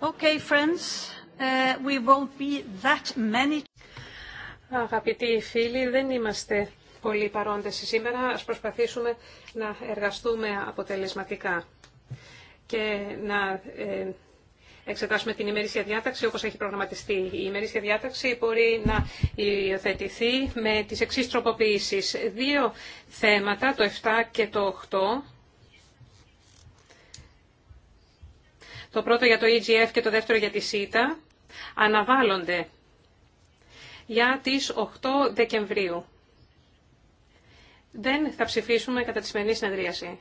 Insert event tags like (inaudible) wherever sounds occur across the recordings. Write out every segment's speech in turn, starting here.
Okay, friends, uh, we won't be that many. Αγαπητοί φίλοι, δεν είμαστε πολύ παρόντες σήμερα. Ας προσπαθήσουμε να εργαστούμε αποτελεσματικά και να ε, εξετάσουμε την ημερήσια διάταξη όπως έχει προγραμματιστεί. Η ημερήσια διάταξη μπορεί να υιοθετηθεί με τις εξής τροποποιήσεις. Δύο θέματα, το 7 και το 8 Το πρώτο για το EGF και το δεύτερο για τη ΣΥΤΑ αναβάλλονται για τις 8 Δεκεμβρίου. Δεν θα ψηφίσουμε κατά τη σημερινή συνεδρίαση.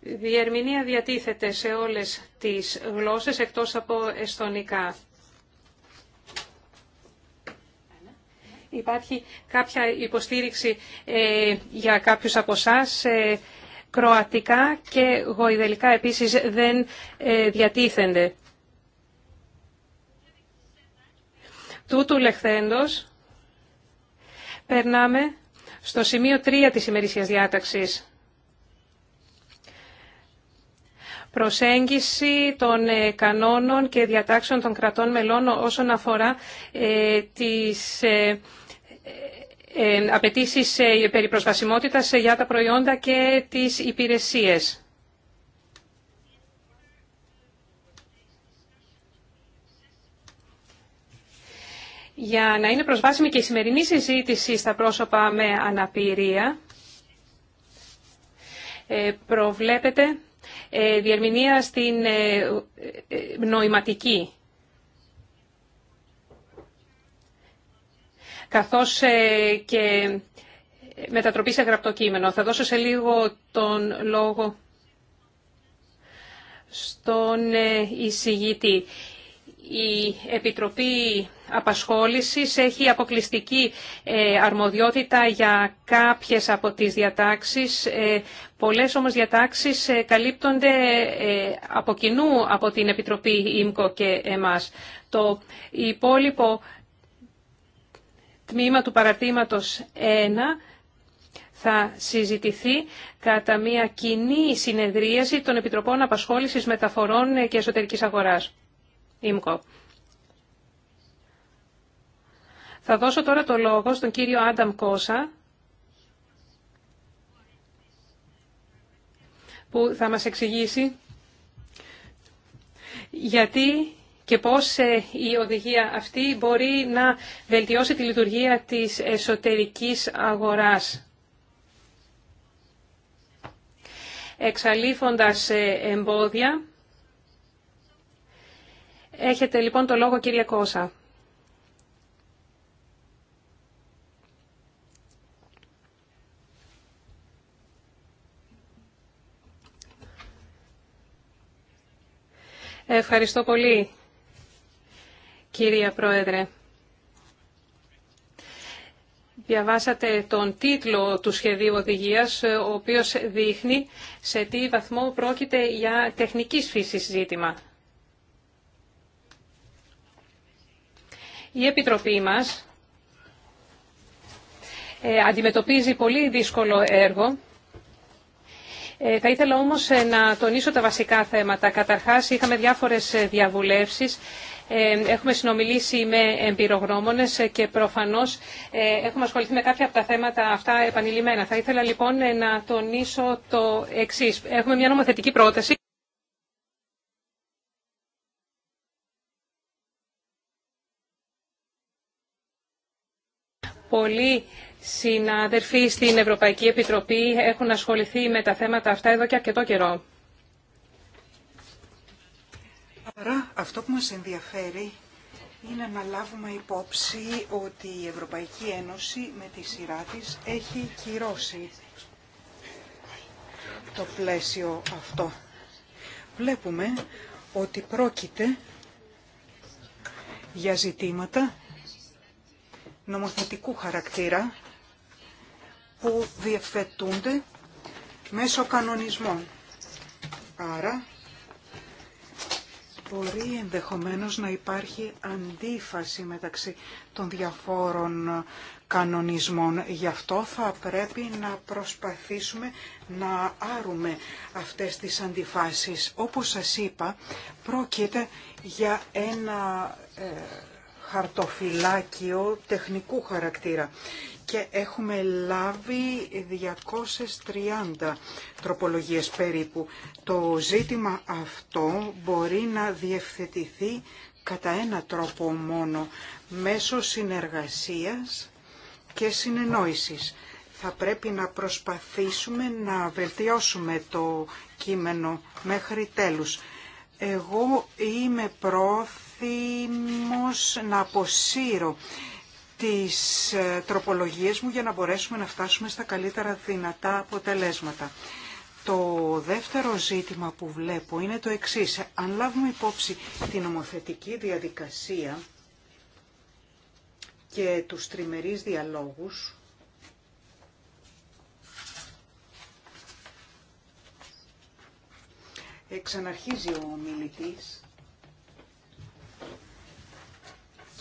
Διερμηνία διατίθεται σε όλες τις γλώσσες εκτός από εστονικά. Υπάρχει κάποια υποστήριξη ε, για κάποιους από εσά. Ε, Κροατικά και γοηδελικά επίσης δεν ε, διατίθενται. Τούτου λεχθέντος περνάμε στο σημείο 3 της ημερησίας διάταξης. Προσέγγιση των ε, κανόνων και διατάξεων των κρατών μελών όσον αφορά ε, τις ε, απαιτήσει ε, περί προσβασιμότητας ε, για τα προϊόντα και τι υπηρεσίε. Για να είναι προσβάσιμη και η σημερινή συζήτηση στα πρόσωπα με αναπηρία, προβλέπεται διερμηνία στην νοηματική. καθώς ε, και μετατροπή σε γραπτό κείμενο. Θα δώσω σε λίγο τον λόγο στον ε, εισηγητή. Η Επιτροπή Απασχόλησης έχει αποκλειστική ε, αρμοδιότητα για κάποιες από τις διατάξεις. Πολλές όμως διατάξεις καλύπτονται από κοινού από την Επιτροπή ΙΜΚΟ και εμάς. Το υπόλοιπο το τμήμα του παρατήματος 1 θα συζητηθεί κατά μια κοινή συνεδρίαση των Επιτροπών Απασχόλησης Μεταφορών και Εσωτερικής Αγοράς. ΙΜΚΟ. Θα δώσω τώρα το λόγο στον κύριο Άνταμ Κόσα, που θα μας εξηγήσει γιατί και πώς ε, η οδηγία αυτή μπορεί να βελτιώσει τη λειτουργία της εσωτερικής αγοράς. Εξαλείφοντας ε, εμπόδια, έχετε λοιπόν το λόγο κύριε Κώσα. Ευχαριστώ πολύ Κυρία Πρόεδρε, διαβάσατε τον τίτλο του σχεδίου οδηγίας, ο οποίος δείχνει σε τι βαθμό πρόκειται για τεχνικής φύσης ζήτημα. Η Επιτροπή μας ε, αντιμετωπίζει πολύ δύσκολο έργο. Ε, θα ήθελα όμως ε, να τονίσω τα βασικά θέματα. Καταρχάς, είχαμε διάφορες διαβουλεύσεις ε, έχουμε συνομιλήσει με εμπειρογνώμονες και προφανώς ε, έχουμε ασχοληθεί με κάποια από τα θέματα αυτά επανειλημμένα. Θα ήθελα λοιπόν ε, να τονίσω το εξής. Έχουμε μια νομοθετική πρόταση. Πολλοί συναδελφοί στην Ευρωπαϊκή Επιτροπή έχουν ασχοληθεί με τα θέματα αυτά εδώ και αρκετό καιρό. Άρα, αυτό που μας ενδιαφέρει είναι να λάβουμε υπόψη ότι η Ευρωπαϊκή Ένωση με τη σειρά της έχει κυρώσει το πλαίσιο αυτό. Βλέπουμε ότι πρόκειται για ζητήματα νομοθετικού χαρακτήρα που διευθετούνται μέσω κανονισμών. Άρα μπορεί ενδεχομένως να υπάρχει αντίφαση μεταξύ των διαφόρων κανονισμών. Γι' αυτό θα πρέπει να προσπαθήσουμε να άρουμε αυτές τις αντιφάσεις. Όπως σας είπα, πρόκειται για ένα ε, χαρτοφυλάκιο τεχνικού χαρακτήρα και έχουμε λάβει 230 τροπολογίες περίπου. Το ζήτημα αυτό μπορεί να διευθετηθεί κατά ένα τρόπο μόνο, μέσω συνεργασίας και συνεννόησης. Θα πρέπει να προσπαθήσουμε να βελτιώσουμε το κείμενο μέχρι τέλους. Εγώ είμαι πρόθυμος να αποσύρω τις ε, τροπολογίες μου για να μπορέσουμε να φτάσουμε στα καλύτερα δυνατά αποτελέσματα. Το δεύτερο ζήτημα που βλέπω είναι το εξής. Αν λάβουμε υπόψη την ομοθετική διαδικασία και τους τριμερείς διαλόγους, εξαναρχίζει ο μιλητής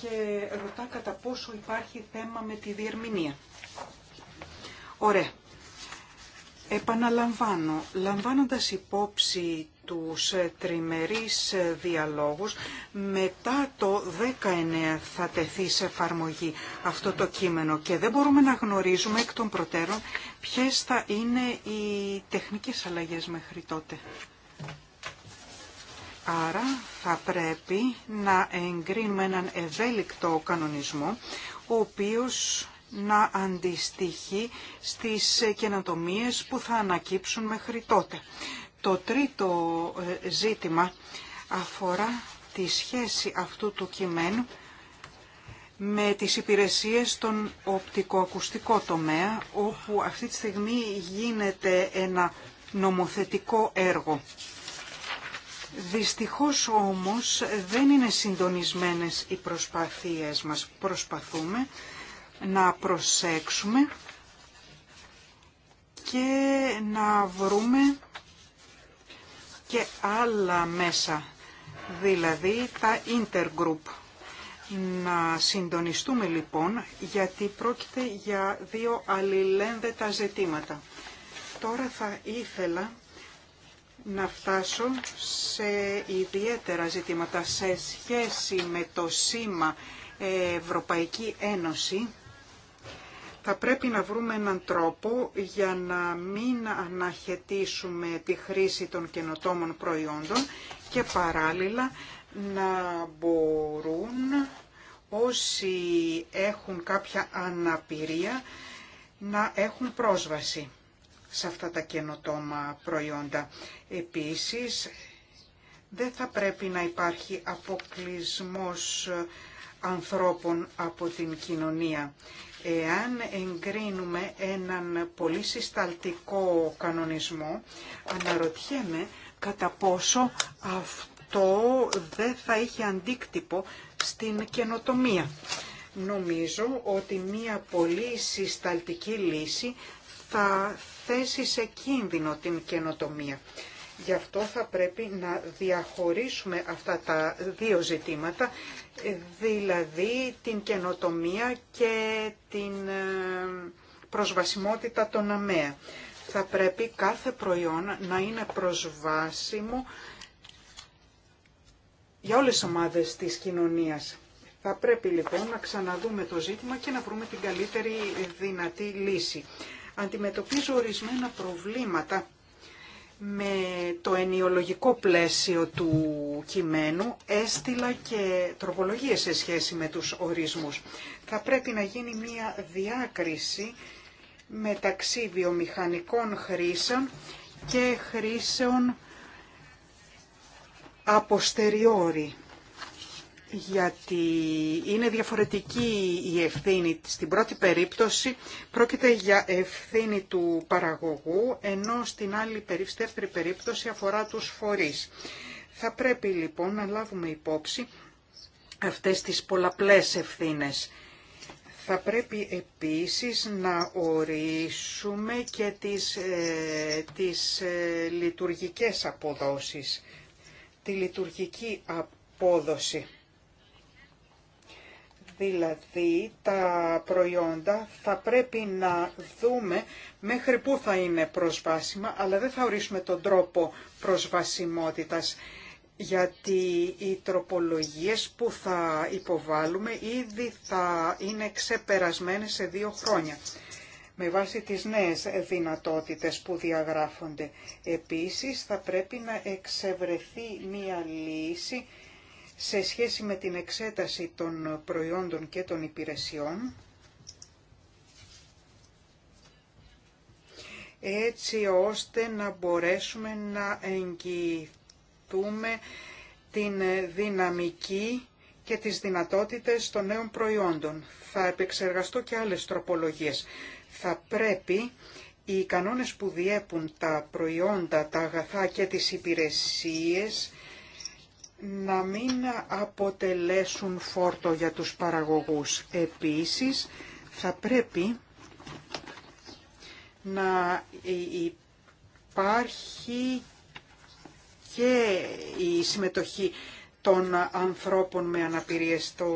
και ρωτά κατά πόσο υπάρχει θέμα με τη διερμηνία. Ωραία. Επαναλαμβάνω, λαμβάνοντας υπόψη τους ε, τριμερείς ε, διαλόγους, μετά το 19 θα τεθεί σε εφαρμογή αυτό το κείμενο και δεν μπορούμε να γνωρίζουμε εκ των προτέρων ποιες θα είναι οι τεχνικές αλλαγές μέχρι τότε. Άρα θα πρέπει να εγκρίνουμε έναν ευέλικτο κανονισμό, ο οποίος να αντιστοιχεί στις καινοτομίες που θα ανακύψουν μέχρι τότε. Το τρίτο ε, ζήτημα αφορά τη σχέση αυτού του κειμένου με τις υπηρεσίες στον οπτικοακουστικό τομέα, όπου αυτή τη στιγμή γίνεται ένα νομοθετικό έργο Δυστυχώς όμως δεν είναι συντονισμένες οι προσπαθίες μας. Προσπαθούμε να προσέξουμε και να βρούμε και άλλα μέσα, δηλαδή τα intergroup. Να συντονιστούμε λοιπόν, γιατί πρόκειται για δύο αλληλένδετα ζητήματα. Τώρα θα ήθελα να φτάσω σε ιδιαίτερα ζητήματα σε σχέση με το σήμα Ευρωπαϊκή Ένωση. Θα πρέπει να βρούμε έναν τρόπο για να μην αναχαιτήσουμε τη χρήση των καινοτόμων προϊόντων και παράλληλα να μπορούν όσοι έχουν κάποια αναπηρία να έχουν πρόσβαση σε αυτά τα καινοτόμα προϊόντα. Επίσης, δεν θα πρέπει να υπάρχει αποκλεισμός ανθρώπων από την κοινωνία. Εάν εγκρίνουμε έναν πολύ συσταλτικό κανονισμό, αναρωτιέμαι κατά πόσο αυτό δεν θα είχε αντίκτυπο στην καινοτομία. Νομίζω ότι μία πολύ συσταλτική λύση θα θέσει σε κίνδυνο την καινοτομία. Γι' αυτό θα πρέπει να διαχωρίσουμε αυτά τα δύο ζητήματα, ε, δηλαδή την καινοτομία και την ε, προσβασιμότητα των αμαία. Θα πρέπει κάθε προϊόν να είναι προσβάσιμο για όλες τις ομάδες της κοινωνίας. Θα πρέπει λοιπόν να ξαναδούμε το ζήτημα και να βρούμε την καλύτερη δυνατή λύση αντιμετωπίζω ορισμένα προβλήματα με το ενιολογικό πλαίσιο του κειμένου έστειλα και τροπολογίες σε σχέση με τους ορισμούς. Θα πρέπει να γίνει μία διάκριση μεταξύ βιομηχανικών χρήσεων και χρήσεων αποστεριόρι γιατί είναι διαφορετική η ευθύνη. Στην πρώτη περίπτωση πρόκειται για ευθύνη του παραγωγού, ενώ στην άλλη περίπτωση αφορά τους φορείς. Θα πρέπει λοιπόν να λάβουμε υπόψη αυτές τις πολλαπλές ευθύνες. Θα πρέπει επίσης να ορίσουμε και τις, ε, τις ε, λειτουργικές αποδόσεις, τη λειτουργική απόδοση δηλαδή τα προϊόντα θα πρέπει να δούμε μέχρι πού θα είναι προσβάσιμα, αλλά δεν θα ορίσουμε τον τρόπο προσβασιμότητας, γιατί οι τροπολογίες που θα υποβάλουμε ήδη θα είναι ξεπερασμένες σε δύο χρόνια με βάση τις νέες δυνατότητες που διαγράφονται. Επίσης, θα πρέπει να εξευρεθεί μία λύση σε σχέση με την εξέταση των προϊόντων και των υπηρεσιών, έτσι ώστε να μπορέσουμε να εγγυηθούμε την δυναμική και τις δυνατότητες των νέων προϊόντων. Θα επεξεργαστώ και άλλες τροπολογίες. Θα πρέπει οι κανόνες που διέπουν τα προϊόντα, τα αγαθά και τις υπηρεσίες να μην αποτελέσουν φόρτο για τους παραγωγούς. Επίσης, θα πρέπει να υπάρχει και η συμμετοχή των ανθρώπων με αναπηρίες στο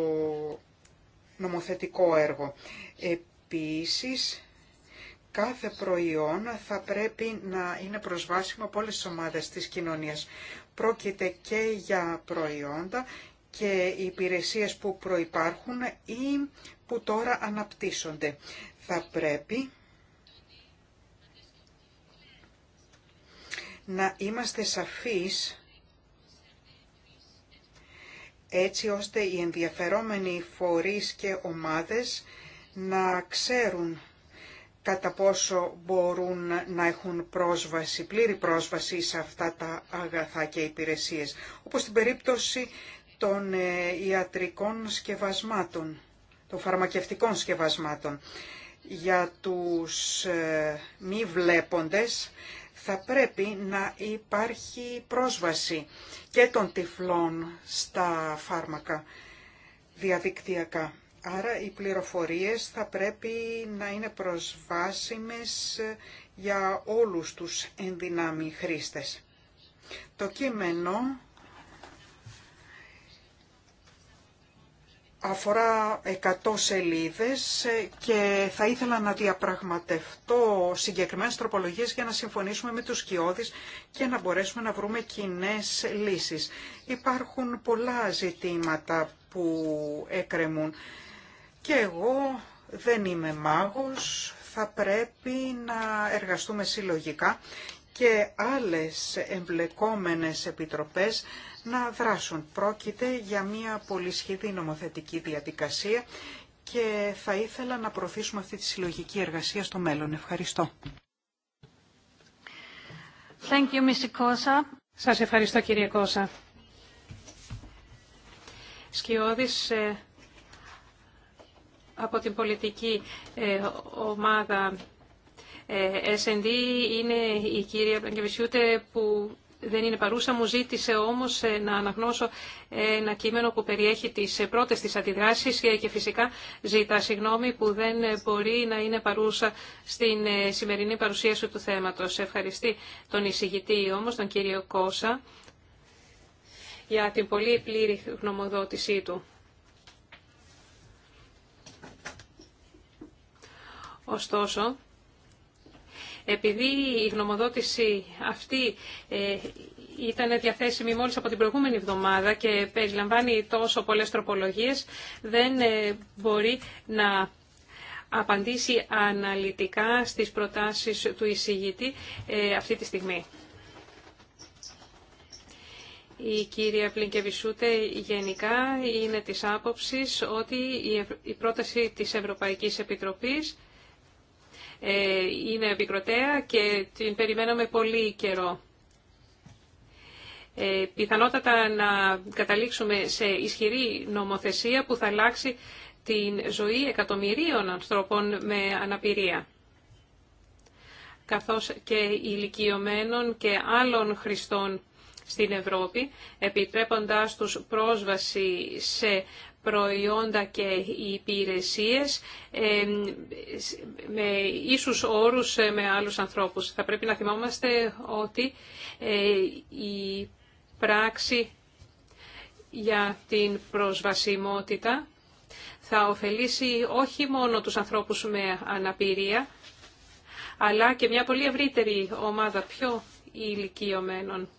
νομοθετικό έργο. Επίσης, κάθε προϊόν θα πρέπει να είναι προσβάσιμο από όλες τις ομάδες της κοινωνίας. Πρόκειται και για προϊόντα και υπηρεσίες που προϋπάρχουν ή που τώρα αναπτύσσονται. Θα πρέπει να είμαστε σαφείς έτσι ώστε οι ενδιαφερόμενοι φορείς και ομάδες να ξέρουν κατά πόσο μπορούν να έχουν πρόσβαση, πλήρη πρόσβαση σε αυτά τα αγαθά και υπηρεσίες, όπως στην περίπτωση των ε, ιατρικών σκευασμάτων, των φαρμακευτικών σκευασμάτων. Για τους ε, μη βλέποντες θα πρέπει να υπάρχει πρόσβαση και των τυφλών στα φάρμακα διαδικτυακά. Άρα οι πληροφορίες θα πρέπει να είναι προσβάσιμες για όλους τους ενδυνάμει χρήστες. Το κείμενο αφορά 100 σελίδες και θα ήθελα να διαπραγματευτώ συγκεκριμένες τροπολογίες για να συμφωνήσουμε με τους σκιώδεις και να μπορέσουμε να βρούμε κοινέ λύσεις. Υπάρχουν πολλά ζητήματα που εκκρεμούν και εγώ δεν είμαι μάγος, θα πρέπει να εργαστούμε συλλογικά και άλλες εμπλεκόμενες επιτροπές να δράσουν. Πρόκειται για μια πολύ πολυσχηδή νομοθετική διαδικασία και θα ήθελα να προωθήσουμε αυτή τη συλλογική εργασία στο μέλλον. Ευχαριστώ. Thank you, Mr. Kosa. Σας ευχαριστώ κύριε Κόσα. Σκιώδης, ε, από την πολιτική ε, ομάδα ε, S&D είναι η κυρία που δεν είναι παρούσα. Μου ζήτησε όμως ε, να αναγνώσω ένα κείμενο που περιέχει τις πρώτες της αντιδράσεις και φυσικά ζητά συγγνώμη που δεν μπορεί να είναι παρούσα στην σημερινή παρουσίαση του θέματος. Ευχαριστεί τον εισηγητή όμως, τον κύριο Κώσα, για την πολύ πλήρη γνωμοδότησή του. Ωστόσο, επειδή η γνωμοδότηση αυτή ε, ήταν διαθέσιμη μόλις από την προηγούμενη εβδομάδα και περιλαμβάνει τόσο πολλές τροπολογίες, δεν ε, μπορεί να απαντήσει αναλυτικά στις προτάσεις του εισηγητή ε, αυτή τη στιγμή. Η κυρία Πλυνκεβισούτε γενικά είναι της άποψης ότι η πρόταση της Ευρωπαϊκής Επιτροπής ε, είναι επικροτέα και την περιμέναμε πολύ καιρό. Ε, πιθανότατα να καταλήξουμε σε ισχυρή νομοθεσία που θα αλλάξει την ζωή εκατομμυρίων ανθρώπων με αναπηρία καθώς και ηλικιωμένων και άλλων χρηστών στην Ευρώπη, επιτρέποντάς τους πρόσβαση σε προϊόντα και υπηρεσίες ε, με ίσους όρους ε, με άλλους ανθρώπους. Θα πρέπει να θυμόμαστε ότι ε, η πράξη για την προσβασιμότητα θα ωφελήσει όχι μόνο τους ανθρώπους με αναπηρία, αλλά και μια πολύ ευρύτερη ομάδα πιο ηλικιωμένων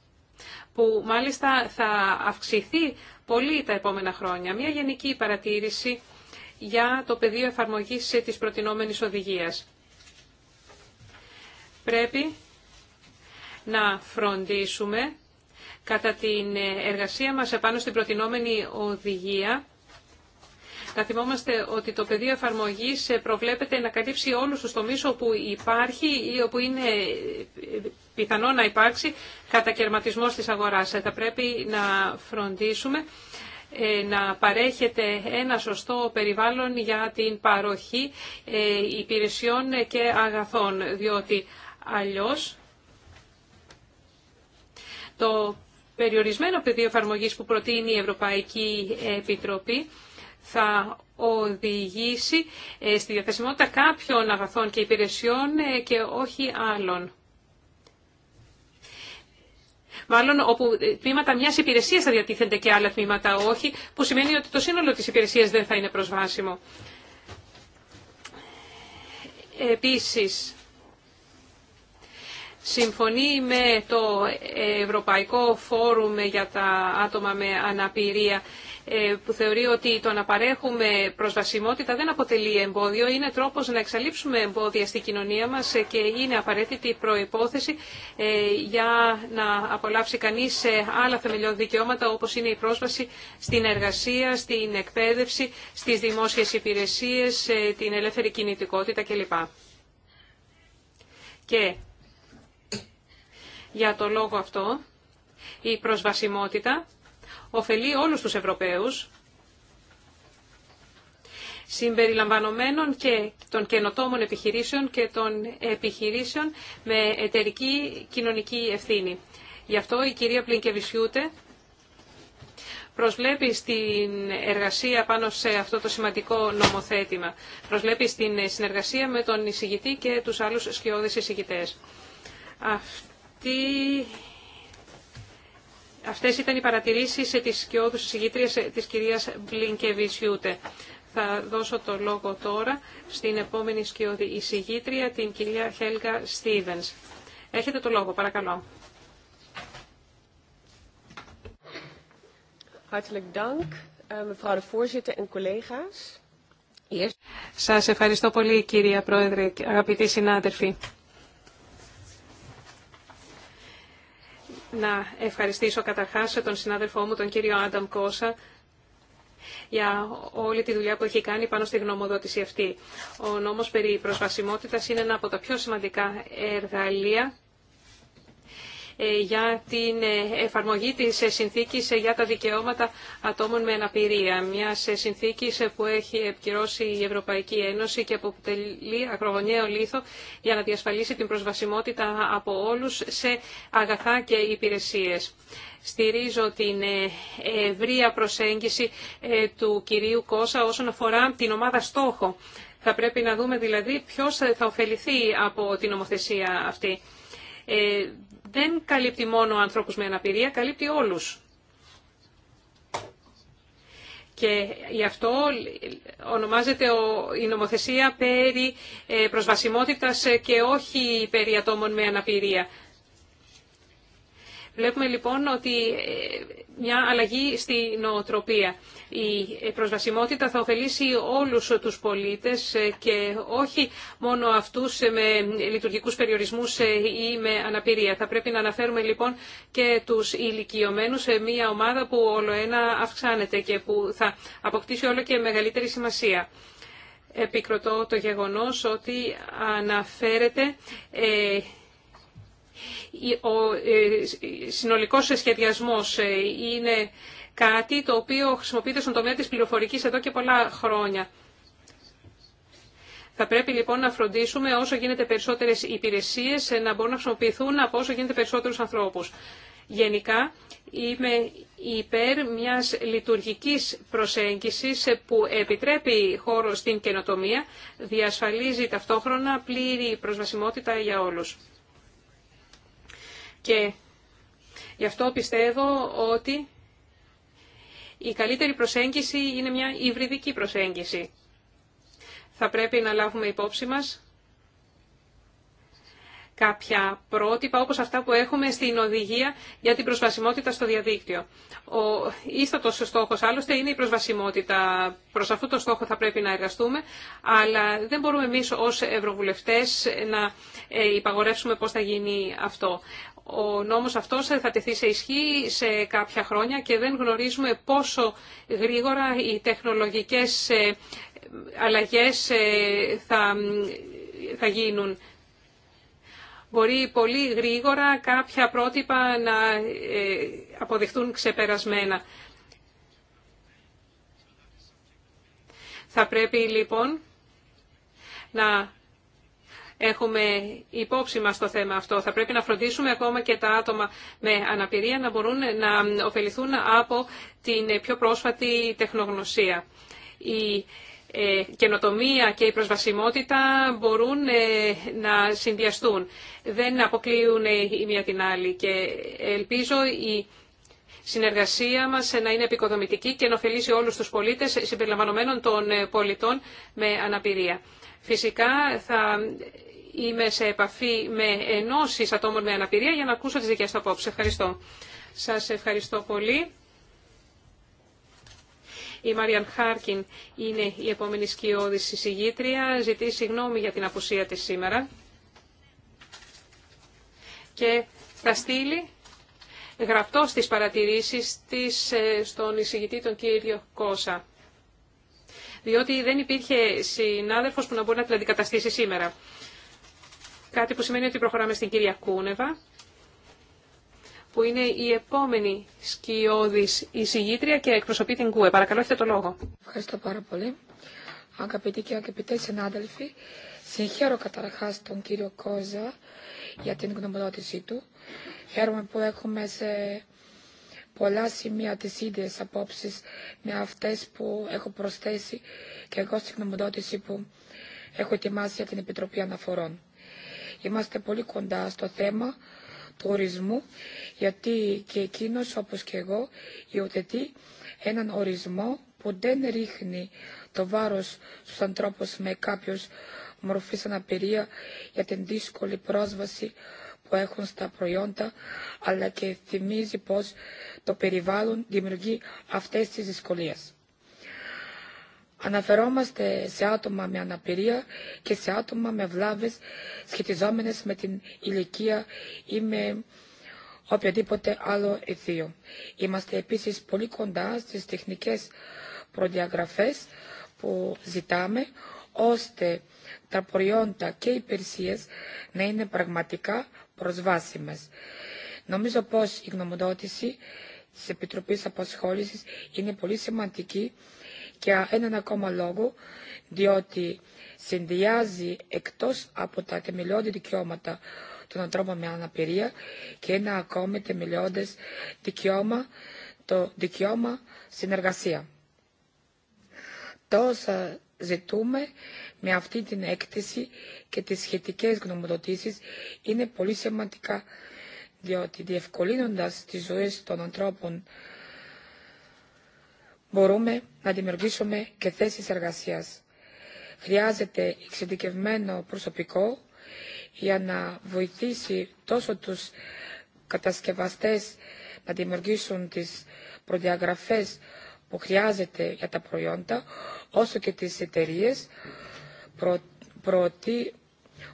που μάλιστα θα αυξηθεί πολύ τα επόμενα χρόνια. Μια γενική παρατήρηση για το πεδίο εφαρμογής της προτινόμενης οδηγίας. Πρέπει να φροντίσουμε κατά την εργασία μας επάνω στην προτινόμενη οδηγία να θυμόμαστε ότι το πεδίο εφαρμογή ε, προβλέπεται να καλύψει όλου του τομείς όπου υπάρχει ή όπου είναι ε, πιθανό να υπάρξει κατακαιρματισμό της αγοράς. Ε, θα πρέπει να φροντίσουμε να παρέχεται ένα σωστό περιβάλλον για την παροχή υπηρεσιών και αγαθών, διότι αλλιώς το περιορισμένο πεδίο εφαρμογή που προτείνει η Ευρωπαϊκή Επιτροπή θα οδηγήσει ε, στη διαθεσιμότητα κάποιων αγαθών και υπηρεσιών ε, και όχι άλλων. Μάλλον όπου ε, τμήματα μιας υπηρεσίας θα διατίθενται και άλλα τμήματα όχι, που σημαίνει ότι το σύνολο τη υπηρεσία δεν θα είναι προσβάσιμο. Επίσης, συμφωνεί με το Ευρωπαϊκό Φόρουμ για τα άτομα με αναπηρία ε, που θεωρεί ότι το να παρέχουμε προσβασιμότητα δεν αποτελεί εμπόδιο, είναι τρόπος να εξαλείψουμε εμπόδια στη κοινωνία μας ε, και είναι απαραίτητη προϋπόθεση ε, για να απολαύσει κανείς άλλα θεμελιώδη δικαιώματα όπως είναι η πρόσβαση στην εργασία, στην εκπαίδευση, στις δημόσιες υπηρεσίες, την ελεύθερη κινητικότητα κλπ. Για το λόγο αυτό, η προσβασιμότητα ωφελεί όλους τους Ευρωπαίους, συμπεριλαμβανομένων και των καινοτόμων επιχειρήσεων και των επιχειρήσεων με εταιρική κοινωνική ευθύνη. Γι' αυτό η κυρία Πλινκεβισιούτε προσβλέπει στην εργασία πάνω σε αυτό το σημαντικό νομοθέτημα. Προσβλέπει στην συνεργασία με τον εισηγητή και τους άλλους σκιώδες εισηγητές. Αυτό αυτή... Αυτές ήταν οι παρατηρήσεις της σκιώδους συγγήτριας της κυρίας Μπλίνκεβισιούτε. Θα δώσω το λόγο τώρα στην επόμενη σκιώδη εισηγήτρια, την κυρία Χέλγα Στίβενς. Έχετε το λόγο, παρακαλώ. Eh, Σας ευχαριστώ πολύ κυρία Πρόεδρε, αγαπητοί συνάδελφοι. να ευχαριστήσω καταρχάς τον συνάδελφό μου, τον κύριο Άνταμ Κόσα, για όλη τη δουλειά που έχει κάνει πάνω στη γνωμοδότηση αυτή. Ο νόμος περί προσβασιμότητας είναι ένα από τα πιο σημαντικά εργαλεία ε, για την ε, εφαρμογή της ε, συνθήκης για τα δικαιώματα ατόμων με αναπηρία. Μια συνθήκη που έχει επικυρώσει η Ευρωπαϊκή Ένωση και που αποτελεί ακρογωνιαίο λίθο για να διασφαλίσει την προσβασιμότητα από όλους σε αγαθά και υπηρεσίες. Στηρίζω την ευρεία προσέγγιση του κυρίου Κώσα όσον αφορά την ομάδα στόχο. Θα πρέπει να δούμε δηλαδή ποιος θα ωφεληθεί από την νομοθεσία αυτή δεν καλύπτει μόνο ανθρώπους με αναπηρία, καλύπτει όλους. Και γι' αυτό ονομάζεται η νομοθεσία περί ε, προσβασιμότητας ε, και όχι περί ατόμων με αναπηρία. Βλέπουμε λοιπόν ότι ε, μια αλλαγή στη νοοτροπία. Η ε, προσβασιμότητα θα ωφελήσει όλους τους πολίτες ε, και όχι μόνο αυτούς με λειτουργικούς περιορισμούς ή με αναπηρία. Θα πρέπει να αναφέρουμε λοιπόν και τους ηλικιωμένους σε μια ομάδα που όλο ένα αυξάνεται και που θα αποκτήσει όλο και μεγαλύτερη σημασία. Επικροτώ το γεγονός ότι αναφέρεται ο ε, συνολικός σχεδιασμός ε, είναι κάτι το οποίο χρησιμοποιείται στον τομέα της πληροφορικής εδώ και πολλά χρόνια. Θα πρέπει λοιπόν να φροντίσουμε όσο γίνεται περισσότερες υπηρεσίες ε, να μπορούν να χρησιμοποιηθούν από όσο γίνεται περισσότερους ανθρώπους. Γενικά είμαι υπέρ μιας λειτουργικής προσέγγισης που επιτρέπει χώρο στην καινοτομία, διασφαλίζει ταυτόχρονα πλήρη προσβασιμότητα για όλους. Και γι' αυτό πιστεύω ότι η καλύτερη προσέγγιση είναι μια υβριδική προσέγγιση. Θα πρέπει να λάβουμε υπόψη μας κάποια πρότυπα όπως αυτά που έχουμε στην οδηγία για την προσβασιμότητα στο διαδίκτυο. Ο ίστατος στόχος άλλωστε είναι η προσβασιμότητα. Προς αυτό το στόχο θα πρέπει να εργαστούμε, αλλά δεν μπορούμε εμείς ως ευρωβουλευτές να ε, υπαγορεύσουμε πώς θα γίνει αυτό. Ο νόμος αυτός θα τεθεί σε ισχύ σε κάποια χρόνια και δεν γνωρίζουμε πόσο γρήγορα οι τεχνολογικές ε, αλλαγές ε, θα, γίνουν. Μπορεί πολύ γρήγορα κάποια πρότυπα να ε, αποδειχθούν ξεπερασμένα. Θα πρέπει λοιπόν να έχουμε υπόψη μας το θέμα αυτό. Θα πρέπει να φροντίσουμε ακόμα και τα άτομα με αναπηρία να μπορούν να ωφεληθούν από την πιο πρόσφατη τεχνογνωσία. Η ε, καινοτομία και η προσβασιμότητα μπορούν ε, να συνδυαστούν. Δεν αποκλείουν η μία την άλλη και ελπίζω η συνεργασία μας να είναι επικοδομητική και να ωφελήσει όλους τους πολίτες συμπεριλαμβανομένων των πολιτών με αναπηρία. Φυσικά θα είμαι σε επαφή με ενώσεις ατόμων με αναπηρία για να ακούσω τις δικές του απόψεις. Ευχαριστώ. Σας ευχαριστώ πολύ. Η Μαριαν Χάρκιν είναι η επόμενη σκιώδη συζυγήτρια. Ζητεί συγγνώμη για την απουσία της σήμερα. Και θα στείλει γραπτό στις παρατηρήσεις της ε, στον εισηγητή τον κύριο Κόσα, Διότι δεν υπήρχε συνάδελφος που να μπορεί να την αντικαταστήσει σήμερα. Κάτι που σημαίνει ότι προχωράμε στην κυρία Κούνεβα, που είναι η επόμενη σκιώδη εισηγήτρια και εκπροσωπεί την ΚΟΕ. Παρακαλώ, έχετε το λόγο. Ευχαριστώ πάρα πολύ. Αγαπητοί και αγαπητέ συνάδελφοι, συγχαίρω καταρχά τον κύριο Κόζα για την γνωμοδότησή του. Χαίρομαι που έχουμε σε πολλά σημεία τις ίδιες απόψεις με αυτές που έχω προσθέσει και εγώ στην γνωμοδότηση που έχω ετοιμάσει για την Επιτροπή Αναφορών. Είμαστε πολύ κοντά στο θέμα του ορισμού, γιατί και εκείνος όπως και εγώ υιοθετεί έναν ορισμό που δεν ρίχνει το βάρος στους ανθρώπους με κάποιους μορφής αναπηρία για την δύσκολη πρόσβαση που έχουν στα προϊόντα, αλλά και θυμίζει πως το περιβάλλον δημιουργεί αυτές τις δυσκολίες. Αναφερόμαστε σε άτομα με αναπηρία και σε άτομα με βλάβες σχετιζόμενες με την ηλικία ή με οποιοδήποτε άλλο ηθείο. Είμαστε επίσης πολύ κοντά στις τεχνικές προδιαγραφές που ζητάμε ώστε τα προϊόντα και οι υπηρεσίες να είναι πραγματικά προσβάσιμες. Νομίζω πως η γνωμοδότηση της Επιτροπής Απασχόλησης είναι πολύ σημαντική και έναν ακόμα λόγο, διότι συνδυάζει εκτός από τα θεμελιώδη δικαιώματα των ανθρώπων με αναπηρία και ένα ακόμη θεμελιώδες δικαιώμα, το δικαιώμα συνεργασία. Τόσα ζητούμε με αυτή την έκθεση και τις σχετικές γνωμοδοτήσεις είναι πολύ σημαντικά, διότι διευκολύνοντας τις ζωές των ανθρώπων μπορούμε να δημιουργήσουμε και θέσεις εργασίας. Χρειάζεται εξειδικευμένο προσωπικό για να βοηθήσει τόσο τους κατασκευαστές να δημιουργήσουν τις προδιαγραφές που χρειάζεται για τα προϊόντα, όσο και τις εταιρείε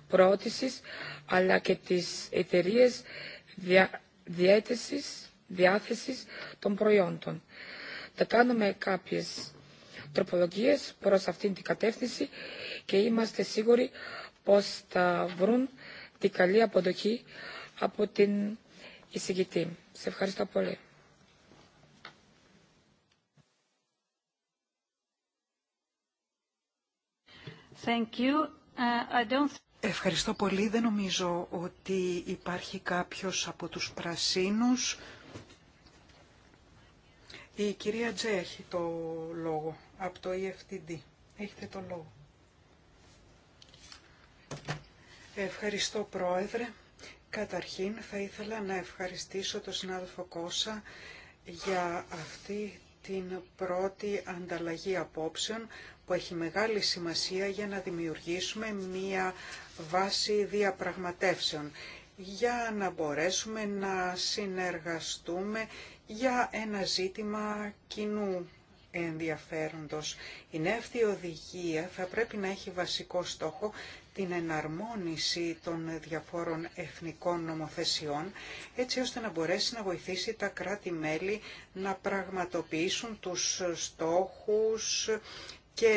προ, αλλά και τις εταιρείε δια, διάθεσης των προϊόντων θα κάνουμε κάποιες τροπολογίες προς αυτήν την κατεύθυνση και είμαστε σίγουροι πως θα βρουν την καλή αποδοχή από την εισηγητή. Σε ευχαριστώ πολύ. Thank you. Uh, ευχαριστώ πολύ. Δεν νομίζω ότι υπάρχει κάποιος από τους πρασίνους η κυρία Τζέ έχει το λόγο από το EFTD. Έχετε το λόγο. Ευχαριστώ Πρόεδρε. Καταρχήν θα ήθελα να ευχαριστήσω τον συνάδελφο Κώσα για αυτή την πρώτη ανταλλαγή απόψεων που έχει μεγάλη σημασία για να δημιουργήσουμε μία βάση διαπραγματεύσεων για να μπορέσουμε να συνεργαστούμε για ένα ζήτημα κοινού ενδιαφέροντος. Η νέα αυτή οδηγία θα πρέπει να έχει βασικό στόχο την εναρμόνιση των διαφόρων εθνικών νομοθεσιών, έτσι ώστε να μπορέσει να βοηθήσει τα κράτη-μέλη να πραγματοποιήσουν τους στόχους και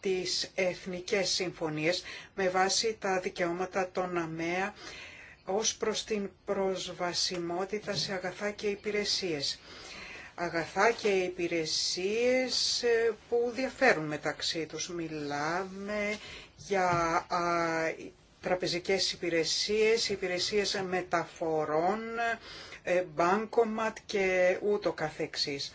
τις εθνικές συμφωνίες με βάση τα δικαιώματα των ΑΜΕΑ ως προς την προσβασιμότητα σε αγαθά και υπηρεσίες. Αγαθά και υπηρεσίες ε, που διαφέρουν μεταξύ τους. Μιλάμε για τραπεζικές υπηρεσίες, υπηρεσίες μεταφορών, bankomat ε, και ούτω καθεξής.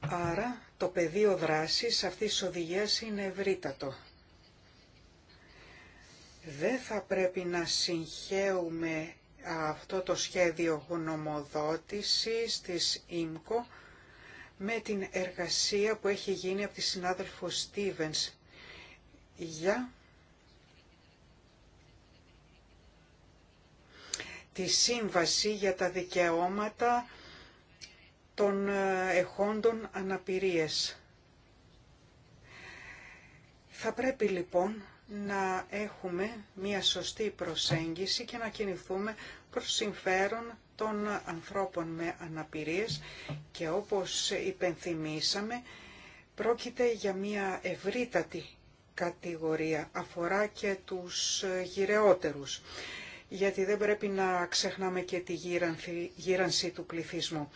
Άρα το πεδίο δράσης αυτής της οδηγίας είναι ευρύτατο δεν θα πρέπει να συγχέουμε αυτό το σχέδιο γνωμοδότησης της ΙΜΚΟ με την εργασία που έχει γίνει από τη συνάδελφο Στίβενς για τη Σύμβαση για τα Δικαιώματα των ε, Εχόντων Αναπηρίες. Θα πρέπει λοιπόν να έχουμε μία σωστή προσέγγιση και να κινηθούμε προς συμφέρον των ανθρώπων με αναπηρίες και όπως υπενθυμίσαμε πρόκειται για μία ευρύτατη κατηγορία, αφορά και τους γυρεότερους γιατί δεν πρέπει να ξεχνάμε και τη γύρανση του πληθυσμού.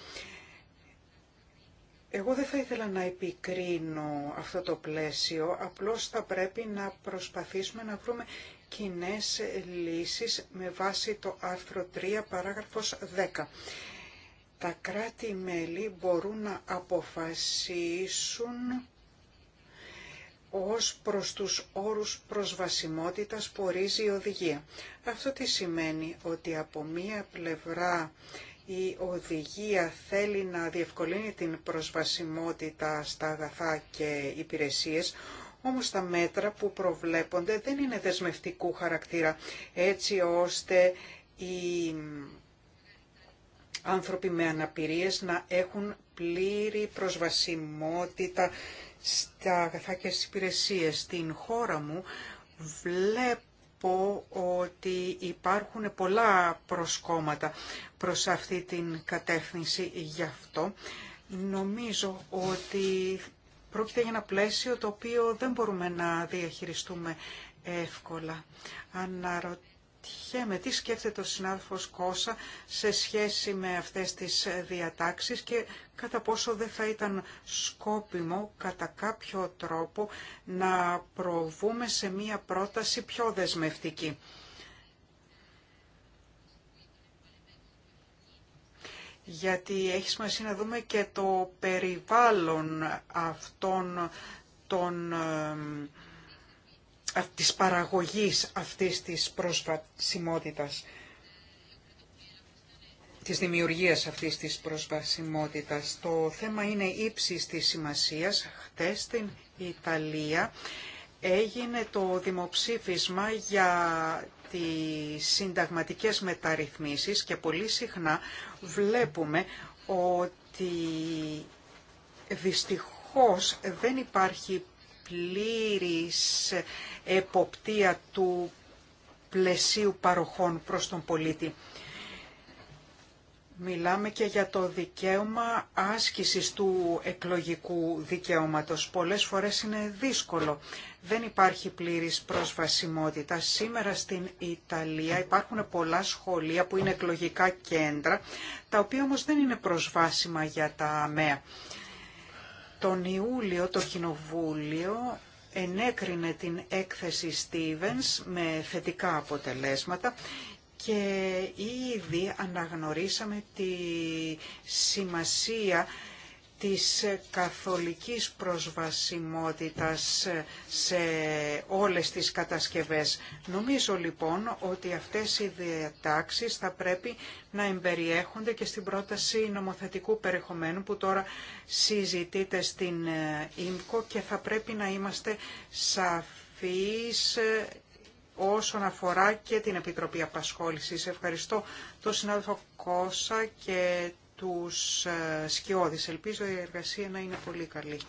Εγώ δεν θα ήθελα να επικρίνω αυτό το πλαίσιο, απλώς θα πρέπει να προσπαθήσουμε να βρούμε κοινέ λύσεις με βάση το άρθρο 3 παράγραφος 10. Τα κράτη-μέλη μπορούν να αποφασίσουν ως προς τους όρους προσβασιμότητας που ορίζει η οδηγία. Αυτό τι σημαίνει ότι από μία πλευρά η οδηγία θέλει να διευκολύνει την προσβασιμότητα στα αγαθά και υπηρεσίες, όμως τα μέτρα που προβλέπονται δεν είναι δεσμευτικού χαρακτήρα, έτσι ώστε οι άνθρωποι με αναπηρίες να έχουν πλήρη προσβασιμότητα στα αγαθά και στις υπηρεσίες. Στην χώρα μου βλέπω πω ότι υπάρχουν πολλά προσκόμματα προς αυτή την κατεύθυνση γι' αυτό. Νομίζω ότι πρόκειται για ένα πλαίσιο το οποίο δεν μπορούμε να διαχειριστούμε εύκολα. Αναρωτώ με τι σκέφτεται ο συνάδελφος Κώσα σε σχέση με αυτές τις διατάξεις και κατά πόσο δεν θα ήταν σκόπιμο κατά κάποιο τρόπο να προβούμε σε μία πρόταση πιο δεσμευτική. γιατί έχει σημασία να δούμε και το περιβάλλον αυτών των της παραγωγής αυτής της προσβασιμότητας, της δημιουργίας αυτής της προσβασιμότητας. Το θέμα είναι ύψης της σημασίας. Χτες στην Ιταλία έγινε το δημοψήφισμα για τις συνταγματικές μεταρρυθμίσεις και πολύ συχνά βλέπουμε ότι δυστυχώς δεν υπάρχει πλήρης εποπτεία του πλαισίου παροχών προς τον πολίτη. Μιλάμε και για το δικαίωμα άσκησης του εκλογικού δικαιώματος. Πολλές φορές είναι δύσκολο. Δεν υπάρχει πλήρης προσβασιμότητα. Σήμερα στην Ιταλία υπάρχουν πολλά σχολεία που είναι εκλογικά κέντρα, τα οποία όμως δεν είναι προσβάσιμα για τα αμαία. Τον Ιούλιο το Κοινοβούλιο ενέκρινε την έκθεση Stevens με θετικά αποτελέσματα και ήδη αναγνωρίσαμε τη σημασία της καθολικής προσβασιμότητας σε όλες τις κατασκευές. Νομίζω λοιπόν ότι αυτές οι διατάξεις θα πρέπει να εμπεριέχονται και στην πρόταση νομοθετικού περιεχομένου που τώρα συζητείται στην ε, ΙΜΚΟ και θα πρέπει να είμαστε σαφείς ε, όσον αφορά και την Επιτροπή Απασχόλησης. Ευχαριστώ τον συνάδελφο Κώσα και τους ε, σκιώδεις. Ελπίζω η εργασία να είναι πολύ καλή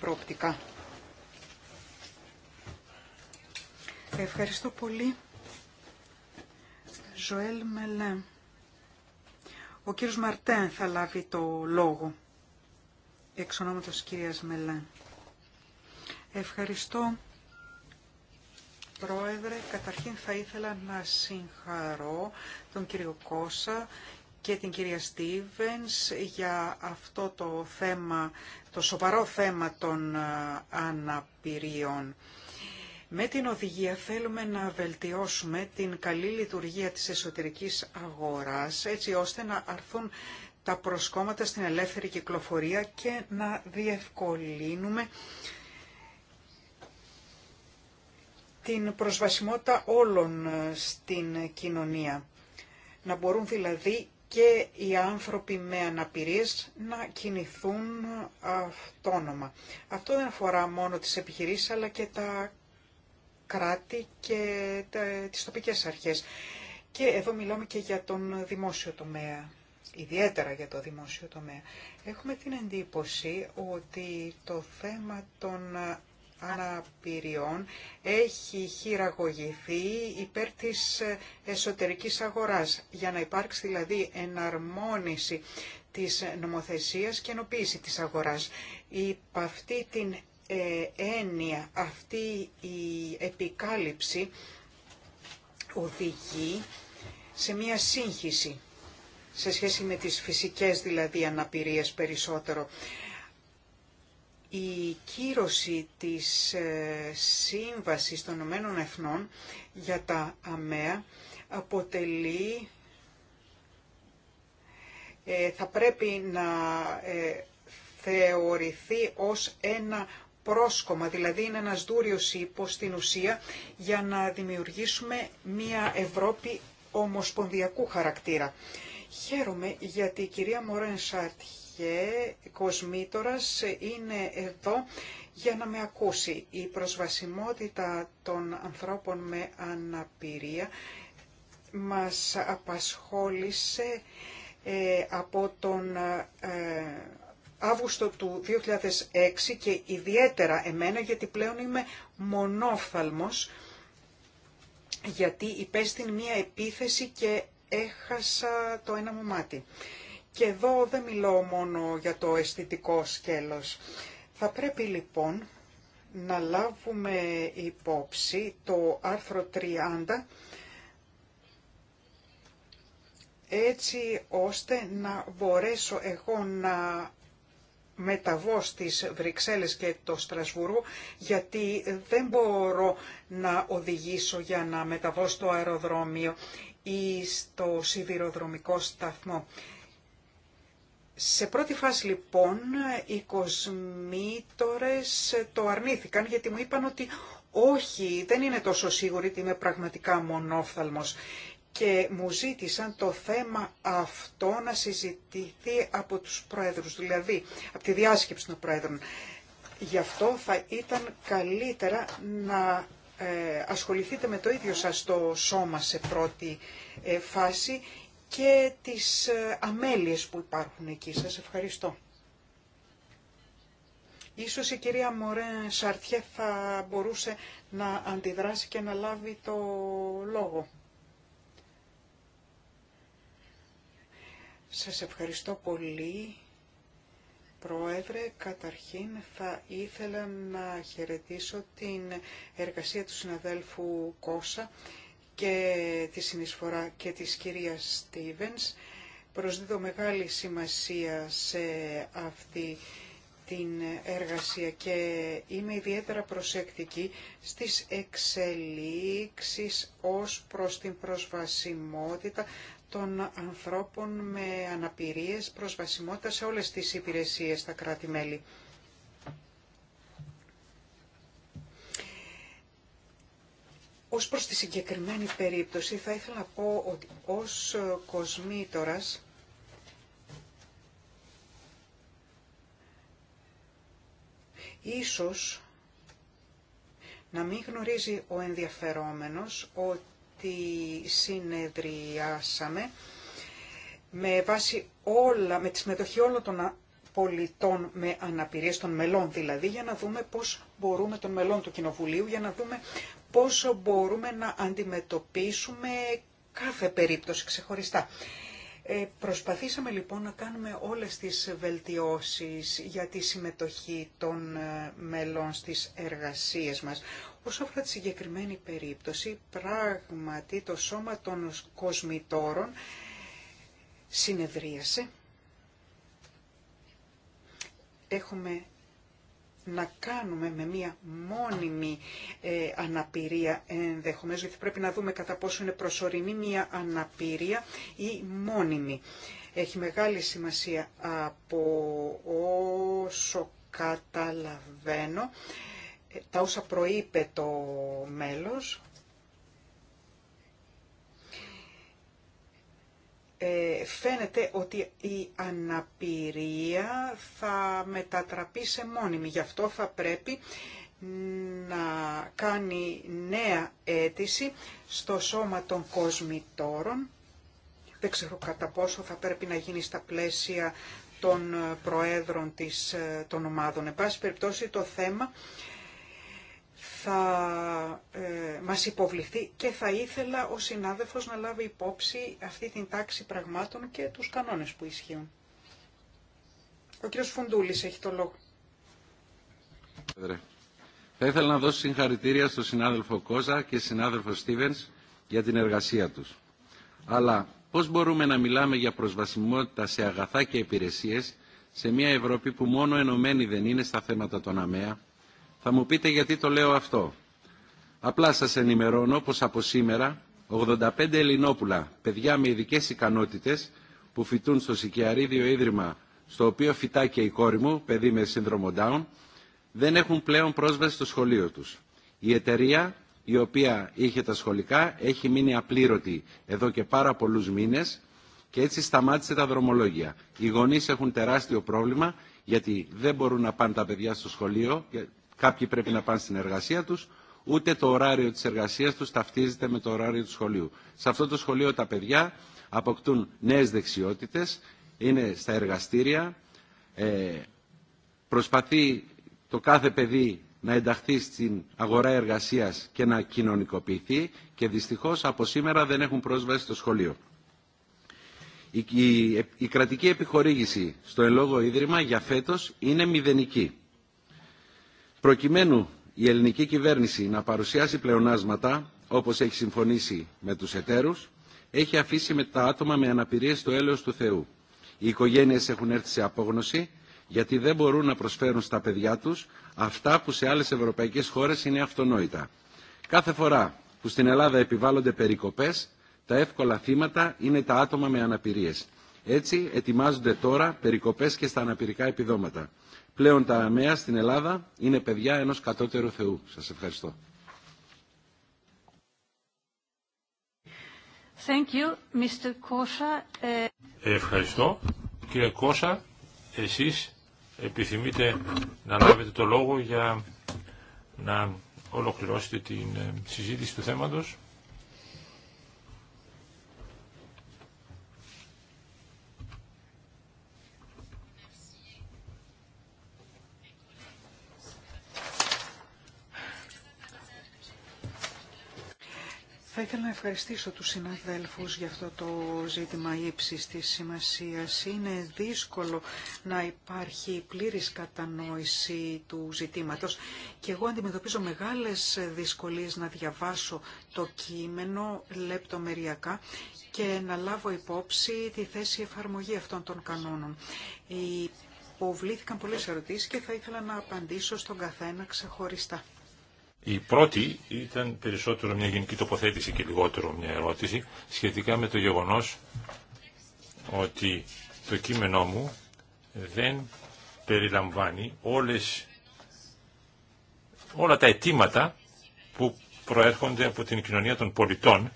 προοπτικά. Ευχαριστώ πολύ. Ζωέλ Μελέ. Ο κύριος Μαρτέν θα λάβει το λόγο. Εξ ονόματος κυρίας Μελέ. Ευχαριστώ. Πρόεδρε, καταρχήν θα ήθελα να συγχαρώ τον κύριο Κώσα και την κυρία Στίβενς για αυτό το θέμα, το σοβαρό θέμα των ε, αναπηρίων. Με την οδηγία θέλουμε να βελτιώσουμε την καλή λειτουργία της εσωτερικής αγοράς έτσι ώστε να αρθούν τα προσκόμματα στην ελεύθερη κυκλοφορία και να διευκολύνουμε την προσβασιμότητα όλων ε, στην κοινωνία. Να μπορούν δηλαδή και οι άνθρωποι με αναπηρίες να κινηθούν αυτόνομα. Αυτό δεν αφορά μόνο τις επιχειρήσεις αλλά και τα κράτη και τις τοπικές αρχές. Και εδώ μιλάμε και για τον δημόσιο τομέα, ιδιαίτερα για το δημόσιο τομέα. Έχουμε την εντύπωση ότι το θέμα των αναπηριών έχει χειραγωγηθεί υπέρ της εσωτερικής αγοράς για να υπάρξει δηλαδή εναρμόνιση της νομοθεσίας και ενοποίηση της αγοράς. η αυτή την ε, έννοια, αυτή η επικάλυψη οδηγεί σε μία σύγχυση σε σχέση με τις φυσικές δηλαδή αναπηρίες περισσότερο η κύρωση της ε, Σύμβασης των Ηνωμένων Εθνών για τα ΑΜΕΑ αποτελεί, ε, θα πρέπει να ε, θεωρηθεί ως ένα πρόσκομα, δηλαδή είναι ένας δούριος ύπος στην ουσία για να δημιουργήσουμε μια Ευρώπη ομοσπονδιακού χαρακτήρα. Χαίρομαι γιατί η κυρία Μωρέν Σάρτ και Κοσμήτορας είναι εδώ για να με ακούσει. Η προσβασιμότητα των ανθρώπων με αναπηρία μας απασχόλησε ε, από τον ε, Αύγουστο του 2006 και ιδιαίτερα εμένα γιατί πλέον είμαι μονόφθαλμος γιατί υπέστην μία επίθεση και έχασα το ένα μου μάτι. Και εδώ δεν μιλώ μόνο για το αισθητικό σκέλος. Θα πρέπει λοιπόν να λάβουμε υπόψη το άρθρο 30 έτσι ώστε να μπορέσω εγώ να μεταβώ στις Βρυξέλλες και το Στρασβούργο γιατί δεν μπορώ να οδηγήσω για να μεταβώ στο αεροδρόμιο ή στο σιδηροδρομικό σταθμό. Σε πρώτη φάση λοιπόν οι κοσμήτορες το αρνήθηκαν γιατί μου είπαν ότι όχι, δεν είναι τόσο σίγουροι ότι είμαι πραγματικά μονόφθαλμος και μου ζήτησαν το θέμα αυτό να συζητηθεί από τους πρόεδρους, δηλαδή από τη διάσκεψη των πρόεδρων. Γι' αυτό θα ήταν καλύτερα να ε, ασχοληθείτε με το ίδιο σας το σώμα σε πρώτη ε, φάση και τις ε, αμέλειες που υπάρχουν εκεί. Σας ευχαριστώ. Ίσως η κυρία Μωρέ Σαρτιέ θα μπορούσε να αντιδράσει και να λάβει το λόγο. Σας ευχαριστώ πολύ. Πρόεδρε, καταρχήν θα ήθελα να χαιρετήσω την εργασία του συναδέλφου Κόσα και τη συνεισφορά και της κυρίας Στίβενς. Προσδίδω μεγάλη σημασία σε αυτή την εργασία και είμαι ιδιαίτερα προσεκτική στις εξελίξεις ως προς την προσβασιμότητα των ανθρώπων με αναπηρίες, προσβασιμότητα σε όλες τις υπηρεσίες στα κράτη-μέλη. Ως προς τη συγκεκριμένη περίπτωση θα ήθελα να πω ότι ως ε, κοσμήτορας ίσως να μην γνωρίζει ο ενδιαφερόμενος ότι συνεδριάσαμε με βάση όλα, με τη συμμετοχή όλων των πολιτών με αναπηρίες, των μελών δηλαδή, για να δούμε πώς μπορούμε, των μελών του Κοινοβουλίου, για να δούμε πόσο μπορούμε να αντιμετωπίσουμε κάθε περίπτωση ξεχωριστά. Ε, προσπαθήσαμε λοιπόν να κάνουμε όλες τις βελτιώσεις για τη συμμετοχή των ε, μελών στις εργασίες μας. Όσο αφορά τη συγκεκριμένη περίπτωση, πράγματι το σώμα των κοσμητόρων συνεδρίασε. Έχουμε να κάνουμε με μία μόνιμη ε, αναπηρία ενδεχομένως, γιατί πρέπει να δούμε κατά πόσο είναι προσωρινή μία αναπηρία ή μόνιμη. Έχει μεγάλη σημασία από όσο καταλαβαίνω, ε, τα όσα προείπε το μέλος, Ε, φαίνεται ότι η αναπηρία θα μετατραπεί σε μόνιμη. Γι' αυτό θα πρέπει να κάνει νέα αίτηση στο σώμα των κοσμητόρων. Δεν ξέρω κατά πόσο θα πρέπει να γίνει στα πλαίσια των προέδρων της, ε, των ομάδων. Εν πάση περιπτώσει το θέμα θα ε, μας υποβληθεί και θα ήθελα ο συνάδελφος να λάβει υπόψη αυτή την τάξη πραγμάτων και τους κανόνες που ισχύουν. Ο κύριος Φουντούλης έχει το λόγο. Θα ήθελα να δώσω συγχαρητήρια στον συνάδελφο Κόζα και συνάδελφο Στίβενς για την εργασία τους. Αλλά πώς μπορούμε να μιλάμε για προσβασιμότητα σε αγαθά και υπηρεσίες σε μια Ευρώπη που μόνο ενωμένη δεν είναι στα θέματα των ΑΜΕΑ, θα μου πείτε γιατί το λέω αυτό. Απλά σας ενημερώνω πως από σήμερα 85 Ελληνόπουλα, παιδιά με ειδικέ ικανότητες που φοιτούν στο Σικιαρίδιο Ίδρυμα, στο οποίο φυτά και η κόρη μου, παιδί με σύνδρομο Down, δεν έχουν πλέον πρόσβαση στο σχολείο τους. Η εταιρεία η οποία είχε τα σχολικά έχει μείνει απλήρωτη εδώ και πάρα πολλούς μήνες και έτσι σταμάτησε τα δρομολόγια. Οι γονείς έχουν τεράστιο πρόβλημα γιατί δεν μπορούν να πάνε τα παιδιά στο σχολείο κάποιοι πρέπει να πάνε στην εργασία τους, ούτε το ωράριο της εργασίας τους ταυτίζεται με το ωράριο του σχολείου. Σε αυτό το σχολείο τα παιδιά αποκτούν νέες δεξιότητες, είναι στα εργαστήρια, ε, προσπαθεί το κάθε παιδί να ενταχθεί στην αγορά εργασίας και να κοινωνικοποιηθεί και δυστυχώς από σήμερα δεν έχουν πρόσβαση στο σχολείο. Η, η, κρατική επιχορήγηση στο ελόγο ίδρυμα για φέτος είναι μηδενική. Προκειμένου η ελληνική κυβέρνηση να παρουσιάσει πλεονάσματα, όπως έχει συμφωνήσει με τους εταίρους, έχει αφήσει με τα άτομα με αναπηρίες το έλεος του Θεού. Οι οικογένειες έχουν έρθει σε απόγνωση, γιατί δεν μπορούν να προσφέρουν στα παιδιά τους αυτά που σε άλλες ευρωπαϊκές χώρες είναι αυτονόητα. Κάθε φορά που στην Ελλάδα επιβάλλονται περικοπές, τα εύκολα θύματα είναι τα άτομα με αναπηρίες. Έτσι ετοιμάζονται τώρα περικοπές και στα αναπηρικά επιδόματα. Πλέον τα αμαία στην Ελλάδα είναι παιδιά ενός κατώτερου Θεού. Σας ευχαριστώ. Ε, ευχαριστώ. Κύριε Κόσα, εσείς επιθυμείτε να λάβετε το λόγο για να ολοκληρώσετε την ε, συζήτηση του θέματος. Θα ήθελα να ευχαριστήσω τους συναδέλφους για αυτό το ζήτημα ύψης της σημασίας. Είναι δύσκολο να υπάρχει πλήρης κατανόηση του ζητήματος και εγώ αντιμετωπίζω μεγάλες δυσκολίες να διαβάσω το κείμενο λεπτομεριακά και να λάβω υπόψη τη θέση εφαρμογή αυτών των κανόνων. Υποβλήθηκαν πολλές ερωτήσεις και θα ήθελα να απαντήσω στον καθένα ξεχωριστά. Η πρώτη ήταν περισσότερο μια γενική τοποθέτηση και λιγότερο μια ερώτηση σχετικά με το γεγονός ότι το κείμενό μου δεν περιλαμβάνει όλες, όλα τα αιτήματα που προέρχονται από την κοινωνία των πολιτών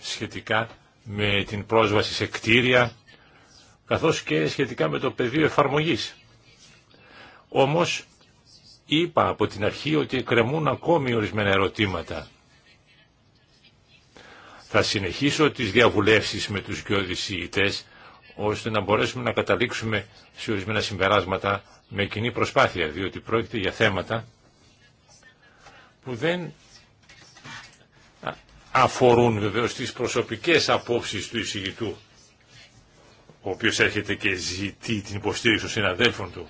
σχετικά με την πρόσβαση σε κτίρια καθώς και σχετικά με το πεδίο εφαρμογής. Όμως είπα από την αρχή ότι κρεμούν ακόμη ορισμένα ερωτήματα. Θα συνεχίσω τις διαβουλεύσεις με τους γεωδησιητές, ώστε να μπορέσουμε να καταλήξουμε σε ορισμένα συμπεράσματα με κοινή προσπάθεια, διότι πρόκειται για θέματα που δεν αφορούν βεβαίως τις προσωπικές απόψεις του εισηγητού, ο οποίος έρχεται και ζητεί την υποστήριξη των συναδέλφων του.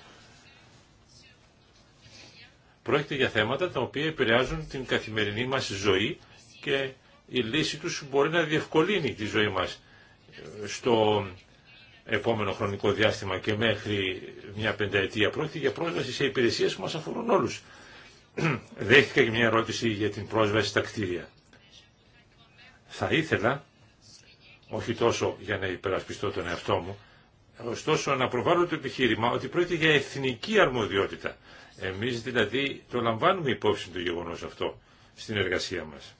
Πρόκειται για θέματα τα οποία επηρεάζουν την καθημερινή μας ζωή και η λύση τους μπορεί να διευκολύνει τη ζωή μας στο επόμενο χρονικό διάστημα και μέχρι μια πενταετία. Πρόκειται για πρόσβαση σε υπηρεσίες που μας αφορούν όλους. (clears throat) Δέχτηκα και μια ερώτηση για την πρόσβαση στα κτίρια. Θα ήθελα, όχι τόσο για να υπερασπιστώ τον εαυτό μου, ωστόσο να προβάλλω το επιχείρημα ότι πρόκειται για εθνική αρμοδιότητα. Εμείς δηλαδή το λαμβάνουμε υπόψη το γεγονός αυτό στην εργασία μας.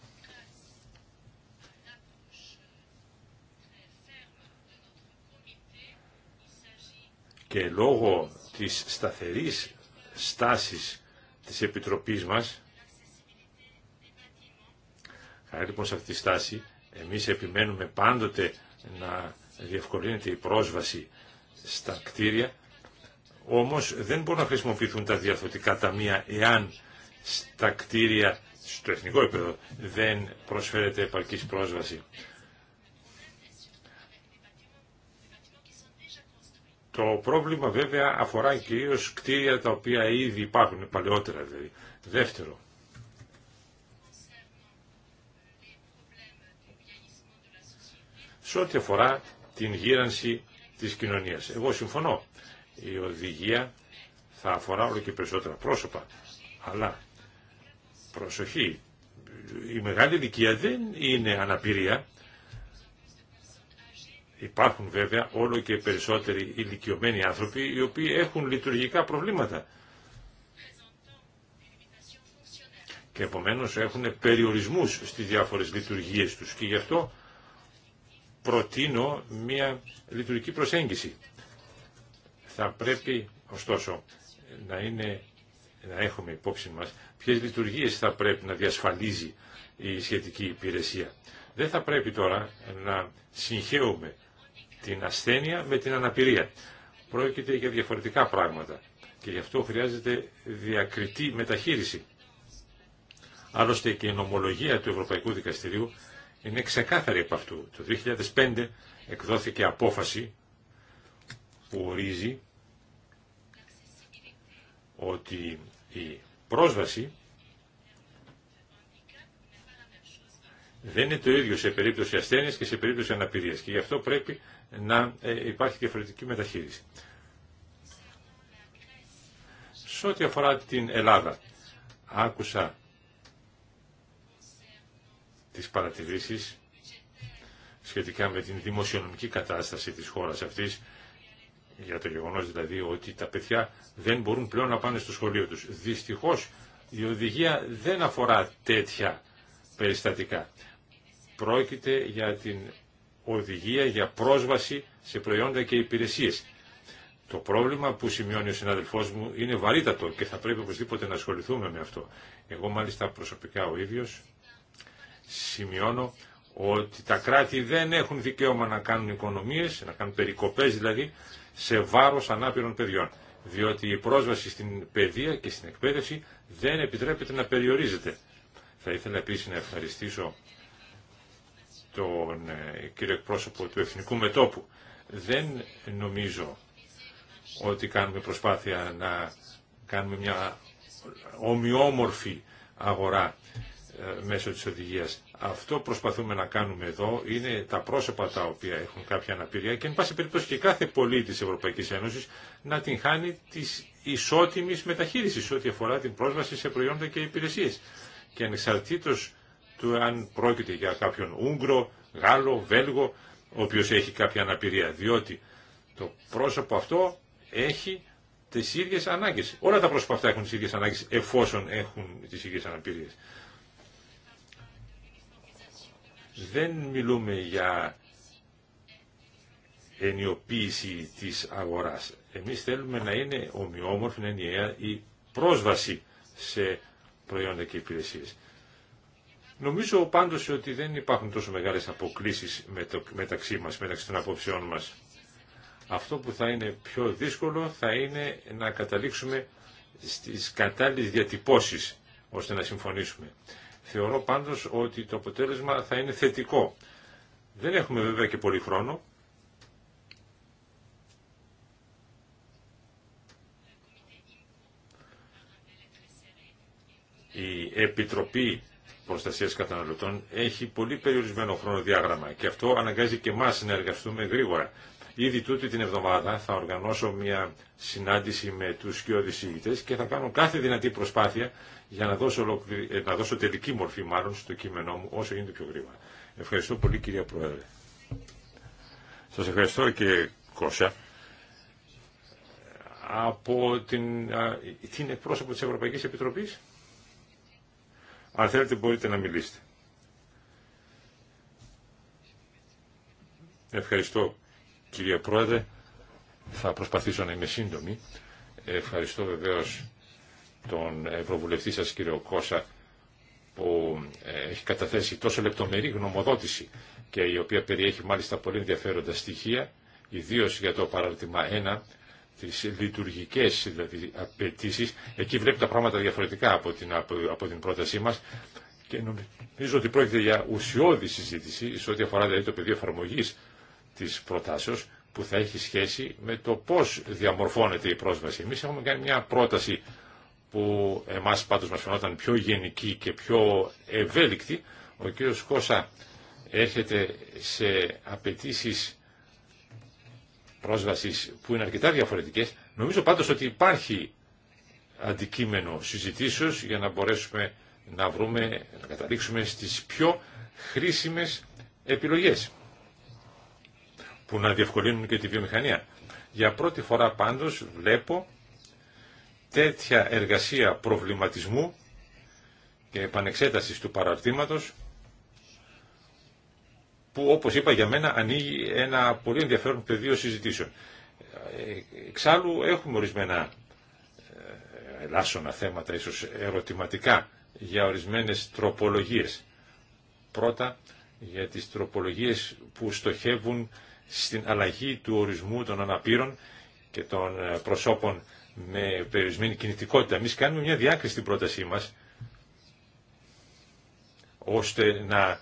Και λόγω της σταθερής στάσης της Επιτροπής μας, Άρα λοιπόν σε αυτή τη στάση εμείς επιμένουμε πάντοτε να διευκολύνεται η πρόσβαση στα κτίρια όμως δεν μπορούν να χρησιμοποιηθούν τα διαφθορτικά ταμεία εάν στα κτίρια στο εθνικό επίπεδο δεν προσφέρεται επαρκής πρόσβαση. Το πρόβλημα βέβαια αφορά κυρίως κτίρια τα οποία ήδη υπάρχουν παλαιότερα δηλαδή. Δεύτερο, σε ό,τι αφορά την γύρανση της κοινωνίας. Εγώ συμφωνώ η οδηγία θα αφορά όλο και περισσότερα πρόσωπα. Αλλά, προσοχή, η μεγάλη ηλικία δεν είναι αναπηρία. Υπάρχουν βέβαια όλο και περισσότεροι ηλικιωμένοι άνθρωποι οι οποίοι έχουν λειτουργικά προβλήματα. Και επομένως έχουν περιορισμούς στις διάφορες λειτουργίες τους. Και γι' αυτό προτείνω μια λειτουργική προσέγγιση. Θα πρέπει, ωστόσο, να, είναι, να έχουμε υπόψη μας ποιες λειτουργίες θα πρέπει να διασφαλίζει η σχετική υπηρεσία. Δεν θα πρέπει τώρα να συγχαίουμε την ασθένεια με την αναπηρία. Πρόκειται για διαφορετικά πράγματα και γι' αυτό χρειάζεται διακριτή μεταχείριση. Άλλωστε και η νομολογία του Ευρωπαϊκού Δικαστηρίου είναι ξεκάθαρη από αυτού. Το 2005 εκδόθηκε απόφαση που ορίζει ότι η πρόσβαση δεν είναι το ίδιο σε περίπτωση ασθένειας και σε περίπτωση αναπηρίας και γι' αυτό πρέπει να ε, υπάρχει διαφορετική μεταχείριση. Σε ό,τι αφορά την Ελλάδα, άκουσα τις παρατηρήσεις σχετικά με την δημοσιονομική κατάσταση της χώρας αυτής για το γεγονός δηλαδή ότι τα παιδιά δεν μπορούν πλέον να πάνε στο σχολείο τους. Δυστυχώς η οδηγία δεν αφορά τέτοια περιστατικά. Πρόκειται για την οδηγία για πρόσβαση σε προϊόντα και υπηρεσίες. Το πρόβλημα που σημειώνει ο συναδελφός μου είναι βαρύτατο και θα πρέπει οπωσδήποτε να ασχοληθούμε με αυτό. Εγώ μάλιστα προσωπικά ο ίδιος σημειώνω ότι τα κράτη δεν έχουν δικαίωμα να κάνουν οικονομίες, να κάνουν περικοπές δηλαδή, σε βάρος ανάπηρων παιδιών. Διότι η πρόσβαση στην παιδεία και στην εκπαίδευση δεν επιτρέπεται να περιορίζεται. Θα ήθελα επίσης να ευχαριστήσω τον ε, κύριο εκπρόσωπο του Εθνικού Μετόπου. Δεν νομίζω ότι κάνουμε προσπάθεια να κάνουμε μια ομοιόμορφη αγορά ε, μέσω της οδηγίας. Αυτό προσπαθούμε να κάνουμε εδώ είναι τα πρόσωπα τα οποία έχουν κάποια αναπηρία και εν πάση περιπτώσει και κάθε πολίτη της Ευρωπαϊκής Ένωσης να την χάνει της ισότιμης μεταχείρισης ό,τι αφορά την πρόσβαση σε προϊόντα και υπηρεσίες. Και ανεξαρτήτως του αν πρόκειται για κάποιον Ούγγρο, Γάλλο, Βέλγο, ο οποίος έχει κάποια αναπηρία, διότι το πρόσωπο αυτό έχει τις ίδιες ανάγκες. Όλα τα πρόσωπα αυτά έχουν τις ίδιες ανάγκες εφόσον έχουν τις ίδιες αναπηρίες. Δεν μιλούμε για ενιοποίηση της αγοράς. Εμείς θέλουμε να είναι ομοιόμορφη, να είναι η πρόσβαση σε προϊόντα και υπηρεσίες. Νομίζω πάντως ότι δεν υπάρχουν τόσο μεγάλες αποκλήσεις μεταξύ μας, μεταξύ των απόψεών μας. Αυτό που θα είναι πιο δύσκολο θα είναι να καταλήξουμε στις κατάλληλες διατυπώσεις ώστε να συμφωνήσουμε. Θεωρώ πάντως ότι το αποτέλεσμα θα είναι θετικό. Δεν έχουμε βέβαια και πολύ χρόνο. Η Επιτροπή Προστασίας Καταναλωτών έχει πολύ περιορισμένο χρονοδιάγραμμα και αυτό αναγκάζει και εμάς να εργαστούμε γρήγορα. Ήδη τούτη την εβδομάδα θα οργανώσω μια συνάντηση με τους κοιόδης και θα κάνω κάθε δυνατή προσπάθεια για να δώσω, ε, τελική μορφή μάλλον στο κείμενό μου όσο γίνεται πιο γρήγορα. Ευχαριστώ πολύ κυρία Πρόεδρε. Σας ευχαριστώ και Κώσσα. Από την, την εκπρόσωπο της Ευρωπαϊκής Επιτροπής. Αν θέλετε μπορείτε να μιλήσετε. Ευχαριστώ Κύριε Πρόεδρε, θα προσπαθήσω να είμαι σύντομη. Ευχαριστώ βεβαίως τον Ευρωβουλευτή σας κύριο Κώσα που ε, έχει καταθέσει τόσο λεπτομερή γνωμοδότηση και η οποία περιέχει μάλιστα πολύ ενδιαφέροντα στοιχεία, ιδίω για το παράρτημα 1, τις λειτουργικές δηλαδή απαιτήσει. Εκεί βλέπει τα πράγματα διαφορετικά από την, από, την πρότασή μας και νομίζω ότι πρόκειται για ουσιώδη συζήτηση σε ό,τι αφορά δηλαδή, το πεδίο εφαρμογή της προτάσεως που θα έχει σχέση με το πώς διαμορφώνεται η πρόσβαση. Εμείς έχουμε κάνει μια πρόταση που εμάς πάντως μας φαινόταν πιο γενική και πιο ευέλικτη. Ο κύριος Κώσα έρχεται σε απαιτήσει πρόσβασης που είναι αρκετά διαφορετικές. Νομίζω πάντως ότι υπάρχει αντικείμενο συζητήσεως για να μπορέσουμε να βρούμε, να καταλήξουμε στις πιο χρήσιμες επιλογές που να διευκολύνουν και τη βιομηχανία. Για πρώτη φορά πάντως βλέπω τέτοια εργασία προβληματισμού και επανεξέτασης του παραρτήματος που όπως είπα για μένα ανοίγει ένα πολύ ενδιαφέρον πεδίο συζητήσεων. Εξάλλου έχουμε ορισμένα ε, ελάσσονα θέματα, ίσως ερωτηματικά, για ορισμένες τροπολογίες. Πρώτα για τις τροπολογίες που στοχεύουν στην αλλαγή του ορισμού των αναπήρων και των ε, προσώπων με περιορισμένη κινητικότητα. Εμεί κάνουμε μια διάκριση στην πρότασή μας, ώστε να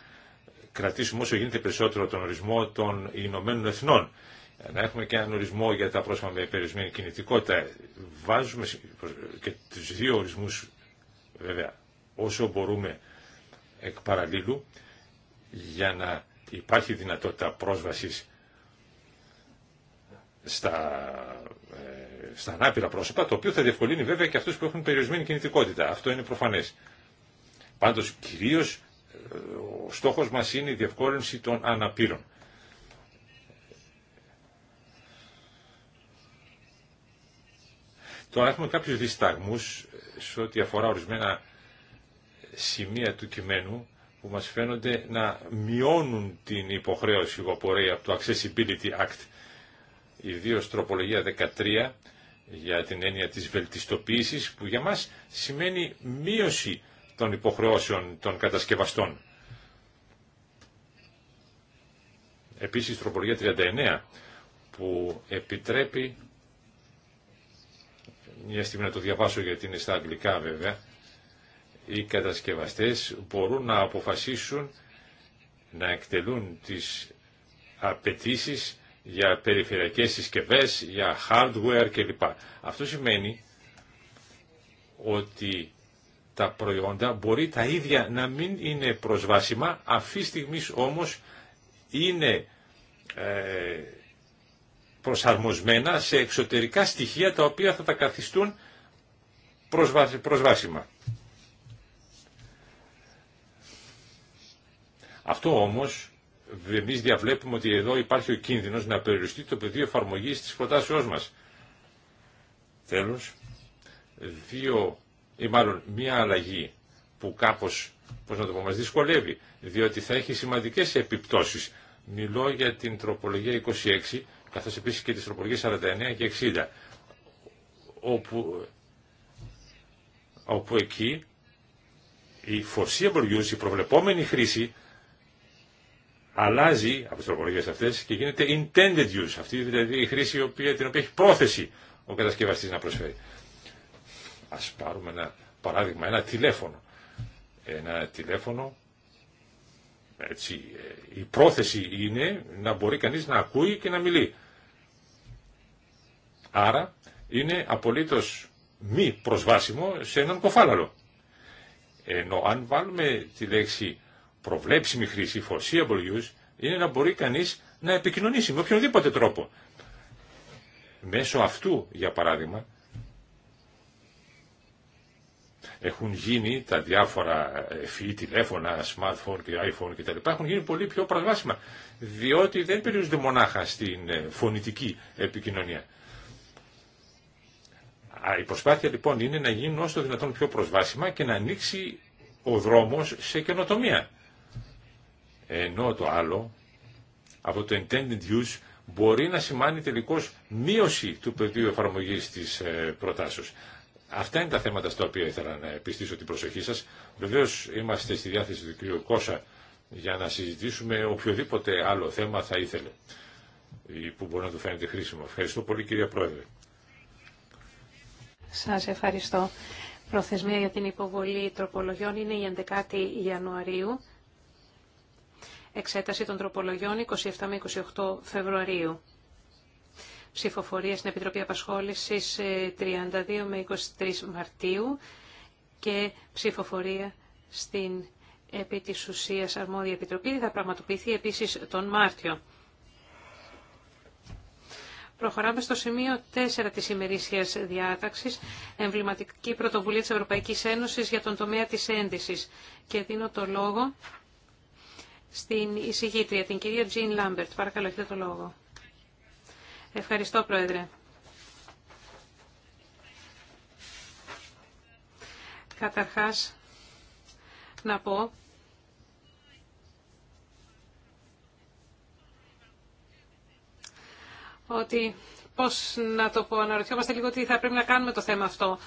κρατήσουμε όσο γίνεται περισσότερο τον ορισμό των Ηνωμένων Εθνών. Να έχουμε και έναν ορισμό για τα πρόσωπα με περιορισμένη κινητικότητα. Βάζουμε και τους δύο ορισμούς, βέβαια, όσο μπορούμε εκ παραλίλου, για να υπάρχει δυνατότητα πρόσβασης στα, ε, στα ανάπηρα πρόσωπα, το οποίο θα διευκολύνει βέβαια και αυτούς που έχουν περιορισμένη κινητικότητα. Αυτό είναι προφανές. Πάντως κυρίως ο στόχος μας είναι η διευκόλυνση των αναπήρων. Τώρα έχουμε κάποιους δισταγμούς σε ό,τι αφορά ορισμένα σημεία του κειμένου που μας φαίνονται να μειώνουν την υποχρέωση που απορρέει από το Accessibility Act ιδίως τροπολογία 13 για την έννοια της βελτιστοποίησης που για μας σημαίνει μείωση των υποχρεώσεων των κατασκευαστών. Επίσης τροπολογία 39 που επιτρέπει μια στιγμή να το διαβάσω γιατί είναι στα αγγλικά βέβαια οι κατασκευαστές μπορούν να αποφασίσουν να εκτελούν τις απαιτήσει για περιφερειακές συσκευές, για hardware κλπ. Αυτό σημαίνει ότι τα προϊόντα μπορεί τα ίδια να μην είναι προσβάσιμα, αυτή στιγμή όμως είναι ε, προσαρμοσμένα σε εξωτερικά στοιχεία τα οποία θα τα καθιστούν προσβάσιμα. Αυτό όμως εμεί διαβλέπουμε ότι εδώ υπάρχει ο κίνδυνο να περιοριστεί το πεδίο εφαρμογή τη προτάσεώ μα. Τέλο δύο ή μάλλον μία αλλαγή που κάπω να το πω, δυσκολεύει, διότι θα έχει σημαντικέ επιπτώσει. Μιλώ για την τροπολογία 26, καθώ επίση και τι τροπολογίε 49 και 60, όπου, όπου εκεί η foreseeable use, η προβλεπόμενη χρήση αλλάζει από τι τροπολογίε αυτές και γίνεται intended use, αυτή δηλαδή η χρήση η οποία, την οποία έχει πρόθεση ο κατασκευαστής να προσφέρει. Ας πάρουμε ένα παράδειγμα, ένα τηλέφωνο. Ένα τηλέφωνο, έτσι, ε, η πρόθεση είναι να μπορεί κανείς να ακούει και να μιλεί. Άρα είναι απολύτως μη προσβάσιμο σε έναν κοφάλαλο. Ενώ αν βάλουμε τη λέξη προβλέψιμη χρήση, foreseeable use, είναι να μπορεί κανείς να επικοινωνήσει με οποιονδήποτε τρόπο. Μέσω αυτού, για παράδειγμα, έχουν γίνει τα διάφορα FE, ε, τηλέφωνα, smartphone και iPhone κτλ. έχουν γίνει πολύ πιο προσβάσιμα, διότι δεν περιορίζονται μονάχα στην ε, φωνητική επικοινωνία. Η προσπάθεια λοιπόν είναι να γίνουν όσο δυνατόν πιο προσβάσιμα και να ανοίξει ο δρόμος σε καινοτομία. Ενώ το άλλο, από το intended use, μπορεί να σημάνει τελικώς μείωση του πεδίου εφαρμογής της ε, προτάσεως. Αυτά είναι τα θέματα στα οποία ήθελα να επιστήσω την προσοχή σας. Βεβαίως είμαστε στη διάθεση του κ. Κώσα για να συζητήσουμε οποιοδήποτε άλλο θέμα θα ήθελε ή που μπορεί να του φαίνεται χρήσιμο. Ευχαριστώ πολύ κυρία Πρόεδρε. Σας ευχαριστώ. Προθεσμία για την υποβολή τροπολογιών είναι η 11η Ιανουαρίου Εξέταση των τροπολογιών 27 με 28 Φεβρουαρίου. Ψηφοφορία στην Επιτροπή Απασχόλησης 32 ε, με 23 Μαρτίου και ψηφοφορία στην επί ουσίας αρμόδια επιτροπή θα πραγματοποιηθεί επίσης τον Μάρτιο. Προχωράμε στο σημείο 4 της ημερήσιας διάταξης, εμβληματική πρωτοβουλία της Ευρωπαϊκής Ένωσης για τον τομέα της ένδυσης. Και δίνω το λόγο στην εισηγήτρια, την κυρία Τζιν Λάμπερτ. Παρακαλώ, έχετε το λόγο. Ευχαριστώ, Πρόεδρε. Καταρχάς, να πω ότι πώς να το πω, αναρωτιόμαστε λίγο τι θα πρέπει να κάνουμε το θέμα αυτό.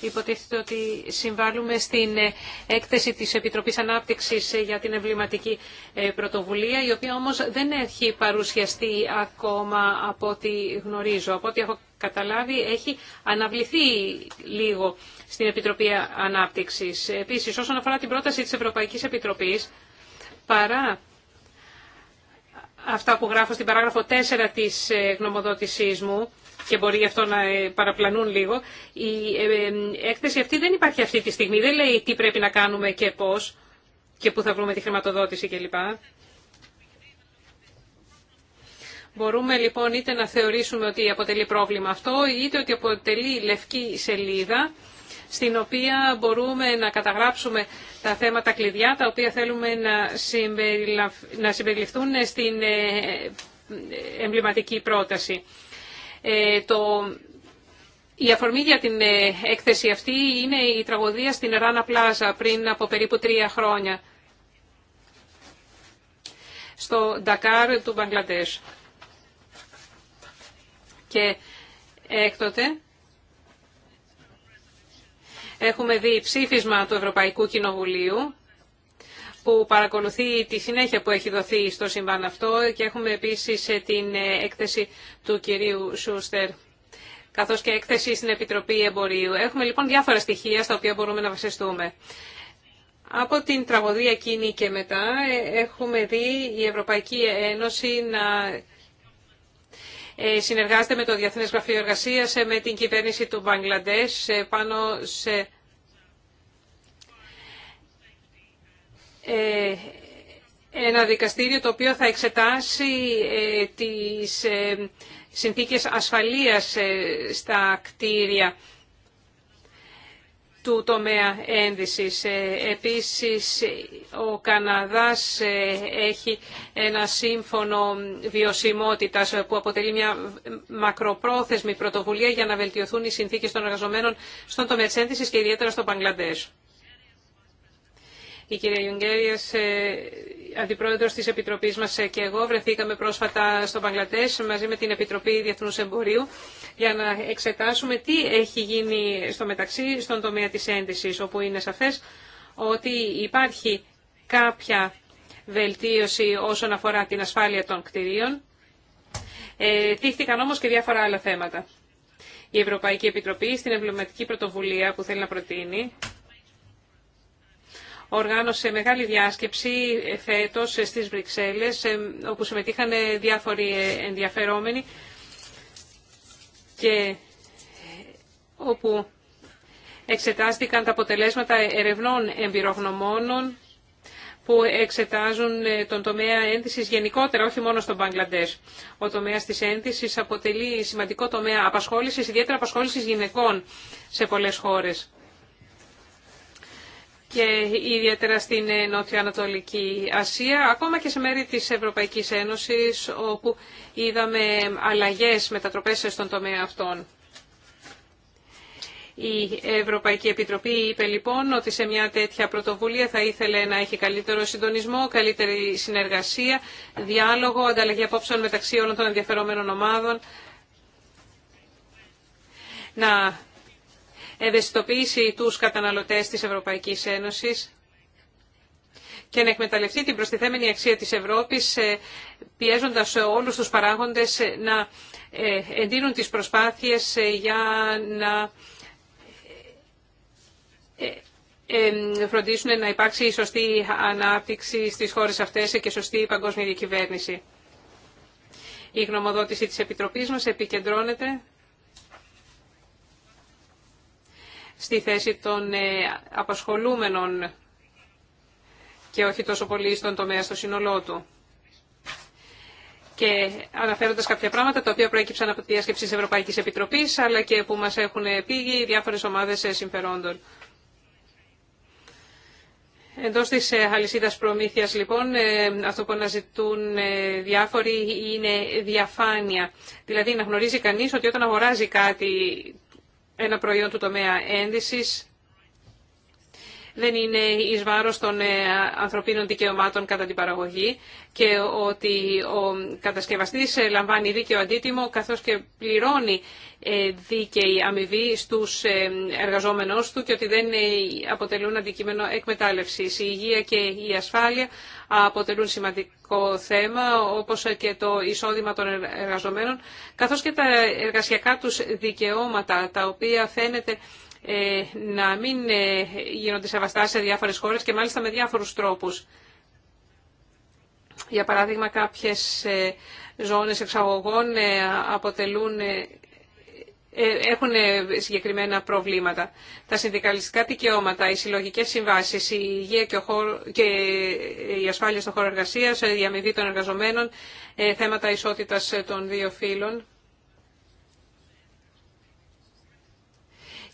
Υποτίθεται ότι συμβάλλουμε στην ε, έκθεση της Επιτροπής Ανάπτυξης ε, για την εμβληματική ε, πρωτοβουλία, η οποία όμως δεν έχει παρουσιαστεί ακόμα από ό,τι γνωρίζω. Από ό,τι έχω καταλάβει, έχει αναβληθεί λίγο στην Επιτροπή Ανάπτυξης. Επίσης, όσον αφορά την πρόταση της Ευρωπαϊκής Επιτροπής, παρά αυτά που γράφω στην παράγραφο 4 της γνωμοδότησής μου, και μπορεί αυτό να ε, παραπλανούν λίγο. Η ε, ε, έκθεση αυτή δεν υπάρχει αυτή τη στιγμή. Δεν λέει τι πρέπει να κάνουμε και πώ και πού θα βρούμε τη χρηματοδότηση κλπ. Μπορούμε λοιπόν είτε να θεωρήσουμε ότι αποτελεί πρόβλημα αυτό, είτε ότι αποτελεί λευκή σελίδα, στην οποία μπορούμε να καταγράψουμε τα θέματα κλειδιά, τα οποία θέλουμε να, συμπεριλαφ... συμπεριληφθούν στην εμβληματική πρόταση. Ε, το, η αφορμή για την ε, έκθεση αυτή είναι η τραγωδία στην Ράνα Πλάζα πριν από περίπου τρία χρόνια στο Ντακάρ του Μπαγκλαντές. Και έκτοτε έχουμε δει ψήφισμα του Ευρωπαϊκού Κοινοβουλίου που παρακολουθεί τη συνέχεια που έχει δοθεί στο συμβάν αυτό και έχουμε επίσης ε, την ε, έκθεση του κυρίου Σούστερ καθώς και έκθεση στην Επιτροπή Εμπορίου. Έχουμε λοιπόν διάφορα στοιχεία στα οποία μπορούμε να βασιστούμε. Από την τραγωδία εκείνη και μετά ε, έχουμε δει η Ευρωπαϊκή Ένωση να συνεργάζεται με το Διεθνές Γραφείο Εργασίας, με την κυβέρνηση του Μπαγκλαντές πάνω σε Ε, ένα δικαστήριο το οποίο θα εξετάσει ε, τις ε, συνθήκες ασφαλείας στα κτίρια του τομέα ένδυσης. Επίσης, ο Καναδάς έχει ένα σύμφωνο βιωσιμότητας που αποτελεί μια μακροπρόθεσμη πρωτοβουλία για να βελτιωθούν οι συνθήκες των εργαζομένων στον τομέα της ένδυσης και ιδιαίτερα στο Παγκλαντές. Η κυρία Ιουγγέριος, ε, αντιπρόεδρος της Επιτροπής μας ε, και εγώ βρεθήκαμε πρόσφατα στο Παγκλατέ μαζί με την Επιτροπή Διεθνούς Εμπορίου για να εξετάσουμε τι έχει γίνει στο μεταξύ στον τομέα της ένδυσης, όπου είναι σαφές ότι υπάρχει κάποια βελτίωση όσον αφορά την ασφάλεια των κτηρίων. Ε, τύχθηκαν όμως και διάφορα άλλα θέματα. Η Ευρωπαϊκή Επιτροπή στην εμβληματική πρωτοβουλία που θέλει να προτείνει οργάνωσε μεγάλη διάσκεψη φέτος στις Βρυξέλλες, ε, όπου συμμετείχαν διάφοροι ενδιαφερόμενοι και όπου εξετάστηκαν τα αποτελέσματα ερευνών εμπειρογνωμόνων που εξετάζουν ε, τον τομέα ένδυσης γενικότερα, όχι μόνο στον Μπαγκλαντές. Ο τομέας της ένδυσης αποτελεί σημαντικό τομέα απασχόλησης, ιδιαίτερα απασχόλησης γυναικών σε πολλές χώρες και ιδιαίτερα στην ε, Νότια ανατολικη Ασία, ακόμα και σε μέρη της Ευρωπαϊκής Ένωσης, όπου είδαμε αλλαγές μετατροπές στον τομέα αυτών. Η Ευρωπαϊκή Επιτροπή είπε λοιπόν ότι σε μια τέτοια πρωτοβουλία θα ήθελε να έχει καλύτερο συντονισμό, καλύτερη συνεργασία, διάλογο, ανταλλαγή απόψεων μεταξύ όλων των ενδιαφερόμενων ομάδων, να ευαισθητοποιήσει τους καταναλωτές της Ευρωπαϊκής Ένωσης και να εκμεταλλευτεί την προστιθέμενη αξία της Ευρώπης, ε, πιέζοντας όλους τους παράγοντες ε, να ε, εντείνουν τις προσπάθειες για να φροντίσουν να υπάρξει η σωστή ανάπτυξη στις χώρες αυτές και σωστή παγκόσμια διακυβέρνηση. Η γνωμοδότηση της Επιτροπής μας επικεντρώνεται στη θέση των ε, απασχολούμενων και όχι τόσο πολύ στον τομέα στο σύνολό του. Και αναφέροντας κάποια πράγματα τα οποία προέκυψαν από τη διάσκεψη της Ευρωπαϊκής Επιτροπής αλλά και που μας έχουν πήγει διάφορες ομάδες ε, συμφερόντων. Εντός της ε, αλυσίδας προμήθειας λοιπόν αυτό που αναζητούν διάφοροι είναι διαφάνεια. Δηλαδή να γνωρίζει κανείς ότι όταν αγοράζει κάτι ένα προϊόν του τομέα ένδυσης δεν είναι εις βάρος των ε, ανθρωπίνων δικαιωμάτων κατά την παραγωγή και ότι ο κατασκευαστής ε, λαμβάνει δίκαιο αντίτιμο καθώς και πληρώνει ε, δίκαιη αμοιβή στους εργαζόμενους του και ότι δεν αποτελούν αντικείμενο εκμετάλλευσης. Η υγεία και η ασφάλεια αποτελούν σημαντικό θέμα όπως και το εισόδημα των εργαζομένων καθώς και τα εργασιακά τους δικαιώματα τα οποία φαίνεται ε, να μην ε, γίνονται σεβαστά σε διάφορες χώρες και μάλιστα με διάφορους τρόπους. Για παράδειγμα, κάποιες ε, ζώνες εξαγωγών αποτελούν έχουν συγκεκριμένα προβλήματα. Τα συνδικαλιστικά δικαιώματα, οι συλλογικές συμβάσεις, η υγεία και, ο και η ασφάλεια στον χώρο εργασίας, η αμοιβή των εργαζομένων, θέματα ισότητας των δύο φύλων.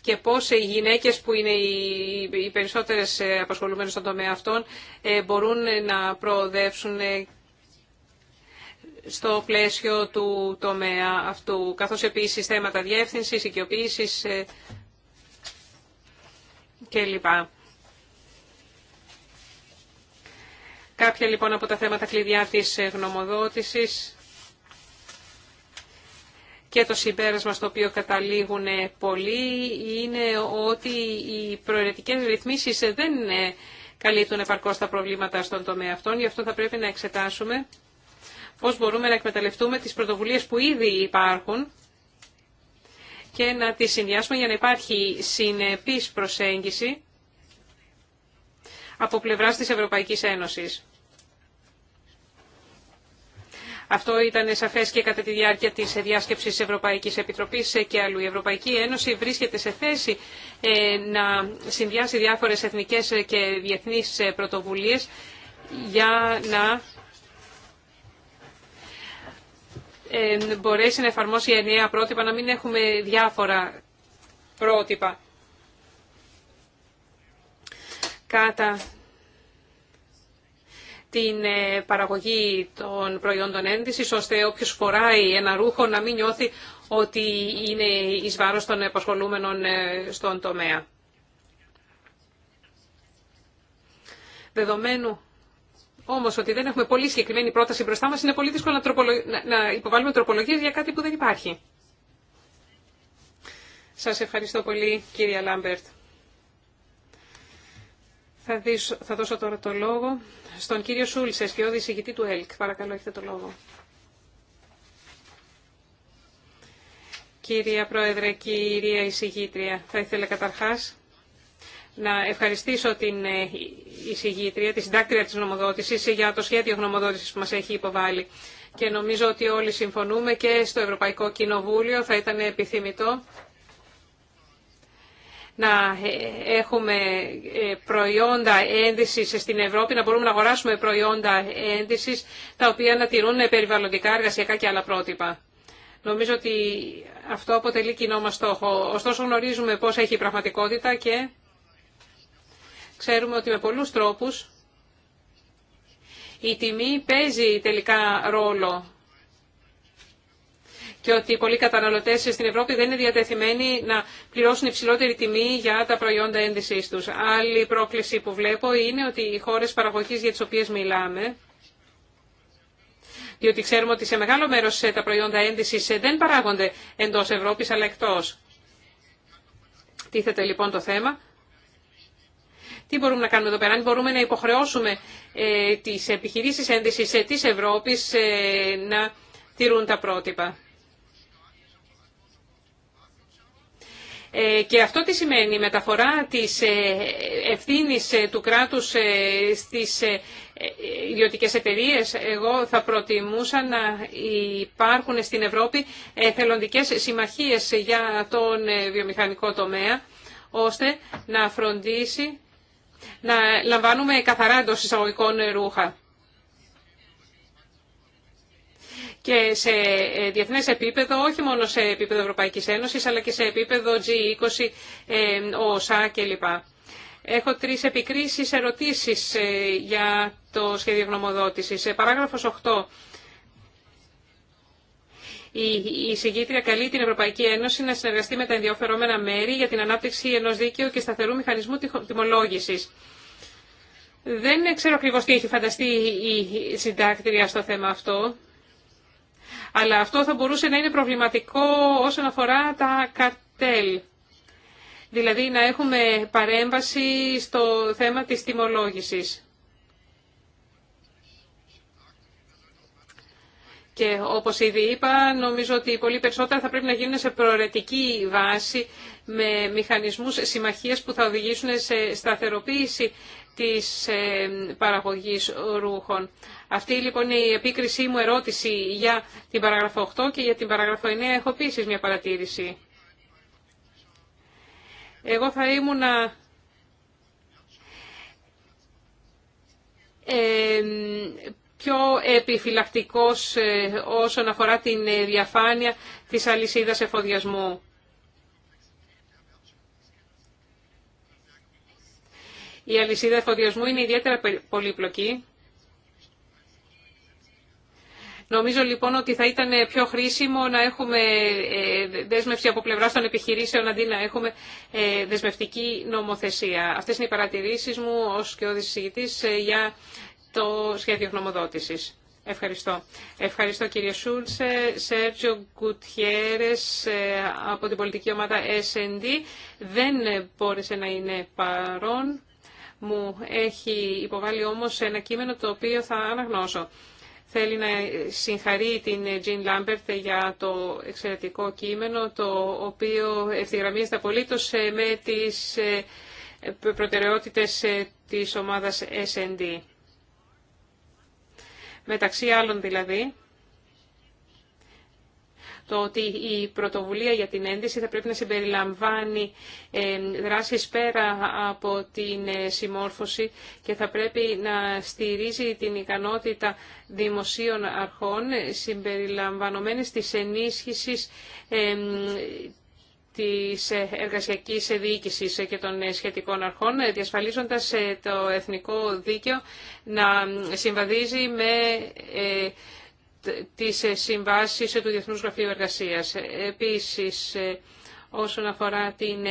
και πώς οι γυναίκες που είναι οι περισσότερες ε, απασχολούμενες στον τομέα αυτών ε, μπορούν να προοδεύσουν ε, στο πλαίσιο του τομέα αυτού, καθώς επίσης θέματα διεύθυνσης, οικειοποίησης κλπ. Κάποια λοιπόν από τα θέματα κλειδιά της γνωμοδότησης και το συμπέρασμα στο οποίο καταλήγουν πολλοί είναι ότι οι προαιρετικές ρυθμίσεις δεν ε, καλύπτουν επαρκώς τα προβλήματα στον τομέα αυτών. Γι' αυτό θα πρέπει να εξετάσουμε πώς μπορούμε να εκμεταλλευτούμε τις πρωτοβουλίες που ήδη υπάρχουν και να τις συνδυάσουμε για να υπάρχει συνεπής προσέγγιση από πλευράς της Ευρωπαϊκής Ένωσης. Αυτό ήταν σαφές και κατά τη διάρκεια της διάσκεψης Ευρωπαϊκή Ευρωπαϊκής Επιτροπής και αλλού. Η Ευρωπαϊκή Ένωση βρίσκεται σε θέση ε, να συνδυάσει διάφορε εθνικές και διεθνείς πρωτοβουλίες για να ε, μπορέσει να εφαρμόσει ενιαία πρότυπα, να μην έχουμε διάφορα πρότυπα. Κατά την ε, παραγωγή των προϊόντων ένδυσης, ώστε όποιος φοράει ένα ρούχο να μην νιώθει ότι είναι εις βάρος των επασχολούμενων ε, στον τομέα. Δεδομένου όμως ότι δεν έχουμε πολύ συγκεκριμένη πρόταση μπροστά μας, είναι πολύ δύσκολο να υποβάλουμε τροπολογίες για κάτι που δεν υπάρχει. Σας ευχαριστώ πολύ κύριε Λάμπερτ. Θα δώσω τώρα το λόγο στον κύριο Σούλσες και εισηγητή του ΕΛΚ. Παρακαλώ, έχετε το λόγο. Κυρία Πρόεδρε, κυρία εισηγήτρια, θα ήθελα καταρχάς να ευχαριστήσω την ε, εισηγήτρια, τη συντάκτρια της νομοδότησης για το σχέδιο γνωμοδότησης που μας έχει υποβάλει. Και νομίζω ότι όλοι συμφωνούμε και στο Ευρωπαϊκό Κοινοβούλιο θα ήταν επιθυμητό να ε, έχουμε ε, προϊόντα ένδυσης στην Ευρώπη, να μπορούμε να αγοράσουμε προϊόντα ένδυσης, τα οποία να τηρούν περιβαλλοντικά, εργασιακά και άλλα πρότυπα. Νομίζω ότι αυτό αποτελεί κοινό μας στόχο. Ωστόσο γνωρίζουμε πώς έχει η πραγματικότητα και ξέρουμε ότι με πολλούς τρόπους η τιμή παίζει τελικά ρόλο και ότι πολλοί καταναλωτέ στην Ευρώπη δεν είναι διατεθειμένοι να πληρώσουν υψηλότερη τιμή για τα προϊόντα ένδυσής του. Άλλη πρόκληση που βλέπω είναι ότι οι χώρε παραγωγή για τι οποίε μιλάμε, διότι ξέρουμε ότι σε μεγάλο μέρο ε, τα προϊόντα ένδυσης ε, δεν παράγονται εντό Ευρώπη, αλλά εκτό. Τίθεται λοιπόν το θέμα. Τι μπορούμε να κάνουμε εδώ πέρα, αν μπορούμε να υποχρεώσουμε ε, τις επιχειρήσεις ένδυσης ε, της Ευρώπης ε, να τηρούν τα πρότυπα. Ε, και αυτό τι σημαίνει, η μεταφορά της ε, ευθύνης ε, του κράτους στις ιδιωτικές εταιρείες. Εγώ θα προτιμούσα να υπάρχουν στην Ευρώπη θελοντικές συμμαχίες για τον βιομηχανικό τομέα, ώστε να φροντίσει να λαμβάνουμε καθαρά εντό εισαγωγικών ρούχα. και σε ε, διεθνές επίπεδο, όχι μόνο σε επίπεδο Ευρωπαϊκής Ένωσης, αλλά και σε επίπεδο G20, ε, ΟΣΑ κλπ. Έχω τρεις επικρίσεις ερωτήσεις ε, για το σχέδιο γνωμοδότησης. Σε παράγραφος 8, η εισηγήτρια καλεί την Ευρωπαϊκή Ένωση να συνεργαστεί με τα ενδιαφερόμενα μέρη για την ανάπτυξη ενός δίκαιου και σταθερού μηχανισμού τιμολόγηση. Δεν ξέρω ακριβώ τι έχει φανταστεί η συντάκτηρια στο θέμα αυτό αλλά αυτό θα μπορούσε να είναι προβληματικό όσον αφορά τα καρτέλ. Δηλαδή να έχουμε παρέμβαση στο θέμα της τιμολόγησης. Και όπως ήδη είπα, νομίζω ότι πολύ περισσότερα θα πρέπει να γίνουν σε προαιρετική βάση με μηχανισμούς συμμαχίας που θα οδηγήσουν σε σταθεροποίηση της ε, παραγωγής ρούχων. Αυτή λοιπόν είναι η επίκρισή μου ερώτηση για την παραγραφό 8 και για την παραγραφό 9 έχω επίση μια παρατήρηση. Εγώ θα ήμουν ε, πιο επιφυλακτικός ε, όσον αφορά την διαφάνεια της αλυσίδας εφοδιασμού. Η αλυσίδα εφοδιασμού είναι ιδιαίτερα πολύπλοκη. Νομίζω λοιπόν ότι θα ήταν πιο χρήσιμο να έχουμε ε, δέσμευση από πλευρά των επιχειρήσεων αντί να έχουμε ε, δεσμευτική νομοθεσία. Αυτέ είναι οι παρατηρήσει μου ω και ο ε, για το σχέδιο γνωμοδότηση. Ευχαριστώ. Ευχαριστώ κύριε Σούλτσε. Σέρτζιο Γκουτιέρες από την πολιτική ομάδα S&D δεν μπόρεσε να είναι παρόν. Μου έχει υποβάλει όμως ένα κείμενο το οποίο θα αναγνώσω. Θέλει να συγχαρεί την Τζιν Λάμπερτ για το εξαιρετικό κείμενο, το οποίο ευθυγραμμίζεται απολύτως ε, με τις ε, προτεραιότητες ε, της ομάδας S&D. Μεταξύ άλλων δηλαδή, το ότι η πρωτοβουλία για την ένδυση θα πρέπει να συμπεριλαμβάνει ε, δράσεις πέρα από την ε, συμμόρφωση και θα πρέπει να στηρίζει την ικανότητα δημοσίων αρχών συμπεριλαμβανομένης της ενίσχυσης ε, της εργασιακής διοίκησης και των σχετικών αρχών, διασφαλίζοντας το εθνικό δίκαιο να συμβαδίζει με τις ε, συμβάσεις ε, του Διεθνούς Γραφείου Εργασίας. Ε, επίσης, όσον αφορά την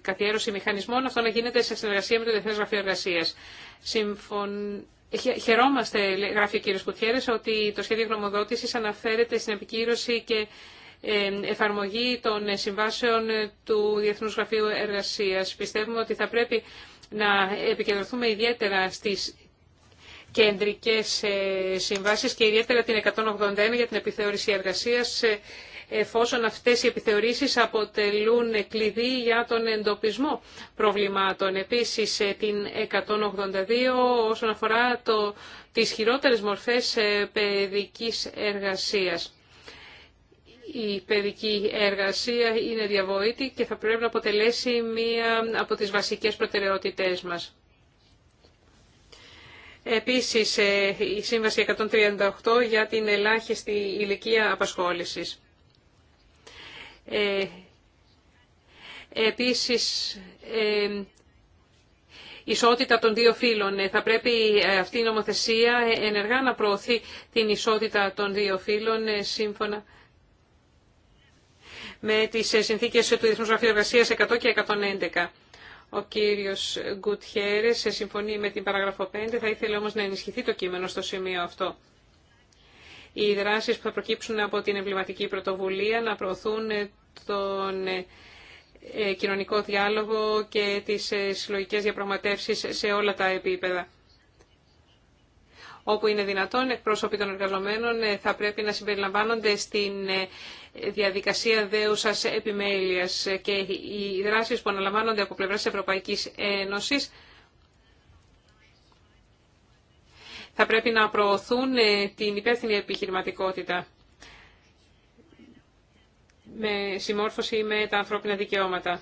καθιέρωση μηχανισμών, αυτό να γίνεται σε συνεργασία με το Διεθνές Γραφείο Εργασίας. Συμφων... Χαιρόμαστε, γράφει ο κύριος Κουτιέρες, ότι το σχέδιο γνωμοδότησης αναφέρεται στην επικύρωση και εφαρμογή των συμβάσεων του Διεθνούς Γραφείου Εργασίας. Πιστεύουμε ότι θα πρέπει να επικεντρωθούμε ιδιαίτερα στις κεντρικές ε, συμβάσεις και ιδιαίτερα την 181 για την επιθεώρηση εργασίας ε, εφόσον αυτές οι επιθεωρήσεις αποτελούν κλειδί για τον εντοπισμό προβλημάτων. Επίσης ε, την 182 όσον αφορά το, τις χειρότερες μορφές παιδικής εργασίας. Η παιδική εργασία είναι διαβοήτη και θα πρέπει να αποτελέσει μία από τις βασικές προτεραιότητές μας. Επίσης, ε, η Σύμβαση 138 για την ελάχιστη ηλικία απασχόλησης. Ε, επίσης, ε, ισότητα των δύο φύλων. Θα πρέπει αυτή η νομοθεσία ενεργά να προωθεί την ισότητα των δύο φύλων σύμφωνα με τις συνθήκες του Διεθνούς Γραφείου Εργασίας 100 και 111. Ο κύριος Γκουτχέρε, σε συμφωνεί με την παράγραφο 5, θα ήθελε όμως να ενισχυθεί το κείμενο στο σημείο αυτό. Οι δράσεις που θα προκύψουν από την εμβληματική πρωτοβουλία να προωθούν τον ε, κοινωνικό διάλογο και τις ε, συλλογικές διαπραγματεύσεις σε όλα τα επίπεδα. Όπου είναι δυνατόν, εκπρόσωποι των εργαζομένων ε, θα πρέπει να συμπεριλαμβάνονται στην διαδικασία δεουσα επιμέλειας και οι δράσει που αναλαμβάνονται από πλευράς Ευρωπαϊκής Ένωση, θα πρέπει να προωθούν ε, την υπεύθυνη επιχειρηματικότητα με συμμόρφωση με τα ανθρώπινα δικαιώματα.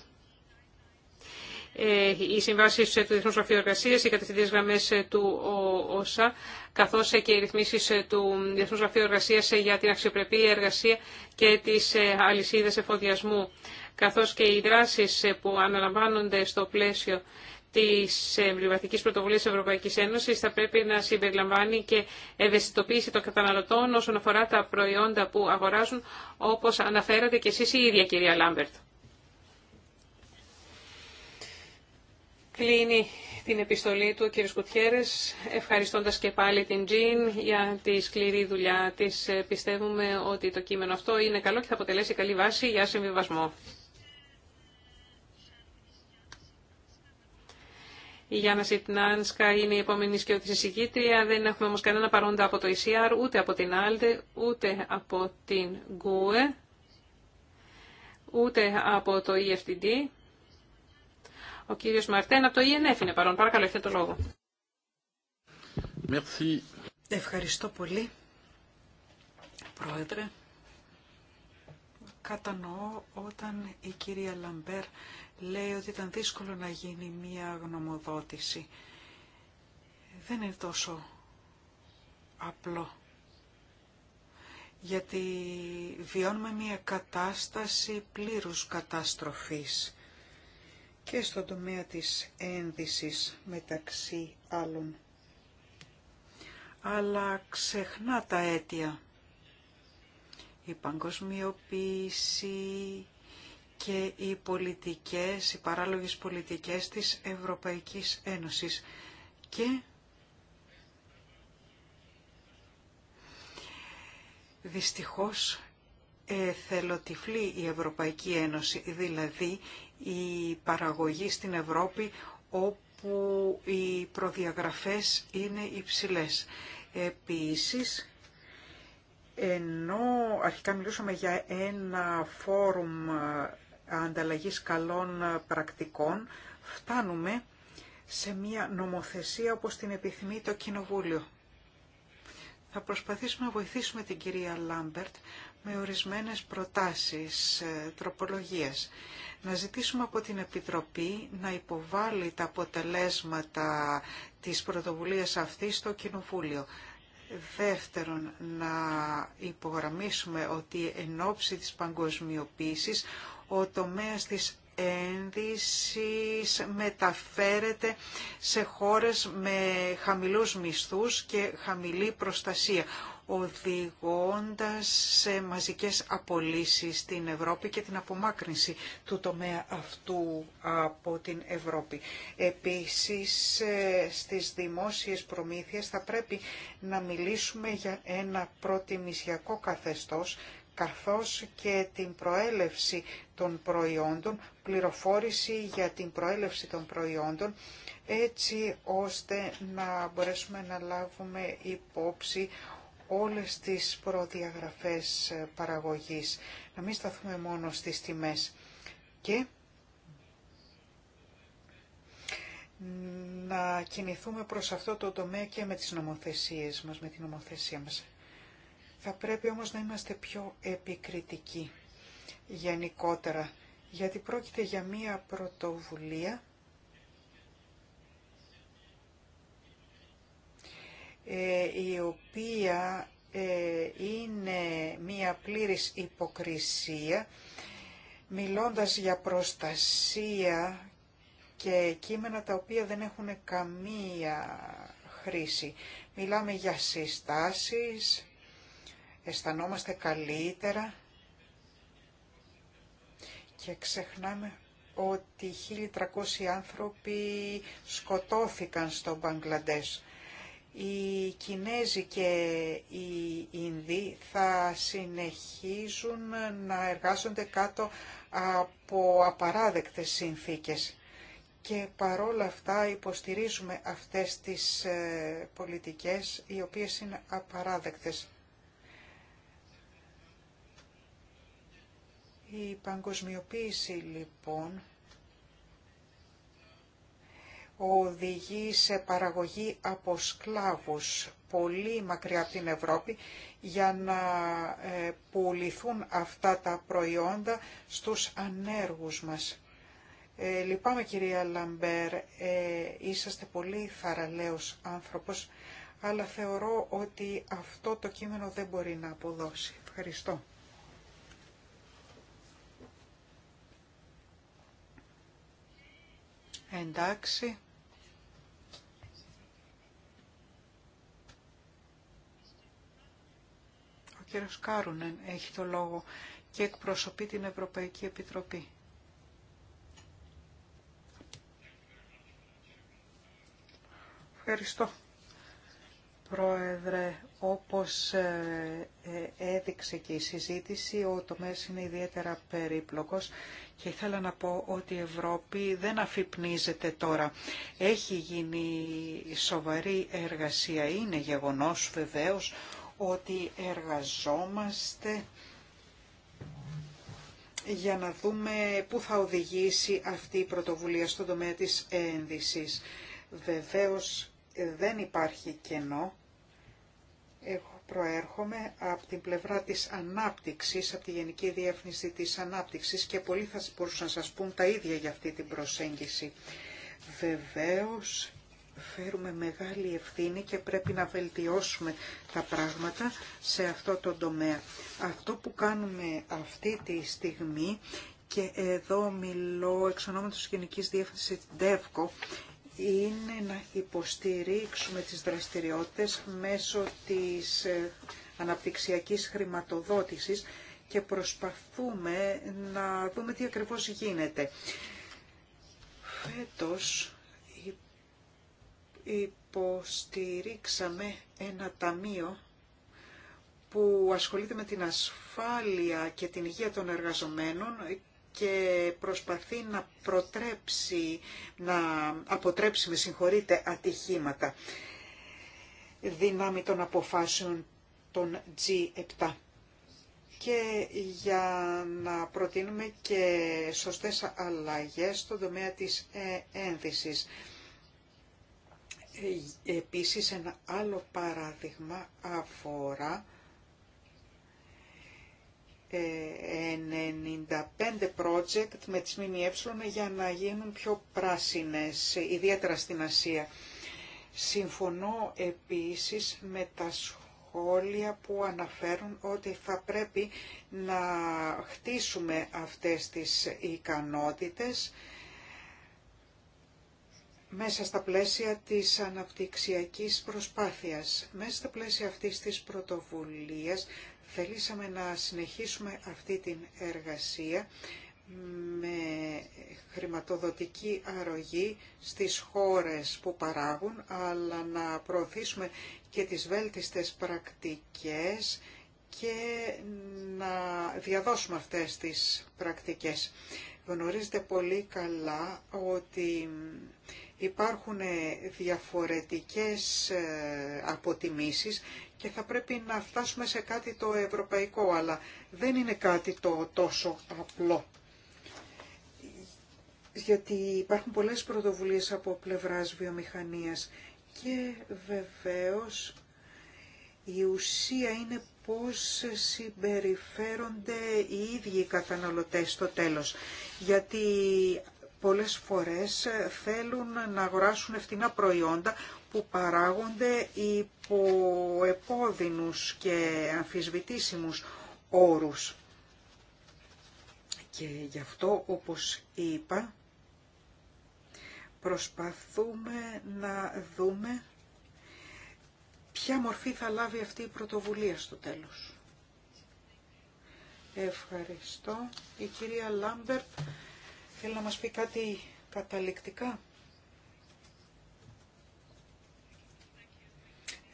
Ε, οι συμβάσει του Διεθνού Γραφείου Εργασία, οι κατευθυντήρε γραμμέ ε, του ΟΣΑ, καθώ ε, και οι ρυθμίσει του Διεθνού Γραφείου Εργασία για την αξιοπρεπή εργασία και τι αλυσίδε εφοδιασμού, καθώ και οι δράσει που αναλαμβάνονται στο πλαίσιο τη εμβληματική πρωτοβουλία Ευρωπαϊκή Ένωση θα πρέπει να συμπεριλαμβάνει και ευαισθητοποίηση των καταναλωτών όσον αφορά τα προϊόντα που αγοράζουν, όπω αναφέρατε και εσεί η ίδια, κυρία Λάμπερτ. Κλείνει την επιστολή του ο κ. Κουτιέρες, ευχαριστώντας και πάλι την Τζιν για τη σκληρή δουλειά της. Ε, πιστεύουμε ότι το κείμενο αυτό είναι καλό και θα αποτελέσει καλή βάση για συμβιβασμό. Η Γιάννα Σιτνάνσκα είναι η επόμενη σκοιότητα εισηγήτρια. Δεν έχουμε όμως κανένα παρόντα από το ECR, ούτε από την ALDE, ούτε από την GUE, ούτε από το EFTD. Ο κύριος Μαρτέν από το ΙΕΝΕΦ e είναι παρόν. Παρακαλώ, έχετε το λόγο. Merci. Ευχαριστώ πολύ, Πρόεδρε. Κατανοώ όταν η κυρία Λαμπέρ λέει ότι ήταν δύσκολο να γίνει μία γνωμοδότηση. Δεν είναι τόσο απλό. Γιατί βιώνουμε μία κατάσταση πλήρους καταστροφής και στον τομέα της ένδυσης μεταξύ άλλων. Αλλά ξεχνά τα αίτια. Η παγκοσμιοποίηση και οι πολιτικές, οι παράλογες πολιτικές της Ευρωπαϊκής Ένωσης και δυστυχώς εθελοτυφλή η Ευρωπαϊκή Ένωση, δηλαδή η παραγωγή στην Ευρώπη όπου οι προδιαγραφές είναι υψηλές. Επίσης, ενώ αρχικά μιλούσαμε για ένα φόρουμ ανταλλαγής καλών πρακτικών, φτάνουμε σε μια νομοθεσία όπως την επιθυμεί το Κοινοβούλιο. Θα προσπαθήσουμε να βοηθήσουμε την κυρία Λάμπερτ με ορισμένες προτάσεις ε, τροπολογίας. Να ζητήσουμε από την Επιτροπή να υποβάλει τα αποτελέσματα της πρωτοβουλίας αυτής στο Κοινοβούλιο. Δεύτερον, να υπογραμμίσουμε ότι εν ώψη της παγκοσμιοποίησης ο τομέας της ένδυσης μεταφέρεται σε χώρες με χαμηλούς μισθούς και χαμηλή προστασία οδηγώντας σε μαζικές απολύσεις στην Ευρώπη και την απομάκρυνση του τομέα αυτού από την Ευρώπη. Επίσης, ε, στις δημόσιες προμήθειες θα πρέπει να μιλήσουμε για ένα προτιμησιακό καθεστώς καθώς και την προέλευση των προϊόντων, πληροφόρηση για την προέλευση των προϊόντων, έτσι ώστε να μπορέσουμε να λάβουμε υπόψη όλες τις προδιαγραφές ε, παραγωγής, να μην σταθούμε μόνο στις τιμές και να κινηθούμε προς αυτό το τομέα και με τις νομοθεσίες μας, με την νομοθεσία μας. Θα πρέπει όμως να είμαστε πιο επικριτικοί γενικότερα, γιατί πρόκειται για μία πρωτοβουλία Ε, η οποία ε, είναι μία πλήρης υποκρισία, μιλώντας για προστασία και κείμενα τα οποία δεν έχουν καμία χρήση. Μιλάμε για συστάσεις, αισθανόμαστε καλύτερα και ξεχνάμε ότι 1.300 άνθρωποι σκοτώθηκαν στο Μπαγκλαντές οι Κινέζοι και οι Ινδοί θα συνεχίζουν να εργάζονται κάτω από απαράδεκτες συνθήκες. Και παρόλα αυτά υποστηρίζουμε αυτές τις ε, πολιτικές οι οποίες είναι απαράδεκτες. Η παγκοσμιοποίηση λοιπόν οδηγεί σε παραγωγή από σκλάβους πολύ μακριά από την Ευρώπη για να ε, πουληθούν αυτά τα προϊόντα στους ανέργους μας. Ε, λυπάμαι κυρία Λαμπέρ, ε, είσαστε πολύ θαραλέος άνθρωπος, αλλά θεωρώ ότι αυτό το κείμενο δεν μπορεί να αποδώσει. Ευχαριστώ. Εντάξει. κύριος Κάρουνεν έχει το λόγο και εκπροσωπεί την Ευρωπαϊκή Επιτροπή. Ευχαριστώ. Πρόεδρε, όπως ε, ε, έδειξε και η συζήτηση, ο τομέας είναι ιδιαίτερα περίπλοκος και ήθελα να πω ότι η Ευρώπη δεν αφυπνίζεται τώρα. Έχει γίνει σοβαρή εργασία, είναι γεγονός βεβαίως ότι εργαζόμαστε για να δούμε πού θα οδηγήσει αυτή η πρωτοβουλία στον τομέα της ένδυσης. Βεβαίως δεν υπάρχει κενό. Εγώ προέρχομαι από την πλευρά της ανάπτυξης, από τη Γενική Διεύθυνση της Ανάπτυξης και πολλοί θα μπορούσαν να σας πούν τα ίδια για αυτή την προσέγγιση. Βεβαίως φέρουμε μεγάλη ευθύνη και πρέπει να βελτιώσουμε τα πράγματα σε αυτό το τομέα. Αυτό που κάνουμε αυτή τη στιγμή και εδώ μιλώ εξ ονόματος της Γενικής Διεύθυνσης ΔΕΒΚΟ είναι να υποστηρίξουμε τις δραστηριότητες μέσω της ε, αναπτυξιακής χρηματοδότησης και προσπαθούμε να δούμε τι ακριβώς γίνεται. Φέτος υποστηρίξαμε ένα ταμείο που ασχολείται με την ασφάλεια και την υγεία των εργαζομένων και προσπαθεί να προτρέψει, να αποτρέψει, με συγχωρείτε, ατυχήματα δυνάμει των αποφάσεων των G7 και για να προτείνουμε και σωστές αλλαγές στον τομέα της ε, ένδυσης. Ε, επίσης ένα άλλο παράδειγμα αφορά 95 ε, project με τις ΜΜΕ για να γίνουν πιο πράσινες, ιδιαίτερα στην Ασία. Συμφωνώ επίσης με τα σχόλια που αναφέρουν ότι θα πρέπει να χτίσουμε αυτές τις ικανότητες μέσα στα πλαίσια της αναπτυξιακής προσπάθειας. Μέσα στα πλαίσια αυτής της πρωτοβουλίας θελήσαμε να συνεχίσουμε αυτή την εργασία με χρηματοδοτική αρρωγή στις χώρες που παράγουν, αλλά να προωθήσουμε και τις βέλτιστες πρακτικές και να διαδώσουμε αυτές τις πρακτικές. Γνωρίζετε πολύ καλά ότι υπάρχουν διαφορετικές ε, αποτιμήσεις και θα πρέπει να φτάσουμε σε κάτι το ευρωπαϊκό, αλλά δεν είναι κάτι το τόσο απλό. Γιατί υπάρχουν πολλές πρωτοβουλίες από πλευράς βιομηχανίας και βεβαίως η ουσία είναι πώς συμπεριφέρονται οι ίδιοι οι καταναλωτές στο τέλος. Γιατί πολλές φορές θέλουν να αγοράσουν ευθυνά προϊόντα που παράγονται υπό επώδυνους και αμφισβητήσιμους όρους. Και γι' αυτό, όπως είπα, προσπαθούμε να δούμε ποια μορφή θα λάβει αυτή η πρωτοβουλία στο τέλος. Ευχαριστώ. Η κυρία Λάμπερτ θέλει να μας πει κάτι καταληκτικά.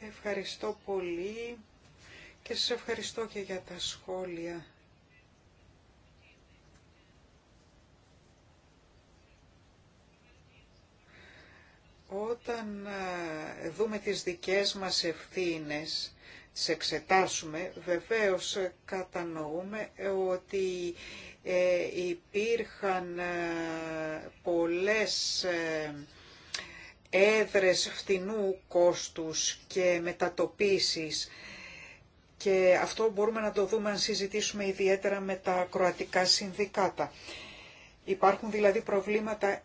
Ευχαριστώ πολύ και σας ευχαριστώ και για τα σχόλια. Όταν ε, δούμε τις δικές μας ευθύνες, τις εξετάσουμε, βεβαίως ε, κατανοούμε ε, ότι υπήρχαν πολλές έδρες φτηνού κόστους και μετατοπίσεις και αυτό μπορούμε να το δούμε αν συζητήσουμε ιδιαίτερα με τα κροατικά συνδικάτα. Υπάρχουν δηλαδή προβλήματα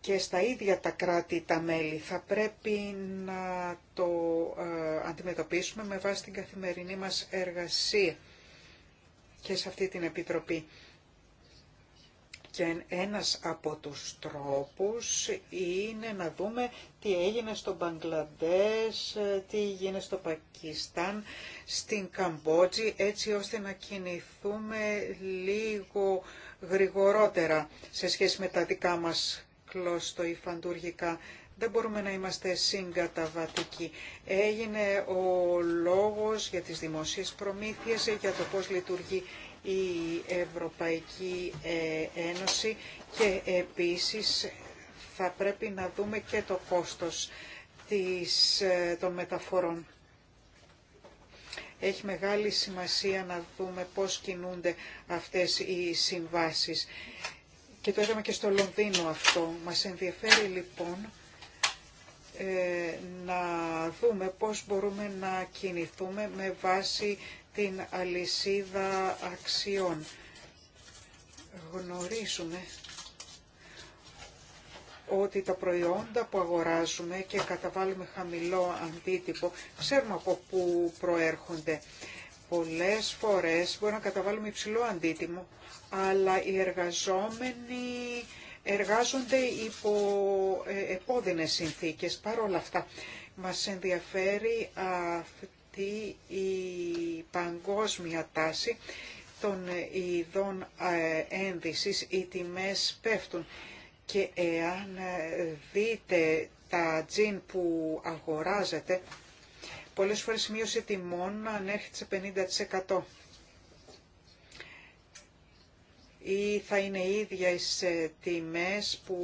και στα ίδια τα κράτη τα μέλη. Θα πρέπει να το ε, αντιμετωπίσουμε με βάση την καθημερινή μας εργασία και σε αυτή την Επιτροπή. Και ένας από τους τρόπους είναι να δούμε τι έγινε στο Μπαγκλαντές, ε, τι γίνεται στο Πακιστάν, στην Καμπότζη, έτσι ώστε να κινηθούμε λίγο γρηγορότερα σε σχέση με τα δικά μας φαντουργικά Δεν μπορούμε να είμαστε συγκαταβατικοί. Έγινε ο λόγος για τις δημόσιες προμήθειες, για το πώς λειτουργεί η Ευρωπαϊκή ε, Ένωση και επίσης θα πρέπει να δούμε και το κόστος της, ε, των μεταφορών. Έχει μεγάλη σημασία να δούμε πώς κινούνται αυτές οι συμβάσεις και το είδαμε και στο Λονδίνο αυτό. Μας ενδιαφέρει λοιπόν ε, να δούμε πώς μπορούμε να κινηθούμε με βάση την αλυσίδα αξιών. Γνωρίζουμε ότι τα προϊόντα που αγοράζουμε και καταβάλουμε χαμηλό αντίτυπο, ξέρουμε από πού προέρχονται πολλές φορές μπορεί να καταβάλουμε υψηλό αντίτιμο, αλλά οι εργαζόμενοι εργάζονται υπό ε, επώδυνες συνθήκες. Παρ' όλα αυτά, μας ενδιαφέρει αυτή η παγκόσμια τάση των ε, ειδών ε, ένδυσης. Οι τιμές πέφτουν και εάν δείτε τα τζιν που αγοράζετε, Πολλές φορές μείωση τιμών ανέρχεται σε 50% ή θα είναι οι ίδιες ε, τιμές που,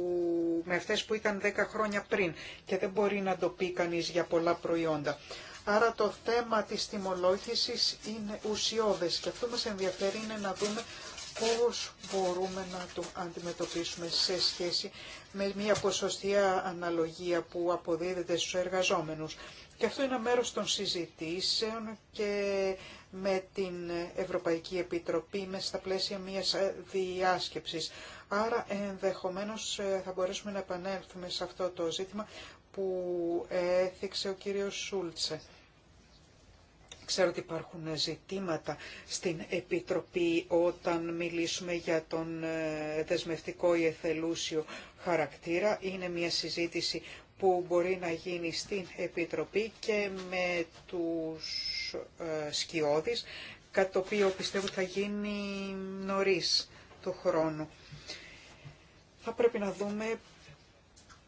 με αυτές που ήταν 10 χρόνια πριν και δεν μπορεί να το πει κανείς για πολλά προϊόντα. Άρα το θέμα της τιμολόγησης είναι ουσιώδες και αυτό μας ενδιαφέρει είναι να δούμε πώς μπορούμε να το αντιμετωπίσουμε σε σχέση με μια ποσοστία αναλογία που αποδίδεται στους εργαζόμενους. Και αυτό είναι ένα μέρος των συζητήσεων και με την Ευρωπαϊκή Επιτροπή μέσα στα πλαίσια μιας διάσκεψης. Άρα ενδεχομένως θα μπορέσουμε να επανέλθουμε σε αυτό το ζήτημα που έθιξε ο κύριος Σούλτσε. Ξέρω ότι υπάρχουν ζητήματα στην Επιτροπή όταν μιλήσουμε για τον ε, δεσμευτικό ή εθελούσιο χαρακτήρα. Είναι μια συζήτηση που μπορεί να γίνει στην Επιτροπή και με τους ε, σκιώδεις, κάτι το οποίο πιστεύω θα γίνει νωρίς του χρόνου. Θα πρέπει να δούμε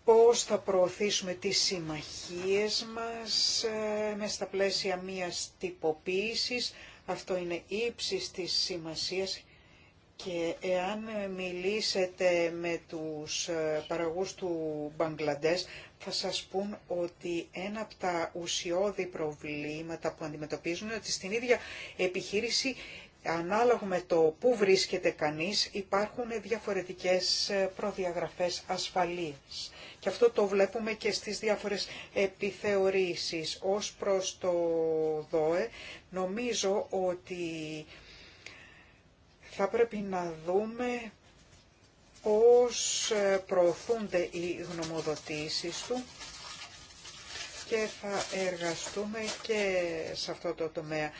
πώς θα προωθήσουμε τις συμμαχίες μας ε, μέσα στα πλαίσια μιας τυποποίησης. Αυτό είναι ύψης της σημασίας και εάν μιλήσετε με τους ε, παραγούς του Μπαγκλαντές θα σας πούν ότι ένα από τα ουσιώδη προβλήματα που αντιμετωπίζουν είναι ότι στην ίδια επιχείρηση ανάλογα με το που βρίσκεται κανείς υπάρχουν διαφορετικές ε, προδιαγραφές ασφαλείας. Και αυτό το βλέπουμε και στις διάφορες επιθεωρήσεις. Ως προς το ΔΟΕ νομίζω ότι θα πρέπει να δούμε πώς ε, προωθούνται οι γνωμοδοτήσεις του και θα εργαστούμε και σε αυτό το τομέα.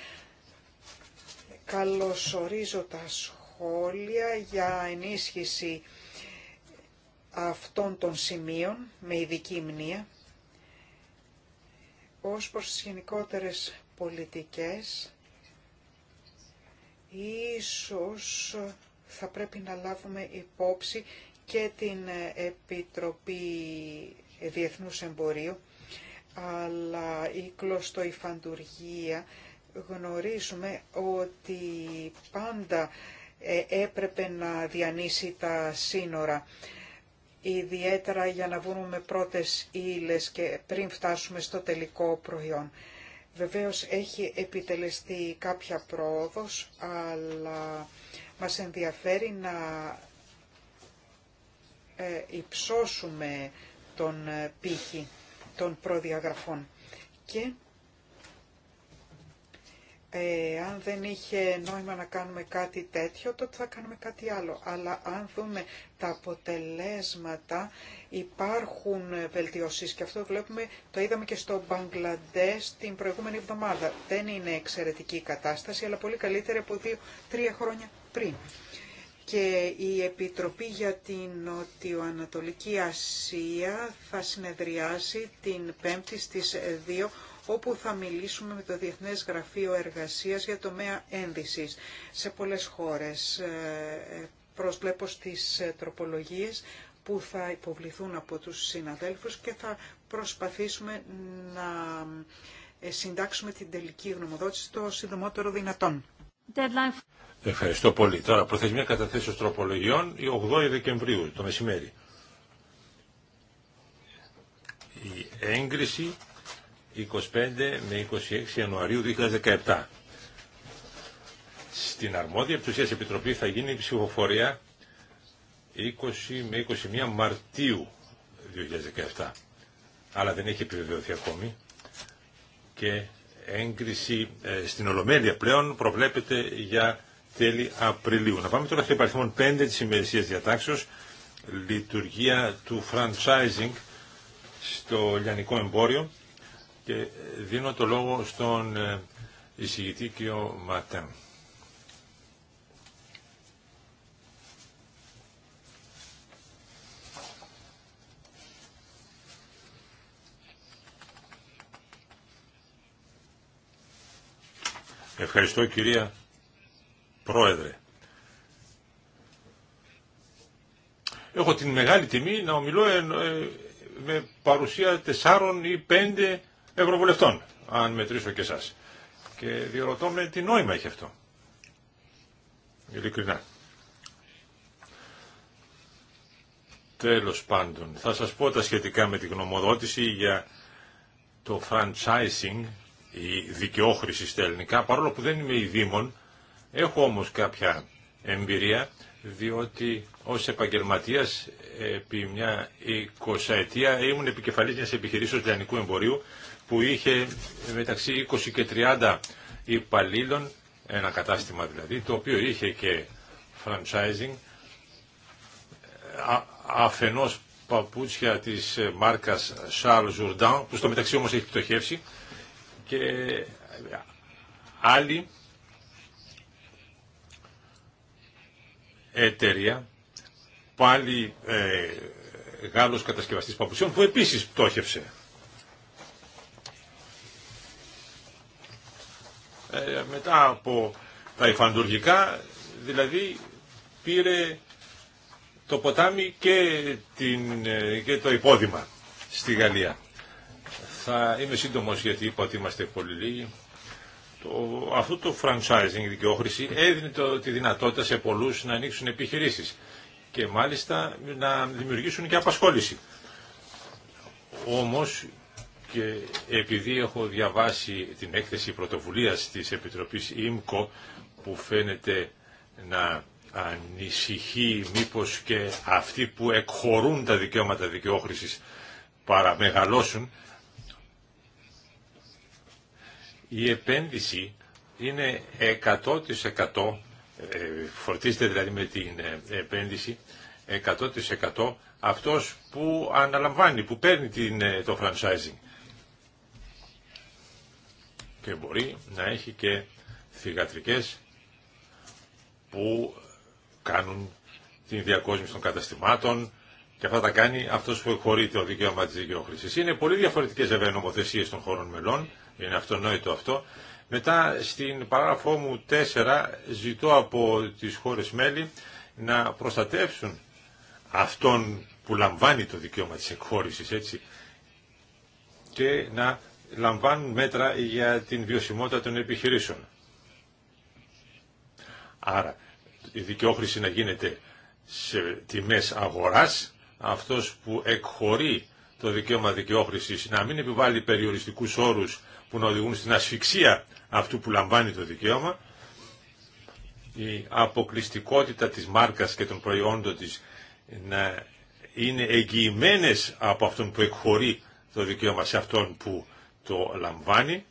Καλωσορίζω τα σχόλια για ενίσχυση αυτών των σημείων με ειδική μνήμα. ως προς τις γενικότερες πολιτικές ίσως θα πρέπει να λάβουμε υπόψη και την Επιτροπή Διεθνούς Εμπορίου, αλλά η κλωστοϊφαντουργία γνωρίζουμε ότι πάντα ε, έπρεπε να διανύσει τα σύνορα ιδιαίτερα για να βρούμε πρώτες ύλες και πριν φτάσουμε στο τελικό προϊόν. Βεβαίως έχει επιτελεστεί κάποια πρόοδος, αλλά μας ενδιαφέρει να ε, υψώσουμε τον ε, πύχη των προδιαγραφών. Και ε, αν δεν είχε νόημα να κάνουμε κάτι τέτοιο, τότε θα κάνουμε κάτι άλλο. Αλλά αν δούμε τα αποτελέσματα, υπάρχουν βελτιώσεις. Και αυτό βλέπουμε, το είδαμε και στο Μπαγκλαντές την προηγούμενη εβδομάδα. Δεν είναι εξαιρετική η κατάσταση, αλλά πολύ καλύτερη από δύο-τρία χρόνια και η Επιτροπή για την Νοτιοανατολική Ασία θα συνεδριάσει την 5η στις 2 όπου θα μιλήσουμε με το Διεθνές Γραφείο Εργασίας για το τομέα ένδυσης σε πολλές χώρες. Ε, προσβλέπω στις ε, τροπολογίες που θα υποβληθούν από τους συναδέλφους και θα προσπαθήσουμε να ε, συντάξουμε την τελική γνωμοδότηση το συντομότερο δυνατόν. Ευχαριστώ πολύ. Τώρα, προθεσμία καταθέσεως τροπολογιών η 8η Δεκεμβρίου, το μεσημέρι. Η έγκριση 25 με 26 Ιανουαρίου 2017. Στην αρμόδια επιτουσίας επιτροπή θα γίνει η ψηφοφορία 20 με 21 Μαρτίου 2017. Αλλά δεν έχει επιβεβαιωθεί ακόμη. Και έγκριση ε, στην Ολομέλεια πλέον προβλέπεται για τέλη Απριλίου. Να πάμε τώρα στο υπαριθμό 5 της ημερησίας διατάξεως, λειτουργία του franchising στο λιανικό εμπόριο και ε, δίνω το λόγο στον ε, εισηγητή κ. Ματέμ. Ευχαριστώ κυρία Πρόεδρε. Έχω την μεγάλη τιμή να ομιλώ ε, ε, με παρουσία τεσσάρων ή πέντε ευρωβουλευτών, αν μετρήσω και εσάς. Και διερωτώ με τι νόημα έχει αυτό. Ειλικρινά. Τέλος πάντων, θα σας πω τα σχετικά με τη γνωμοδότηση για το franchising, η δικαιόχρηση στα ελληνικά, παρόλο που δεν είμαι η Δήμων, Έχω όμως κάποια εμπειρία διότι ως επαγγελματίας επί μια 20 ετία ήμουν επικεφαλής μιας επιχειρήσεως λιανικού εμπορίου που είχε μεταξύ 20 και 30 υπαλλήλων, ένα κατάστημα δηλαδή, το οποίο είχε και franchising, αφενός παπούτσια της μάρκας Charles Jourdan, που στο μεταξύ όμως έχει πτωχεύσει, και άλλοι εταιρεία, πάλι ε, Γάλλος κατασκευαστής παπουσιών, που επίσης πτώχευσε. Ε, μετά από τα υφαντουργικά, δηλαδή πήρε το ποτάμι και, ε, και το υπόδημα στη Γαλλία. Θα είμαι σύντομος γιατί είπα ότι είμαστε πολύ λίγοι το, αυτό το franchising, η δικαιόχρηση, έδινε το, τη δυνατότητα σε πολλούς να ανοίξουν επιχειρήσεις και μάλιστα να δημιουργήσουν και απασχόληση. Όμως και επειδή έχω διαβάσει την έκθεση πρωτοβουλίας της Επιτροπής ΙΜΚΟ που φαίνεται να ανησυχεί μήπως και αυτοί που εκχωρούν τα δικαιώματα δικαιόχρησης παραμεγαλώσουν, η επένδυση είναι 100% ε, φορτίζεται δηλαδή με την ε, επένδυση 100% αυτός που αναλαμβάνει, που παίρνει την, ε, το franchising. Και μπορεί να έχει και θηγατρικές που κάνουν την διακόσμηση των καταστημάτων και αυτά τα κάνει αυτός που χωρείται ο δικαίωμα της δικαιοχρήσης. Είναι πολύ διαφορετικές βέβαια νομοθεσίες των χωρών μελών είναι αυτονόητο αυτό. Μετά στην παράγραφό μου 4 ζητώ από τις χώρες μέλη να προστατεύσουν αυτόν που λαμβάνει το δικαίωμα της εκχώρησης έτσι και να λαμβάνουν μέτρα για την βιωσιμότητα των επιχειρήσεων. Άρα η δικαιόχρηση να γίνεται σε τιμές αγοράς, αυτός που εκχωρεί το δικαίωμα δικαιόχρησης να μην επιβάλλει περιοριστικούς όρους που να οδηγούν στην ασφυξία αυτού που λαμβάνει το δικαίωμα. Η αποκλειστικότητα της μάρκας και των προϊόντων της να είναι εγγυημένε από αυτόν που εκχωρεί το δικαίωμα σε αυτόν που το λαμβάνει.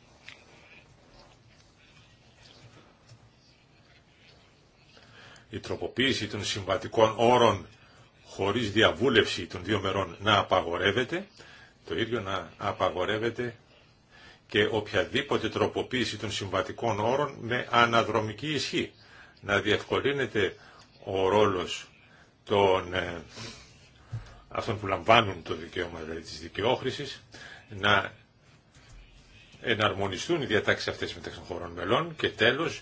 Η τροποποίηση των συμβατικών όρων χωρίς διαβούλευση των δύο μερών να απαγορεύεται, το ίδιο να απαγορεύεται και οποιαδήποτε τροποποίηση των συμβατικών όρων με αναδρομική ισχύ. Να διευκολύνεται ο ρόλος των, ε, αυτών που λαμβάνουν το δικαίωμα δηλαδή της δικαιόχρησης, να εναρμονιστούν οι διατάξεις αυτές μεταξύ των χωρών μελών και τέλος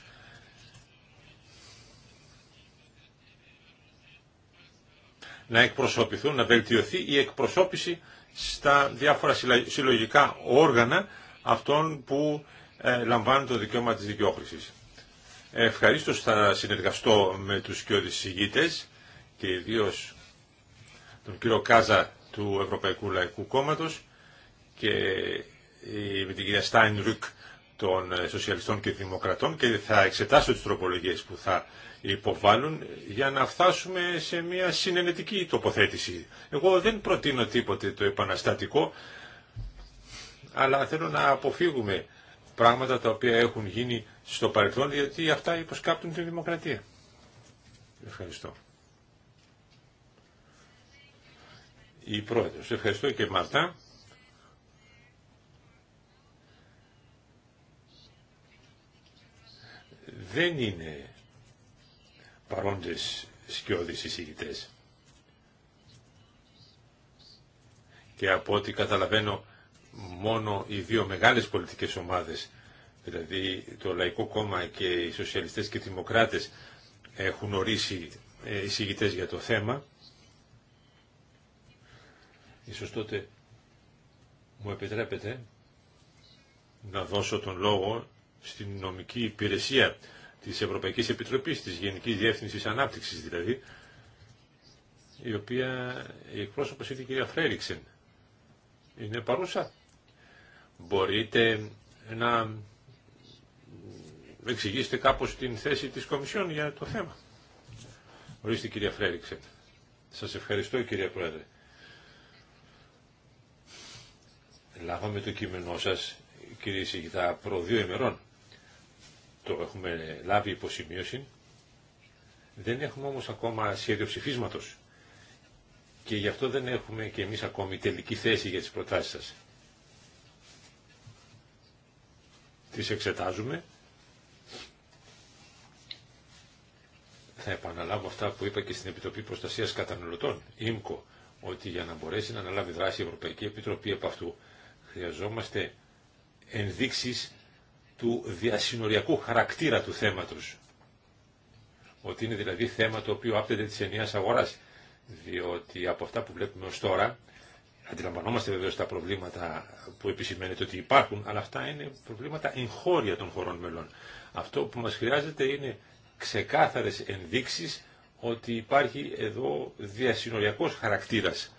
να εκπροσωπηθούν, να βελτιωθεί η εκπροσώπηση στα διάφορα συλλογικά όργανα αυτών που ε, λαμβάνουν το δικαίωμα της δικαιόχρησης. Ευχαρίστω θα συνεργαστώ με τους κοιόδης συγγήτες και ιδίω τον κύριο Κάζα του Ευρωπαϊκού Λαϊκού Κόμματος και ε, με την κυρία Στάιν Ρουκ των ε, Σοσιαλιστών και Δημοκρατών και θα εξετάσω τις τροπολογίες που θα υποβάλουν... για να φτάσουμε σε μια συνενετική τοποθέτηση. Εγώ δεν προτείνω τίποτε το επαναστατικό, αλλά θέλω να αποφύγουμε πράγματα τα οποία έχουν γίνει στο παρελθόν, γιατί αυτά υποσκάπτουν τη δημοκρατία. Ευχαριστώ. Η Πρόεδρος. Ευχαριστώ και Μαρτά. Δεν είναι παρόντες σκιώδεις εισηγητές. Και από ό,τι καταλαβαίνω μόνο οι δύο μεγάλες πολιτικές ομάδες, δηλαδή το Λαϊκό Κόμμα και οι Σοσιαλιστές και οι Δημοκράτες έχουν ορίσει ε, εισηγητές για το θέμα. Ίσως τότε μου επιτρέπετε να δώσω τον λόγο στην νομική υπηρεσία της Ευρωπαϊκής Επιτροπής, της Γενικής Διεύθυνσης Ανάπτυξης δηλαδή, η οποία η εκπρόσωπος είναι η κυρία Φρέριξεν είναι παρούσα. Μπορείτε να εξηγήσετε κάπως την θέση της Κομισιόν για το θέμα. Ορίστε κυρία Φρέριξε. Σας ευχαριστώ κυρία Πρόεδρε. Λάβαμε το κείμενό σας κύριε Σιγητά προ δύο ημερών. Το έχουμε λάβει υποσημείωση. Δεν έχουμε όμως ακόμα σχέδιο ψηφίσματος και γι' αυτό δεν έχουμε και εμείς ακόμη τελική θέση για τις προτάσεις σας. Τις εξετάζουμε. Θα επαναλάβω αυτά που είπα και στην Επιτροπή Προστασίας Καταναλωτών, ΙΜΚΟ, ότι για να μπορέσει να αναλάβει δράση η Ευρωπαϊκή Επιτροπή από αυτού χρειαζόμαστε ενδείξεις του διασυνοριακού χαρακτήρα του θέματος. Ότι είναι δηλαδή θέμα το οποίο άπτεται της ενιαίας αγοράς διότι από αυτά που βλέπουμε ως τώρα, αντιλαμβανόμαστε βεβαίως τα προβλήματα που επισημαίνεται ότι υπάρχουν, αλλά αυτά είναι προβλήματα εγχώρια των χωρών μελών. Αυτό που μας χρειάζεται είναι ξεκάθαρες ενδείξεις ότι υπάρχει εδώ διασυνοριακός χαρακτήρας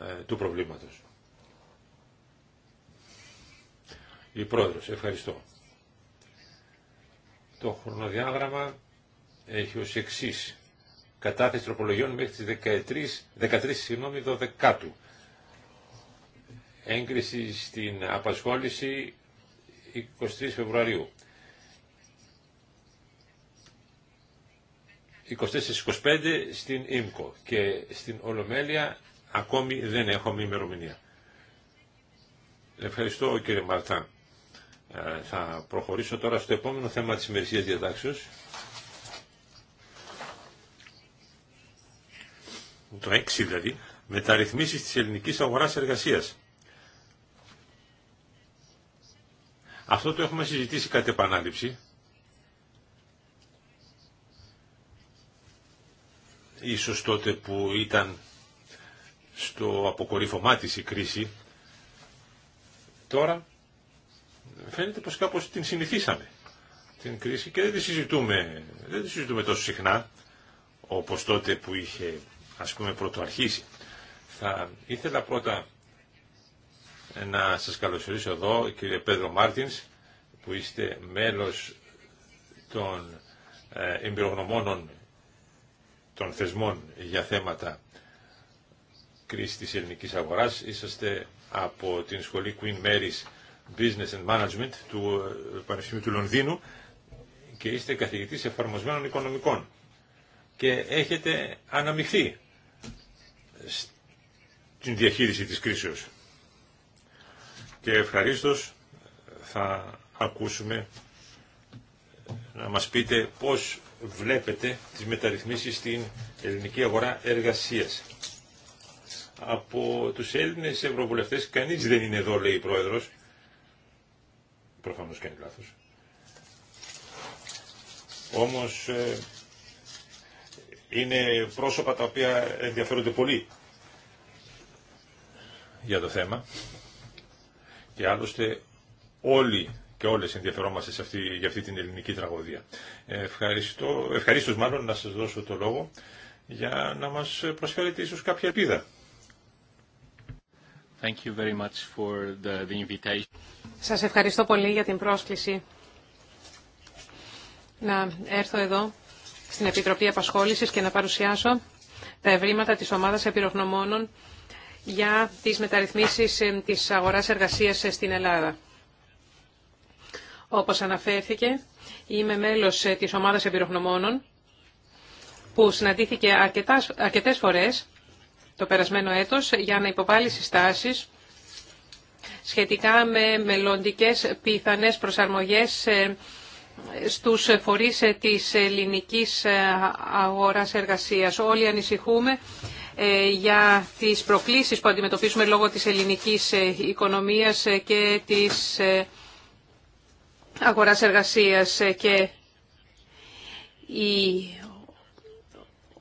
ε, του προβλήματος. Η Πρόεδρος, ευχαριστώ. Το χρονοδιάγραμμα έχει ως εξής κατάθεση τροπολογιών μέχρι τις 13, 13 συγγνώμη, 12 Έγκριση στην απασχόληση 23 Φεβρουαρίου. 24-25 στην ΙΜΚΟ και στην Ολομέλεια ακόμη δεν έχουμε ημερομηνία. Ευχαριστώ κύριε Μαρτά. Ε, θα προχωρήσω τώρα στο επόμενο θέμα της ημερησίας διατάξεως. το 6 δηλαδή, μεταρρυθμίσεις της ελληνικής αγοράς εργασίας. Αυτό το έχουμε συζητήσει κατ' επανάληψη. Ίσως τότε που ήταν στο αποκορύφωμά της η κρίση. Τώρα φαίνεται πως κάπως την συνηθίσαμε την κρίση και δεν τη συζητούμε, δεν τη συζητούμε τόσο συχνά όπως τότε που είχε ας πούμε πρωτοαρχίσει. Θα ήθελα πρώτα να σας καλωσορίσω εδώ κύριε Πέδρο Μάρτινς που είστε μέλος των ε, εμπειρογνωμόνων των θεσμών για θέματα κρίση της ελληνικής αγοράς. Είσαστε από την σχολή Queen Mary's Business and Management του ε, Πανεπιστημίου του Λονδίνου και είστε καθηγητής εφαρμοσμένων οικονομικών και έχετε αναμειχθεί στην διαχείριση της κρίσεως. Και ευχαρίστως θα ακούσουμε να μας πείτε πώς βλέπετε τις μεταρρυθμίσεις στην ελληνική αγορά εργασίας. Από τους Έλληνες ευρωβουλευτές κανείς δεν είναι εδώ, λέει η Πρόεδρος. Προφανώς κάνει λάθος. Όμως ε, είναι πρόσωπα τα οποία ενδιαφέρονται πολύ για το θέμα και άλλωστε όλοι και όλες ενδιαφερόμαστε σε αυτή, για αυτή την ελληνική τραγωδία. Ευχαριστώ, ευχαριστώ μάλλον να σας δώσω το λόγο για να μας προσφέρετε ίσως κάποια ελπίδα. Thank you very much for the, the invitation. Σας ευχαριστώ πολύ για την πρόσκληση να έρθω εδώ στην Επιτροπή Απασχόλησης και να παρουσιάσω τα ευρήματα της ομάδας επιρροχνομόνων για τις μεταρρυθμίσεις ε, της αγοράς εργασίας ε, στην Ελλάδα. Όπως αναφέρθηκε, είμαι μέλος ε, της ομάδας επιρροχνομόνων που συναντήθηκε αρκετέ αρκετές φορές το περασμένο έτος για να υποβάλει συστάσεις σχετικά με μελλοντικές πιθανές προσαρμογές στους φορείς ε, της ελληνικής ε, αγοράς εργασίας. Όλοι ανησυχούμε ε, για τις προκλήσεις που αντιμετωπίζουμε λόγω της ελληνικής οικονομίας και της αγοράς εργασίας και η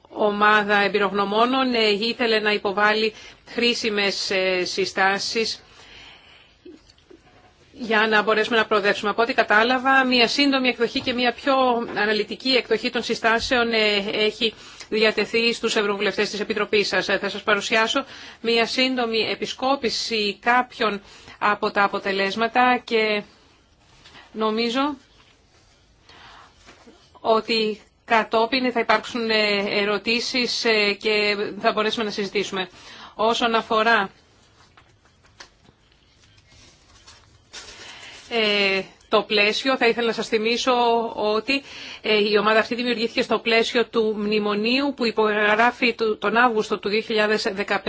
ομάδα εμπειρογνωμόνων ήθελε να υποβάλει χρήσιμες συστάσεις για να μπορέσουμε να προοδεύσουμε. Από ό,τι κατάλαβα, μια σύντομη εκδοχή και μια πιο αναλυτική εκδοχή των συστάσεων ε, έχει διατεθεί στους ευρωβουλευτές της Επιτροπής σας. Ε, θα σας παρουσιάσω μια σύντομη επισκόπηση κάποιων από τα αποτελέσματα και νομίζω ότι κατόπιν θα υπάρξουν ε, ερωτήσεις και θα μπορέσουμε να συζητήσουμε. Όσον αφορά Ε, το πλαίσιο. Θα ήθελα να σας θυμίσω ότι ε, η ομάδα αυτή δημιουργήθηκε στο πλαίσιο του μνημονίου που υπογράφει τον Αύγουστο του 2015,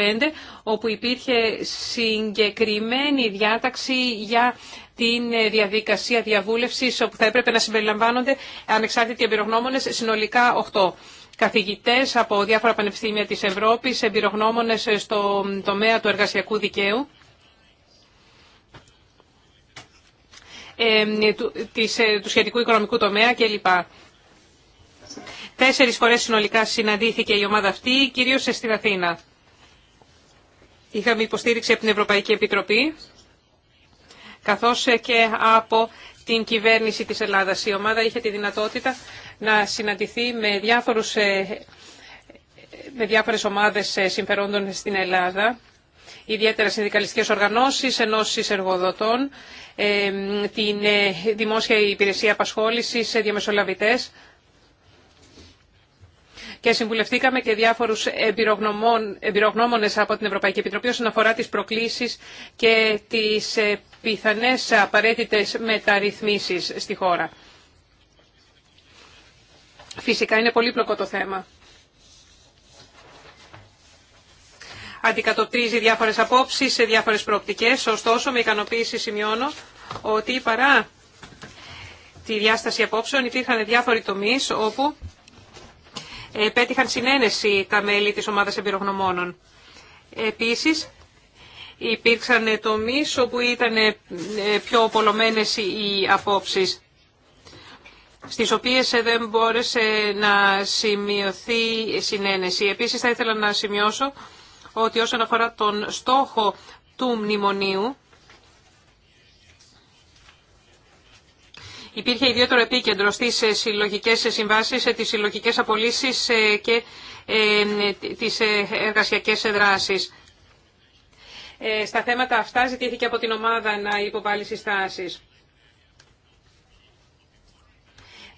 όπου υπήρχε συγκεκριμένη διάταξη για την ε, διαδικασία διαβούλευσης, όπου θα έπρεπε να συμπεριλαμβάνονται ανεξάρτητοι εμπειρογνώμονες, συνολικά 8 καθηγητές από διάφορα πανεπιστήμια της Ευρώπης, εμπειρογνώμονες στο τομέα του εργασιακού δικαίου Ε, του σχετικού οικονομικού τομέα κλπ. Τέσσερις φορές συνολικά συναντήθηκε η ομάδα αυτή, κυρίως στην Αθήνα. Είχαμε υποστήριξη από την Ευρωπαϊκή Επιτροπή, καθώς ε, και από την κυβέρνηση της Ελλάδας. Η ομάδα είχε τη δυνατότητα να συναντηθεί με, διάφορους, ε, με διάφορες ομάδες συμφερόντων στην Ελλάδα ιδιαίτερα συνδικαλιστικές οργανώσεις, ενώσεις εργοδοτών, την ε, Δημόσια Υπηρεσία Απασχόλησης, ε, διαμεσολαβητές και συμβουλευτήκαμε και διάφορους εμπειρογνώμονες από την Ευρωπαϊκή Επιτροπή όσον αφορά τις προκλήσεις και τις ε, πιθανές απαραίτητες μεταρρυθμίσεις στη χώρα. Φυσικά είναι πολύπλοκο το θέμα. αντικατοπτρίζει διάφορε απόψεις σε διάφορες προοπτικές. Ωστόσο, με ικανοποίηση σημειώνω ότι παρά τη διάσταση απόψεων υπήρχαν διάφοροι τομεί όπου ε, πέτυχαν συνένεση τα μέλη της ομάδας εμπειρογνωμόνων. Επίσης, υπήρξαν ε, τομεί όπου ήταν ε, πιο πολλωμένε οι απόψεις στις οποίες δεν μπόρεσε να σημειωθεί συνένεση. Επίσης θα ήθελα να σημειώσω ότι όσον αφορά τον στόχο του μνημονίου, Υπήρχε ιδιαίτερο επίκεντρο στις ε, συλλογικές συμβάσεις, ε, τις συλλογικές απολύσεις ε, και τις εργασιακές δράσεις. Στα θέματα αυτά ζητήθηκε από την ομάδα να υποβάλει συστάσεις.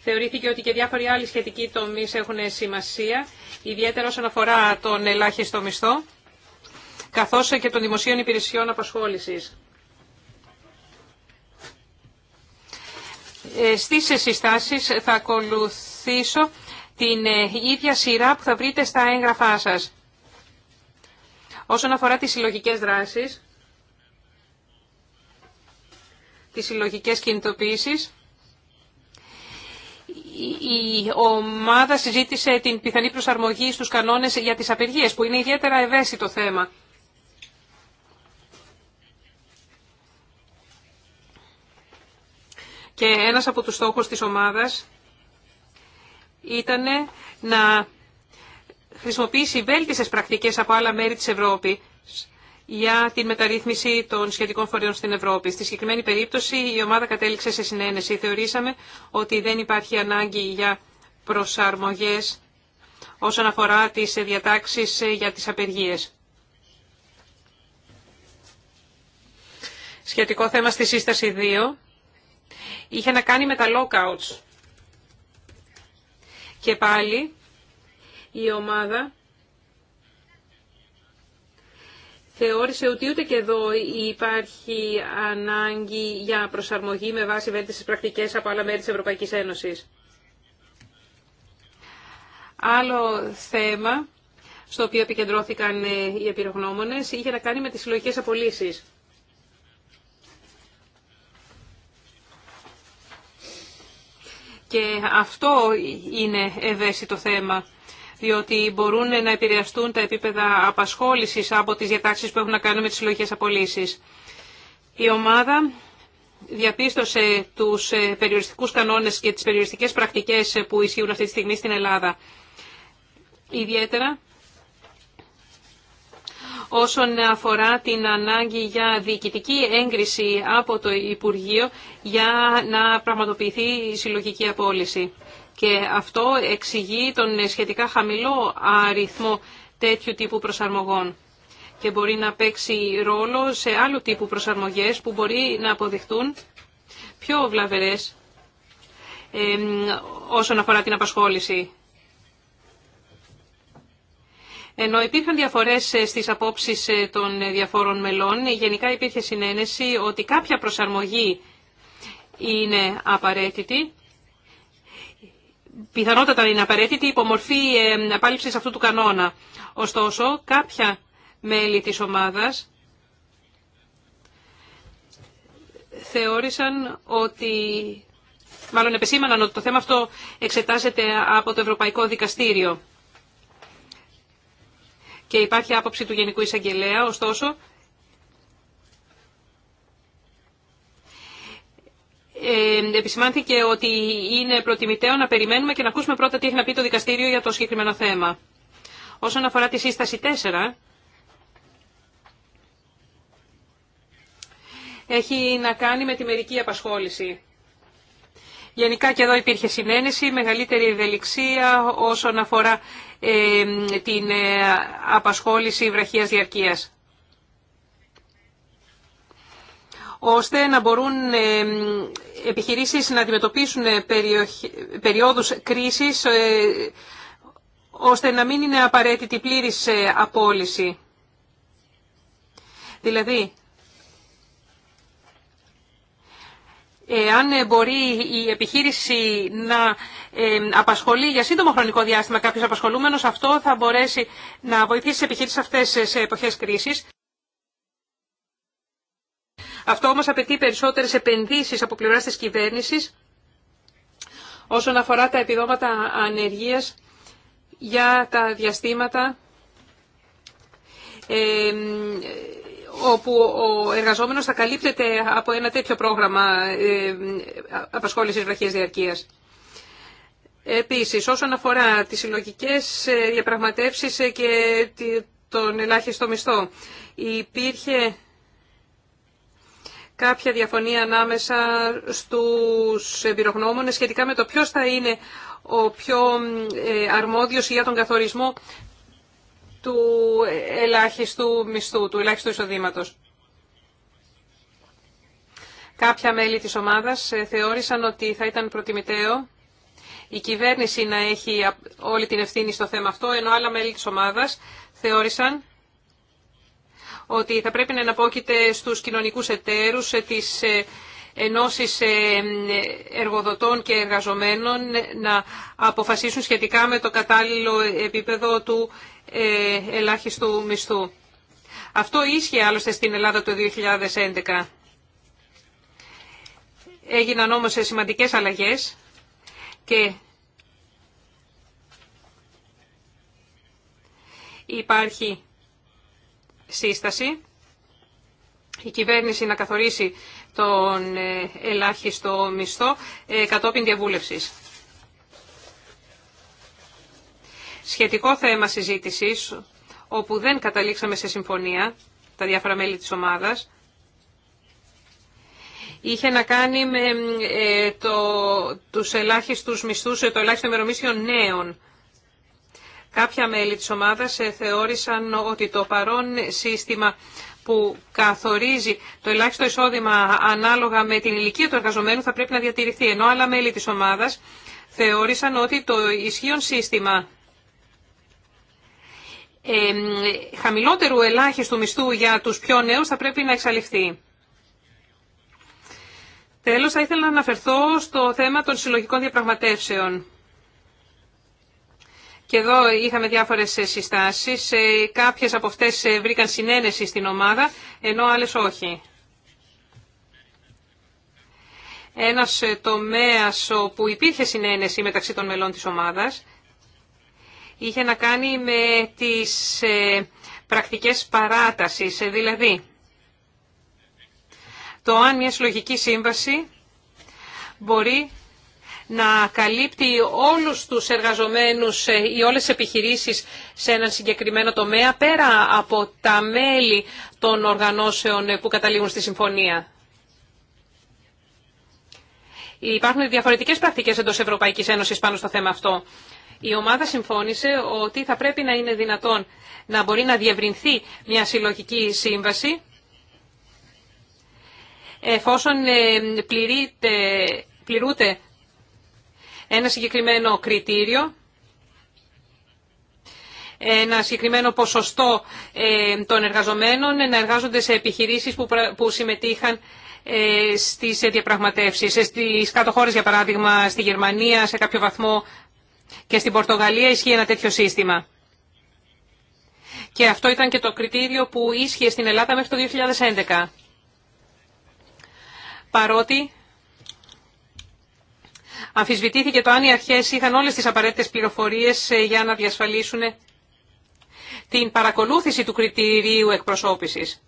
Θεωρήθηκε ότι και διάφοροι άλλοι σχετικοί τομείς έχουν σημασία, ιδιαίτερα όσον αφορά τον ελάχιστο μισθό καθώς και των δημοσίων υπηρεσιών απασχόλησης. Ε, στις συστάσεις θα ακολουθήσω την ε, ίδια σειρά που θα βρείτε στα έγγραφά σας. Όσον αφορά τις συλλογικές δράσεις, τις συλλογικές κινητοποίησεις, η ομάδα συζήτησε την πιθανή προσαρμογή στους κανόνες για τις απεργίες, που είναι ιδιαίτερα ευαίσθητο θέμα. Και ένας από τους στόχους της ομάδας ήταν να χρησιμοποιήσει βέλτιστες πρακτικές από άλλα μέρη της Ευρώπης για την μεταρρύθμιση των σχετικών φορέων στην Ευρώπη. Στη συγκεκριμένη περίπτωση η ομάδα κατέληξε σε συνένεση. Θεωρήσαμε ότι δεν υπάρχει ανάγκη για προσαρμογές όσον αφορά τις διατάξεις για τις απεργίες. Σχετικό θέμα στη σύσταση 2 είχε να κάνει με τα lockouts. Και πάλι η ομάδα θεώρησε ότι ούτε και εδώ υπάρχει ανάγκη για προσαρμογή με βάση βέλτιστες πρακτικές από άλλα μέρη της Ευρωπαϊκής Ένωσης. Άλλο θέμα στο οποίο επικεντρώθηκαν ε, οι επιρρογνώμονες είχε να κάνει με τις συλλογικές απολύσεις. Και αυτό είναι ευαίσθητο θέμα, διότι μπορούν να επηρεαστούν τα επίπεδα απασχόλησης από τις διατάξεις που έχουν να κάνουν με τις συλλογικές απολύσεις. Η ομάδα διαπίστωσε τους ε, περιοριστικούς κανόνες και τις περιοριστικές πρακτικές ε, που ισχύουν αυτή τη στιγμή στην Ελλάδα. Ιδιαίτερα όσον αφορά την ανάγκη για διοικητική έγκριση από το Υπουργείο για να πραγματοποιηθεί η συλλογική απόλυση. Και αυτό εξηγεί τον σχετικά χαμηλό αριθμό τέτοιου τύπου προσαρμογών και μπορεί να παίξει ρόλο σε άλλου τύπου προσαρμογές που μπορεί να αποδειχτούν πιο βλαβερές ε, όσον αφορά την απασχόληση. Ενώ υπήρχαν διαφορές ε, στις απόψει ε, των διαφόρων μελών, γενικά υπήρχε συνένεση ότι κάποια προσαρμογή είναι απαραίτητη. Πιθανότατα είναι απαραίτητη υπομορφή ε, απάλληψης αυτού του κανόνα. Ωστόσο, κάποια μέλη της ομάδας θεώρησαν ότι μάλλον επεσήμαναν ότι το θέμα αυτό εξετάζεται από το Ευρωπαϊκό Δικαστήριο και υπάρχει άποψη του Γενικού Εισαγγελέα, ωστόσο ε, επισημάνθηκε ότι είναι προτιμητέο να περιμένουμε και να ακούσουμε πρώτα τι έχει να πει το δικαστήριο για το συγκεκριμένο θέμα. Όσον αφορά τη σύσταση 4, έχει να κάνει με τη μερική απασχόληση. Γενικά και εδώ υπήρχε συνένεση, μεγαλύτερη ευελιξία όσον αφορά ε, την ε, απασχόληση βραχίας διαρκείας. ώστε να μπορούν ε, επιχειρήσεις να αντιμετωπίσουν περιόδους κρίσης, ώστε να μην είναι απαραίτητη πλήρης απόλυση. Δηλαδή, αν ε, μπορεί η επιχείρηση να ε, απασχολεί για σύντομο χρονικό διάστημα κάποιο απασχολούμενος, αυτό θα μπορέσει να βοηθήσει τις επιχείρησεις αυτές σε εποχές κρίσης. Αυτό όμως απαιτεί περισσότερες επενδύσεις από πλευράς της κυβέρνησης όσον αφορά τα επιδόματα ανεργίας για τα διαστήματα ε, όπου ο εργαζόμενος θα καλύπτεται από ένα τέτοιο πρόγραμμα ε, απασχόλησης βραχίας διαρκείας. Επίσης, όσον αφορά τις συλλογικέ ε, διαπραγματεύσεις ε, και τον ελάχιστο μισθό, υπήρχε κάποια διαφωνία ανάμεσα στους εμπειρογνώμονες σχετικά με το ποιος θα είναι ο πιο αρμόδιος για τον καθορισμό του ελάχιστου μισθού, του ελάχιστου εισοδήματος. Κάποια μέλη της ομάδας ε, θεώρησαν ότι θα ήταν προτιμητέο η κυβέρνηση να έχει όλη την ευθύνη στο θέμα αυτό, ενώ άλλα μέλη της ομάδας θεώρησαν ότι θα πρέπει να εναπόκειται στους κοινωνικούς εταίρους τις ε, ενώσεις ε, εργοδοτών και εργαζομένων να αποφασίσουν σχετικά με το κατάλληλο επίπεδο του ε, ελάχιστου μισθού. Αυτό ίσχυε άλλωστε στην Ελλάδα το 2011. Έγιναν όμως σημαντικές αλλαγές και υπάρχει σύσταση η κυβέρνηση να καθορίσει τον ε, ελάχιστο μισθό ε, κατόπιν διαβούλευσης. σχετικό θέμα συζήτησης, όπου δεν καταλήξαμε σε συμφωνία, τα διάφορα μέλη της ομάδας, είχε να κάνει με ε, το, τους ελάχιστους μισθούς, ε, το ελάχιστο ημερομίσιο νέων. Κάποια μέλη της ομάδας ε, θεώρησαν ότι το παρόν σύστημα που καθορίζει το ελάχιστο εισόδημα ανάλογα με την ηλικία του εργαζομένου θα πρέπει να διατηρηθεί, ενώ άλλα μέλη της ομάδας θεώρησαν ότι το ισχύον σύστημα χαμηλότερου ελάχιστου μισθού για τους πιο νέους θα πρέπει να εξαλειφθεί. Τέλος, θα ήθελα να αναφερθώ στο θέμα των συλλογικών διαπραγματεύσεων. Και εδώ είχαμε διάφορες ε, συστάσεις. Ε, κάποιες από αυτές ε, βρήκαν συνένεση στην ομάδα, ενώ άλλες όχι. Ένας τομέας όπου υπήρχε συνένεση μεταξύ των μελών της ομάδας είχε να κάνει με τις ε, πρακτικές παράτασης, ε, δηλαδή το αν μια συλλογική σύμβαση μπορεί να καλύπτει όλους τους εργαζομένους ε, ή όλες τις επιχειρήσεις σε έναν συγκεκριμένο τομέα, πέρα από τα μέλη των οργανώσεων που καταλήγουν στη συμφωνία. Υπάρχουν διαφορετικές πρακτικές εντός Ευρωπαϊκής Ένωσης πάνω στο θέμα αυτό. Η ομάδα συμφώνησε ότι θα πρέπει να είναι δυνατόν να μπορεί να διευρυνθεί μια συλλογική σύμβαση εφόσον ε, πληρούνται ένα συγκεκριμένο κριτήριο, ένα συγκεκριμένο ποσοστό ε, των εργαζομένων να εργάζονται σε επιχειρήσεις που συμμετείχαν ε, στις διαπραγματεύσεις. Στις κάτω χώρες, για παράδειγμα, στη Γερμανία, σε κάποιο βαθμό και στην Πορτογαλία ισχύει ένα τέτοιο σύστημα. Και αυτό ήταν και το κριτήριο που ίσχυε στην Ελλάδα μέχρι το 2011. Παρότι αμφισβητήθηκε το αν οι αρχές είχαν όλες τις απαραίτητες πληροφορίες ε, για να διασφαλίσουν την παρακολούθηση του κριτηρίου εκπροσώπησης.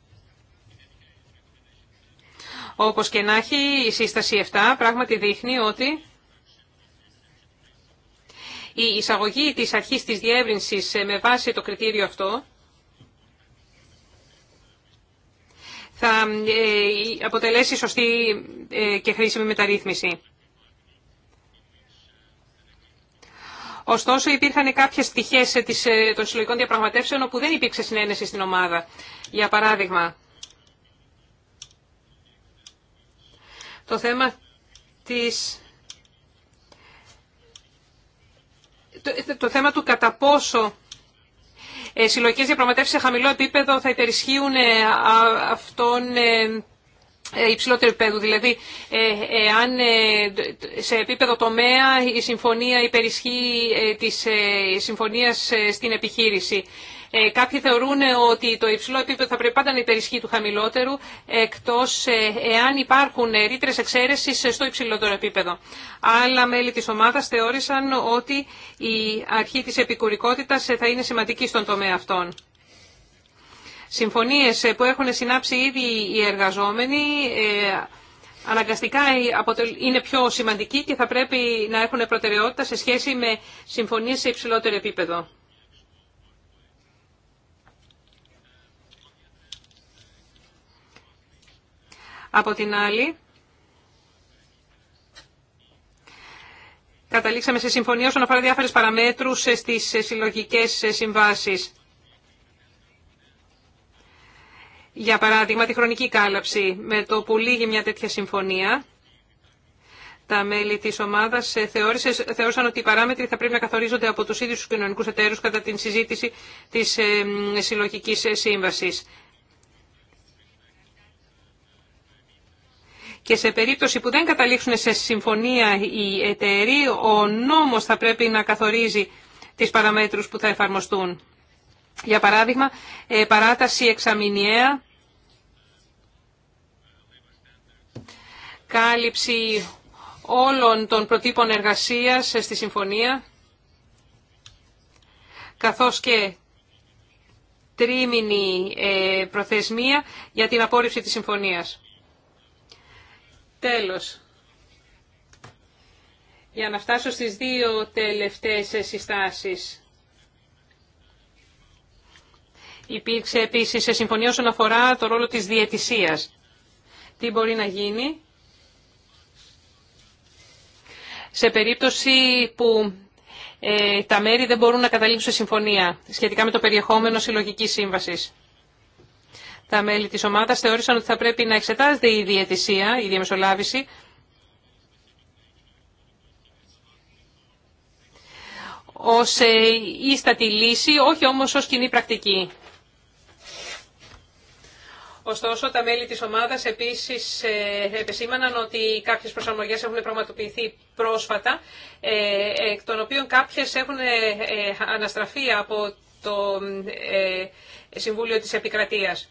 Όπως και να έχει, η σύσταση 7 πράγματι δείχνει ότι η εισαγωγή της αρχής της διεύρυνσης ε, με βάση το κριτήριο αυτό θα ε, αποτελέσει σωστή ε, και χρήσιμη μεταρρύθμιση. Ωστόσο, υπήρχαν κάποιες στοιχές των συλλογικών διαπραγματεύσεων όπου δεν υπήρξε συνένεση στην ομάδα. Για παράδειγμα, το θέμα της το, ε, το θέμα του κατά πόσο ε, συλλογικές διαπραγματεύσεις σε χαμηλό επίπεδο θα υπερισχύουν ε, αυτόν ε, υψηλότερο επίπεδο. Δηλαδή, αν σε επίπεδο τομέα η συμφωνία υπερισχύει της συμφωνίας στην επιχείρηση. Ε, κάποιοι θεωρούν ότι το υψηλό επίπεδο θα πρέπει πάντα να υπερισχύει του χαμηλότερου, εκτός ε, εάν υπάρχουν ε, ρήτρες εξαίρεσης στο υψηλότερο επίπεδο. Άλλα μέλη της ομάδας θεώρησαν ότι η αρχή της επικουρικότητας θα είναι σημαντική στον τομέα αυτών. Συμφωνίες που έχουν συνάψει ήδη οι εργαζόμενοι αναγκαστικά είναι πιο σημαντικοί και θα πρέπει να έχουν προτεραιότητα σε σχέση με συμφωνίες σε υψηλότερο επίπεδο. Από την άλλη, καταλήξαμε σε συμφωνία όσον αφορά διάφορε παραμέτρους στι συλλογικέ συμβάσει. Για παράδειγμα, τη χρονική κάλαψη. Με το που λύγει μια τέτοια συμφωνία, τα μέλη της ομάδας θεώρησαν ότι οι παράμετροι θα πρέπει να καθορίζονται από τους ίδιους τους κοινωνικούς εταίρους κατά την συζήτηση της συλλογικής ε, σύμβασης. και σε περίπτωση που δεν καταλήξουν σε συμφωνία οι εταιροί, ο νόμος θα πρέπει να καθορίζει τις παραμέτρους που θα εφαρμοστούν. Για παράδειγμα, ε, παράταση εξαμηνιαία, κάλυψη όλων των προτύπων εργασίας στη συμφωνία, καθώς και τρίμηνη ε, προθεσμία για την απόρριψη της συμφωνίας. Τέλος, για να φτάσω στις δύο τελευταίες συστάσεις. Υπήρξε επίσης σε συμφωνία όσον αφορά το ρόλο της διαιτησίας. Τι μπορεί να γίνει σε περίπτωση που ε, τα μέρη δεν μπορούν να καταλήξουν σε συμφωνία σχετικά με το περιεχόμενο συλλογικής σύμβασης τα μέλη της ομάδας θεώρησαν ότι θα πρέπει να εξετάζεται η διαιτησία, η διαμεσολάβηση, ως ε, ίστατη λύση, όχι όμως ως κοινή πρακτική. Ωστόσο, τα μέλη της ομάδας επίσης ε, επεσήμαναν ότι κάποιες προσαρμογές έχουν πραγματοποιηθεί πρόσφατα, ε, εκ των οποίων κάποιες έχουν αναστραφεί από το Συμβούλιο της Επικρατείας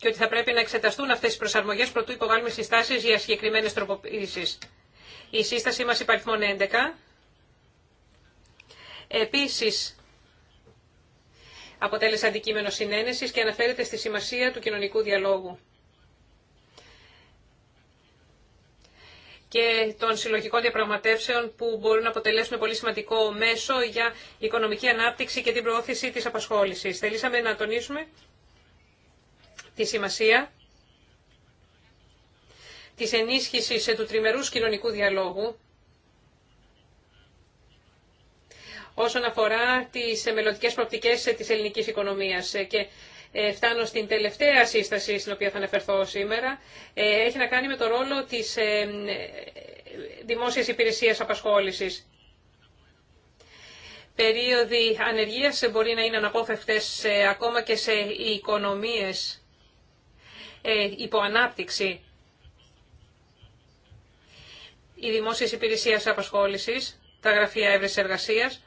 και ότι θα πρέπει να εξεταστούν αυτέ οι προσαρμογέ προτού υποβάλουμε συστάσει για συγκεκριμένε τροποποίησει. Η σύσταση μα υπαριθμών 11. Επίση, αποτέλεσε αντικείμενο συνένεση και αναφέρεται στη σημασία του κοινωνικού διαλόγου. και των συλλογικών διαπραγματεύσεων που μπορούν να αποτελέσουν πολύ σημαντικό μέσο για οικονομική ανάπτυξη και την προώθηση της απασχόλησης. Θελήσαμε να τονίσουμε τη σημασία της ενίσχυσης του τριμερούς κοινωνικού διαλόγου όσον αφορά τις μελλοντικές προοπτικές της ελληνικής οικονομίας. Και ε, φτάνω στην τελευταία σύσταση στην οποία θα αναφερθώ σήμερα. Ε, έχει να κάνει με το ρόλο της ε, δημόσιας υπηρεσίας απασχόλησης. Περίοδοι ανεργίας μπορεί να είναι αναπόφευκτες ακόμα και σε ε, υποανάπτυξη. Οι δημόσιες υπηρεσίες απασχόλησης, τα γραφεία έβρεση εργασίας,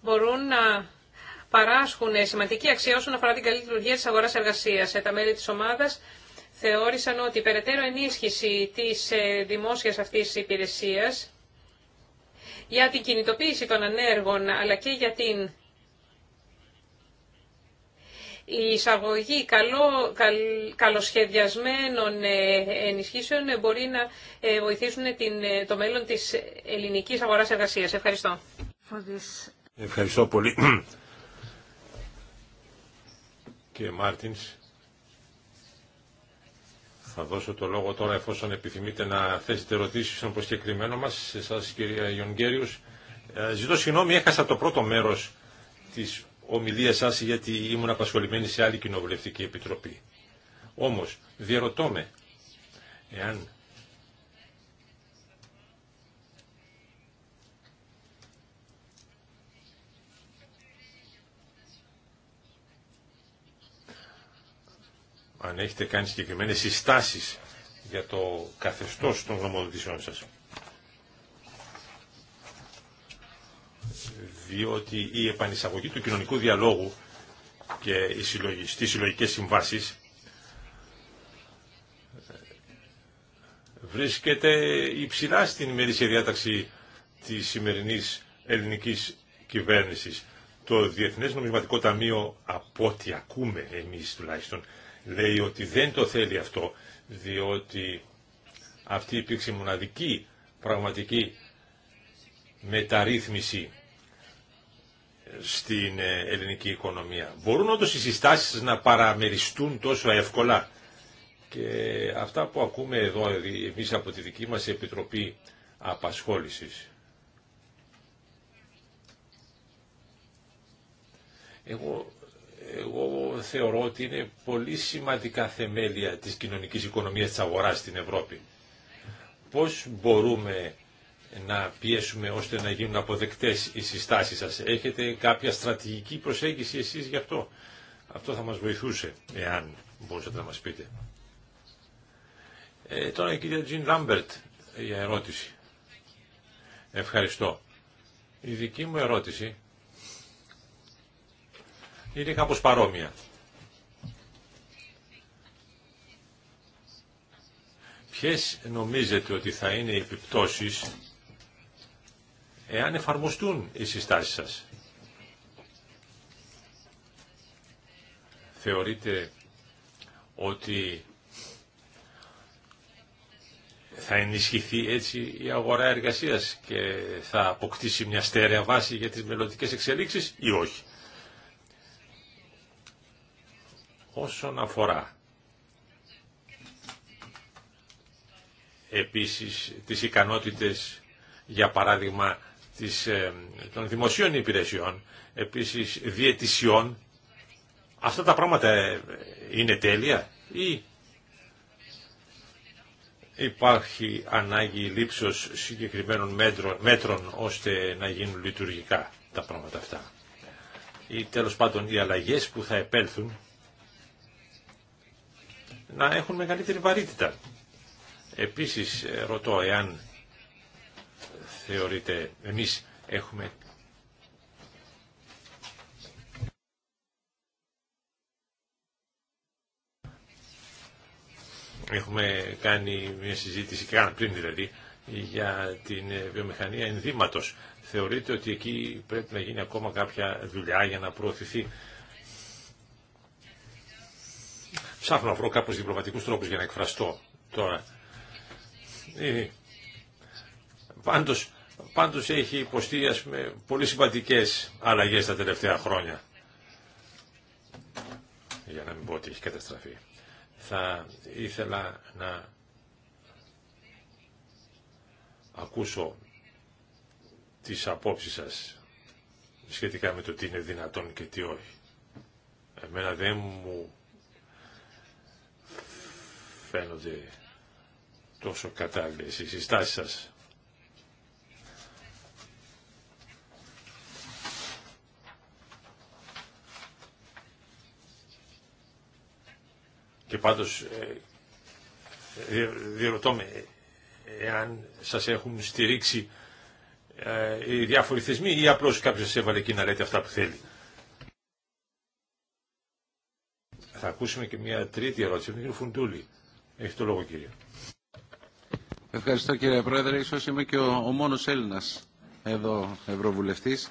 μπορούν να παράσχουν σημαντική αξία όσον αφορά την καλή λειτουργία της αγοράς εργασίας. Ε, τα μέλη της ομάδας θεώρησαν ότι η περαιτέρω ενίσχυση της ε, δημόσιας αυτής υπηρεσίας για την κινητοποίηση των ανέργων αλλά και για την η εισαγωγή καλό, καλ, καλοσχεδιασμένων ε, ενισχύσεων ε, μπορεί να ε, βοηθήσουν την, το μέλλον της ελληνικής αγοράς εργασίας. Ευχαριστώ. Ευχαριστώ πολύ. (clears throat) Κύριε Μάρτινς, θα δώσω το λόγο τώρα εφόσον επιθυμείτε να θέσετε ερωτήσεις στον προσκεκριμένο μας, σε εσάς κυρία Γιονγκέριου. Ζητώ συγγνώμη, έχασα το πρώτο μέρος της ομιλία σας γιατί ήμουν απασχολημένη σε άλλη κοινοβουλευτική επιτροπή. Όμως, διαρωτώ με, εάν αν έχετε κάνει συγκεκριμένες συστάσεις για το καθεστώς των γνωμοδοτήσεων σας. διότι η επανεισαγωγή του κοινωνικού διαλόγου και οι στις συλλογικές συμβάσεις ε, βρίσκεται υψηλά στην ημερήσια διάταξη της σημερινής ελληνικής κυβέρνησης. Το Διεθνές Νομισματικό Ταμείο, από ό,τι ακούμε εμείς τουλάχιστον, λέει ότι δεν το θέλει αυτό, διότι αυτή υπήρξε μοναδική πραγματική μεταρρύθμιση στην ε, ελληνική οικονομία. Μπορούν όντως οι συστάσει να παραμεριστούν τόσο εύκολα και αυτά που ακούμε εδώ εμείς από τη δική μας Επιτροπή Απασχόλησης. Εγώ, εγώ θεωρώ ότι είναι πολύ σημαντικά θεμέλια της κοινωνικής οικονομίας της αγοράς στην Ευρώπη. Πώς μπορούμε να πιέσουμε ώστε να γίνουν αποδεκτές οι συστάσεις σας. Έχετε κάποια στρατηγική προσέγγιση εσείς γι' αυτό. Αυτό θα μας βοηθούσε, εάν μπορούσατε να μας πείτε. Ε, τώρα η κυρία Τζιν Λάμπερτ για ερώτηση. Ευχαριστώ. Η δική μου ερώτηση είναι κάπως παρόμοια. Ποιες νομίζετε ότι θα είναι οι επιπτώσεις εάν εφαρμοστούν οι συστάσεις σας. Θεωρείτε ότι θα ενισχυθεί έτσι η αγορά εργασίας και θα αποκτήσει μια στέρεα βάση για τις μελλοντικέ εξελίξεις ή όχι. Όσον αφορά επίσης τις ικανότητες για παράδειγμα της, ε, των δημοσίων υπηρεσιών, επίσης διαιτησιών. Αυτά τα πράγματα ε, είναι τέλεια ή υπάρχει ανάγκη λήψος συγκεκριμένων μέτρων, μέτρων ώστε να γίνουν λειτουργικά τα πράγματα αυτά. Ή τέλος πάντων οι αλλαγές που θα επέλθουν να έχουν μεγαλύτερη βαρύτητα. Επίσης ε, ρωτώ εάν θεωρείται, εμείς έχουμε έχουμε κάνει μια συζήτηση, και κάναμε πριν δηλαδή, για την ε, βιομηχανία ενδύματος. Θεωρείτε ότι εκεί πρέπει να γίνει ακόμα κάποια δουλειά για να προωθηθεί. Ψάχνω να βρω κάποιους διπλωματικούς τρόπους για να εκφραστώ τώρα. Ε, πάντως έχει υποστεί ας πολύ σημαντικές αλλαγές τα τελευταία χρόνια. Για να μην πω ότι έχει καταστραφεί. Θα ήθελα να ακούσω τις απόψεις σας σχετικά με το τι είναι δυνατόν και τι όχι. Εμένα δεν μου φαίνονται τόσο κατάλληλες οι συστάσεις σας Και πάντως ε, διερωτώ με εάν σας έχουν στηρίξει ε, οι διάφοροι θεσμοί ή απλώς κάποιος σας έβαλε εκεί να λέτε αυτά που θέλει. Θα ακούσουμε και μια τρίτη ερώτηση από Φουντούλη. Έχει το λόγο κύριε. Ευχαριστώ κύριε Πρόεδρε. Ίσως είμαι και ο, ο μόνος Έλληνας εδώ Ευρωβουλευτής.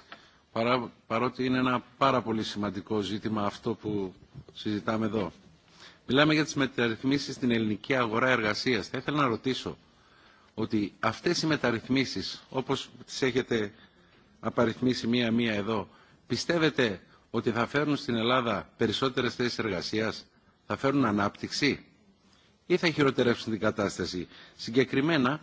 παρότι είναι ένα πάρα πολύ σημαντικό ζήτημα αυτό που συζητάμε εδώ. Μιλάμε για τις μεταρρυθμίσεις στην ελληνική αγορά εργασίας. Θα ήθελα να ρωτήσω ότι αυτές οι μεταρρυθμίσεις, όπως τις έχετε απαριθμίσει μία-μία εδώ, πιστεύετε ότι θα φέρουν στην Ελλάδα περισσότερες θέσεις εργασίας, θα φέρουν ανάπτυξη ή θα χειροτερεύσουν την κατάσταση. Συγκεκριμένα,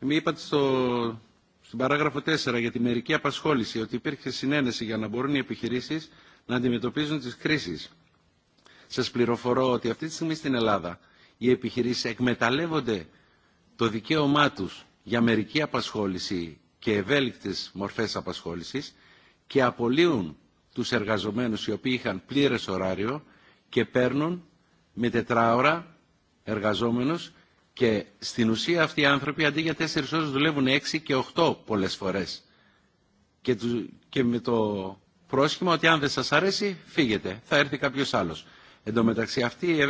μη είπατε στο, στην παράγραφο 4 για τη μερική απασχόληση ότι υπήρχε συνένεση για να μπορούν οι επιχειρήσεις να αντιμετωπίζουν τις κρίσεις. Σας πληροφορώ ότι αυτή τη στιγμή στην Ελλάδα οι επιχειρήσεις εκμεταλλεύονται το δικαίωμά τους για μερική απασχόληση και ευέλικτες μορφές απασχόλησης και απολύουν τους εργαζομένους οι οποίοι είχαν πλήρες ωράριο και παίρνουν με τετράωρα εργαζόμενους και στην ουσία αυτοί οι άνθρωποι αντί για τέσσερις ώρες δουλεύουν έξι και οχτώ πολλές φορές. Και, με το πρόσχημα ότι αν δεν σας αρέσει φύγετε, θα έρθει κάποιος άλλος. Εν τω μεταξύ αυτή η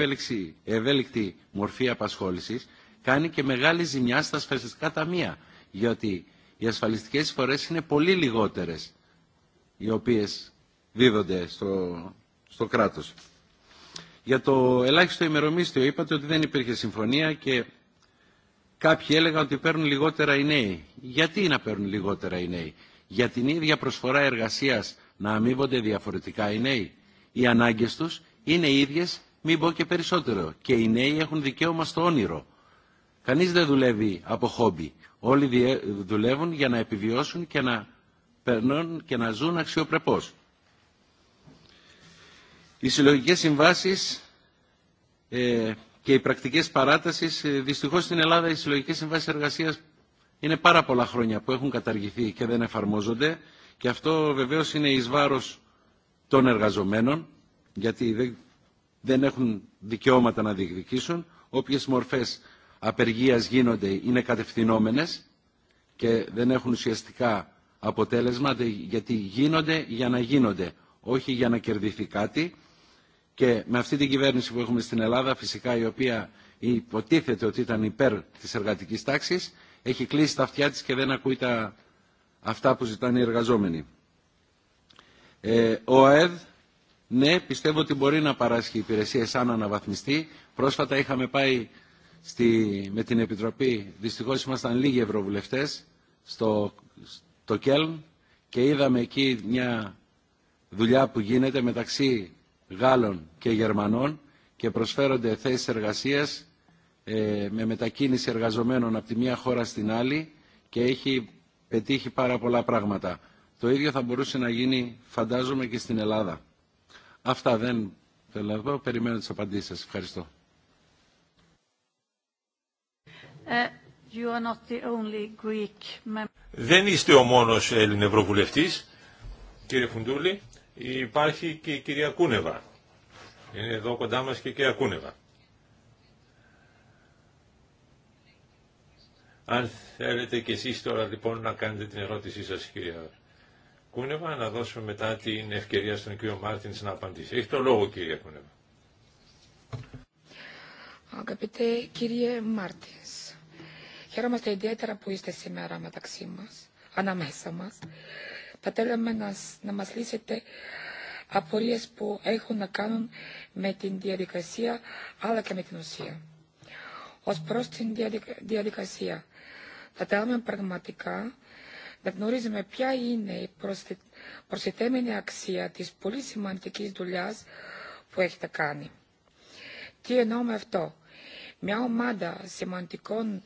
ευέλικτη, μορφή απασχόληση κάνει και μεγάλη ζημιά στα ασφαλιστικά ταμεία, γιατί οι ασφαλιστικέ φορές είναι πολύ λιγότερε, οι οποίε δίδονται στο, στο κράτος. Για το ελάχιστο ημερομίσθιο είπατε ότι δεν υπήρχε συμφωνία και κάποιοι έλεγαν ότι παίρνουν λιγότερα οι νέοι. Γιατί να παίρνουν λιγότερα οι νέοι. Για την ίδια προσφορά εργασία να αμείβονται διαφορετικά οι νέοι. Οι ανάγκε του είναι ίδιε, μην πω και περισσότερο. Και οι νέοι έχουν δικαίωμα στο όνειρο. Κανεί δεν δουλεύει από χόμπι. Όλοι δουλεύουν για να επιβιώσουν και να περνούν και να ζουν αξιοπρεπώς. Οι συλλογικέ συμβάσει ε, και οι πρακτικές παράτασεις, δυστυχώ στην Ελλάδα οι συλλογικέ συμβάσει εργασία είναι πάρα πολλά χρόνια που έχουν καταργηθεί και δεν εφαρμόζονται και αυτό βεβαίω είναι ει βάρο των εργαζομένων γιατί δεν έχουν δικαιώματα να διεκδικήσουν. Όποιες μορφές απεργίας γίνονται είναι κατευθυνόμενες και δεν έχουν ουσιαστικά αποτέλεσμα γιατί γίνονται για να γίνονται, όχι για να κερδιθεί κάτι. Και με αυτή την κυβέρνηση που έχουμε στην Ελλάδα, φυσικά η οποία υποτίθεται ότι ήταν υπέρ της εργατικής τάξης, έχει κλείσει τα αυτιά της και δεν ακούει τα, αυτά που ζητάνε οι εργαζόμενοι. Ε, ο ΑΕΔ ναι, πιστεύω ότι μπορεί να παράσχει υπηρεσίε σαν αναβαθμιστεί. Πρόσφατα είχαμε πάει στη, με την Επιτροπή, δυστυχώ ήμασταν λίγοι ευρωβουλευτέ, στο, στο Κέλν και είδαμε εκεί μια δουλειά που γίνεται μεταξύ Γάλλων και Γερμανών και προσφέρονται θέσει εργασία ε, με μετακίνηση εργαζομένων από τη μία χώρα στην άλλη και έχει πετύχει πάρα πολλά πράγματα. Το ίδιο θα μπορούσε να γίνει φαντάζομαι και στην Ελλάδα. Αυτά δεν θέλω να πω. Περιμένω τις απαντήσεις σας. Ευχαριστώ. Ε, δεν είστε ο μόνος Έλληνε Ευρωβουλευτής, κύριε Φουντούλη. Υπάρχει και η κυρία Κούνεβα. Είναι εδώ κοντά μας και η κυρία Κούνεβα. Αν θέλετε κι εσείς τώρα λοιπόν να κάνετε την ερώτησή σας κυρία Κούνεβα, να δώσουμε μετά την ευκαιρία στον κύριο Μάρτιν να απαντήσει. Έχει το λόγο κύριε Κούνεβα. Αγαπητέ κύριε Μάρτινς, χαίρομαστε ιδιαίτερα που είστε σήμερα μεταξύ μα, ανάμεσα μας. Θα θέλαμε να, να μας λύσετε απορίε που έχουν να κάνουν με την διαδικασία αλλά και με την ουσία. Ω προ την διαδικασία, θα θέλαμε πραγματικά να γνωρίζουμε ποια είναι η προσθετέμενη αξία της πολύ σημαντικής δουλειάς που έχετε κάνει. Τι εννοώ με αυτό. Μια ομάδα σημαντικών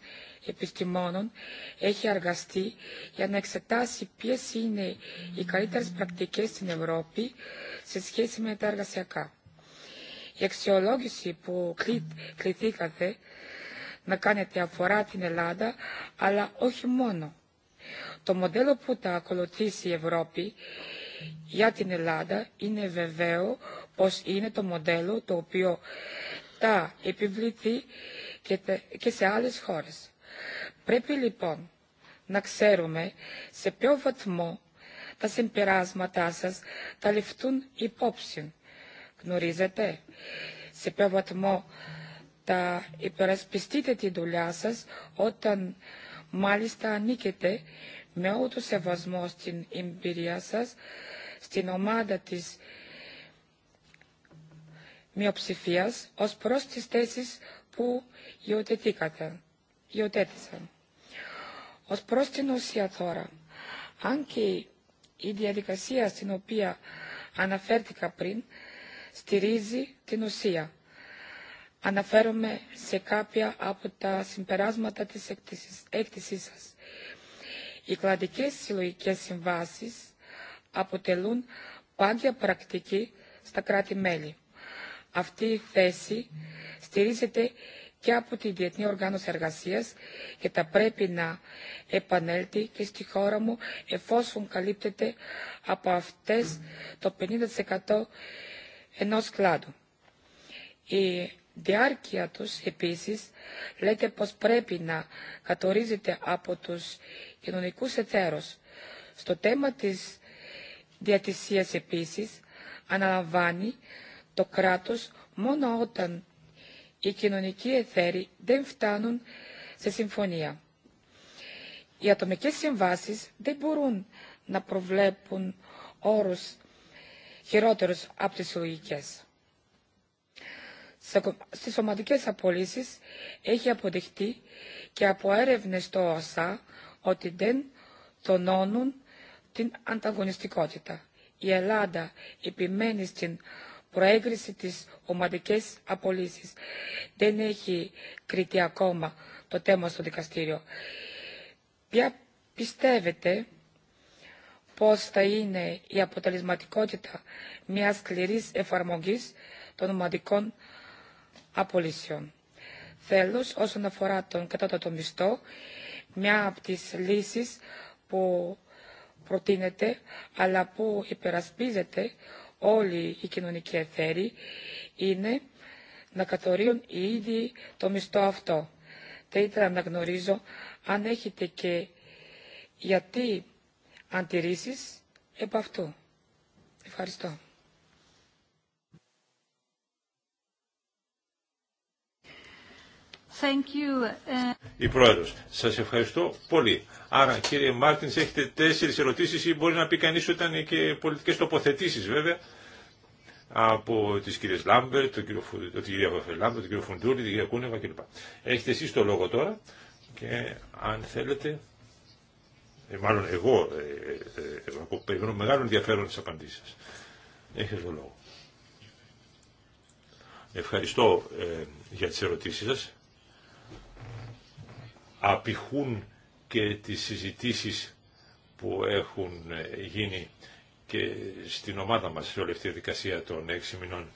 επιστημόνων έχει εργαστεί για να εξετάσει ποιε είναι οι καλύτερες πρακτικές στην Ευρώπη σε σχέση με τα εργασιακά. Η αξιολόγηση που κληθήκατε να κάνετε αφορά την Ελλάδα, αλλά όχι μόνο. Το μοντέλο που θα ακολουθήσει η Ευρώπη για την Ελλάδα είναι βεβαίο πως είναι το μοντέλο το οποίο θα επιβληθεί και σε άλλες χώρες. Πρέπει λοιπόν να ξέρουμε σε ποιο βαθμό τα συμπεράσματά σας θα ληφθούν υπόψη. Γνωρίζετε σε ποιο βαθμό θα υπερασπιστείτε τη δουλειά σας όταν μάλιστα ανήκετε με όλο σεβασμό στην εμπειρία σας, στην ομάδα της μειοψηφίας ως προς τις θέσεις που υιοθέτησαν. Ως προς την ουσία τώρα, αν και η διαδικασία στην οποία αναφέρθηκα πριν στηρίζει την ουσία Αναφέρομαι σε κάποια από τα συμπεράσματα της έκθεσής σας. Οι κλαδικές συλλογικές συμβάσεις αποτελούν πάγια πρακτική στα κράτη-μέλη. Αυτή η θέση στηρίζεται και από τη Διεθνή Οργάνωση Εργασίας και θα πρέπει να επανέλθει και στη χώρα μου εφόσον καλύπτεται από αυτές το 50% ενός κλάδου διάρκεια τους επίσης λέτε πως πρέπει να κατορίζεται από τους κοινωνικούς εταίρους. Στο θέμα της διατησίας επίσης αναλαμβάνει το κράτος μόνο όταν οι κοινωνικοί εταίροι δεν φτάνουν σε συμφωνία. Οι ατομικές συμβάσεις δεν μπορούν να προβλέπουν όρους χειρότερους από τις λογικές στις σωματικές απολύσεις έχει αποδειχτεί και από έρευνες στο ΩΣΑ ότι δεν τονώνουν την ανταγωνιστικότητα. Η Ελλάδα επιμένει στην προέγκριση της ομαδικής απολύσεις. Δεν έχει κρυθεί ακόμα το θέμα στο δικαστήριο. Ποια πιστεύετε πώς θα είναι η αποτελεσματικότητα μιας σκληρής εφαρμογής των ομαδικών απολύσεων. όσον αφορά τον κατώτατο μισθό, μια από τις λύσεις που προτείνεται, αλλά που υπερασπίζεται όλοι οι κοινωνικοί εταίροι, είναι να καθορίζουν οι το μισθό αυτό. Θα ήθελα να γνωρίζω αν έχετε και γιατί αντιρρήσεις επ' αυτού. Ευχαριστώ. Thank you. Uh, Η Πρόεδρος, σας ευχαριστώ πολύ. Άρα κύριε Μάρτινς έχετε τέσσερις ερωτήσεις ή μπορεί να πει κανείς ότι ήταν και πολιτικές τοποθετήσεις βέβαια από τις κυρίες Λάμπερ, τον κύριο, τον κύριο τον κύριο Φουντούρη, την κυρία Κούνεβα κλπ. Έχετε εσείς το λόγο τώρα και αν θέλετε, ε, μάλλον εγώ ε, ε, ε περιμένω μεγάλο ενδιαφέρον τις απαντήσεις σας. Έχετε το λόγο. Ευχαριστώ για τις ερωτήσεις σας απηχούν και τις συζητήσεις που έχουν γίνει και στην ομάδα μας σε όλη αυτή τη δικασία των έξι μηνών.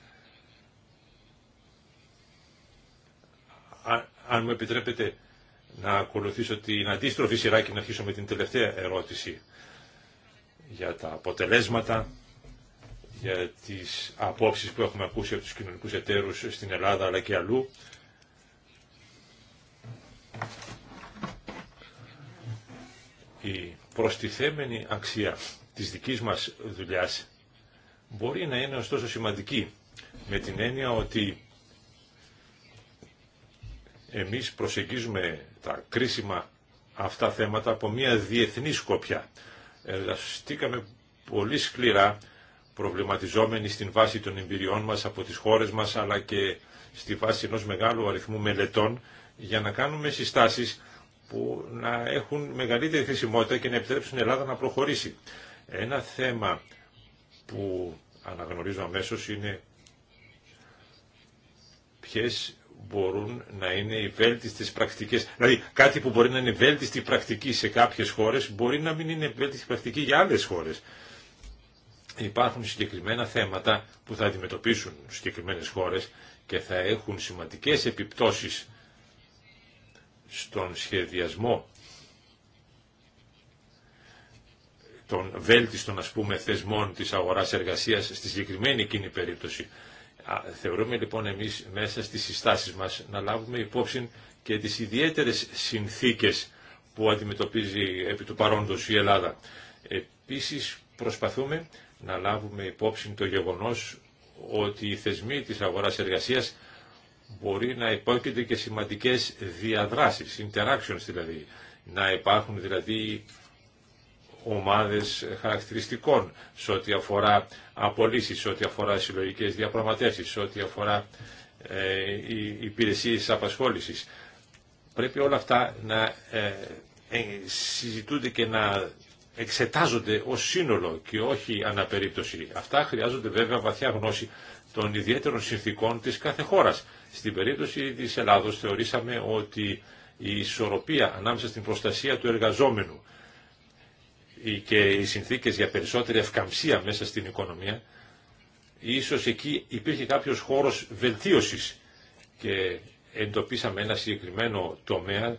Αν, αν μου επιτρέπετε να ακολουθήσω την αντίστροφη σειρά και να αρχίσω με την τελευταία ερώτηση για τα αποτελέσματα, για τις απόψεις που έχουμε ακούσει από τους κοινωνικούς εταίρους στην Ελλάδα αλλά και αλλού η προστιθέμενη αξία της δικής μας δουλειάς μπορεί να είναι ωστόσο σημαντική με την έννοια ότι εμείς προσεγγίζουμε τα κρίσιμα αυτά θέματα από μια διεθνή σκόπια. Εργαστήκαμε πολύ σκληρά προβληματιζόμενοι στην βάση των εμπειριών μας από τις χώρες μας αλλά και στη βάση ενός μεγάλου αριθμού μελετών για να κάνουμε συστάσεις που να έχουν μεγαλύτερη χρησιμότητα και να επιτρέψουν η Ελλάδα να προχωρήσει. Ένα θέμα που αναγνωρίζω αμέσως είναι ποιες μπορούν να είναι οι βέλτιστες πρακτικές. Δηλαδή κάτι που μπορεί να είναι βέλτιστη πρακτική σε κάποιες χώρες μπορεί να μην είναι βέλτιστη πρακτική για άλλες χώρες. Υπάρχουν συγκεκριμένα θέματα που θα αντιμετωπίσουν συγκεκριμένες χώρες και θα έχουν σημαντικές επιπτώσεις στον σχεδιασμό των βέλτιστων ας πούμε θεσμών της αγοράς εργασίας στη συγκεκριμένη εκείνη περίπτωση. Θεωρούμε λοιπόν εμείς μέσα στις συστάσεις μας να λάβουμε υπόψη και τις ιδιαίτερες συνθήκες που αντιμετωπίζει επί του παρόντος η Ελλάδα. Επίσης προσπαθούμε να λάβουμε υπόψη το γεγονός ότι οι θεσμοί της αγοράς εργασίας μπορεί να υπόκειται και σημαντικές διαδράσεις, interactions δηλαδή, να υπάρχουν δηλαδή ομάδες χαρακτηριστικών σε ό,τι αφορά απολύσεις, σε ό,τι αφορά συλλογικές διαπραγματεύσεις, σε ό,τι αφορά ε, υπηρεσίες απασχόλησης. Πρέπει όλα αυτά να ε, ε, συζητούνται και να εξετάζονται ως σύνολο και όχι αναπερίπτωση. Αυτά χρειάζονται βέβαια βαθιά γνώση των ιδιαίτερων συνθήκων της κάθε χώρας στην περίπτωση της Ελλάδος θεωρήσαμε ότι η ισορροπία ανάμεσα στην προστασία του εργαζόμενου και οι συνθήκες για περισσότερη ευκαμψία μέσα στην οικονομία, ίσως εκεί υπήρχε κάποιος χώρος βελτίωσης και εντοπίσαμε ένα συγκεκριμένο τομέα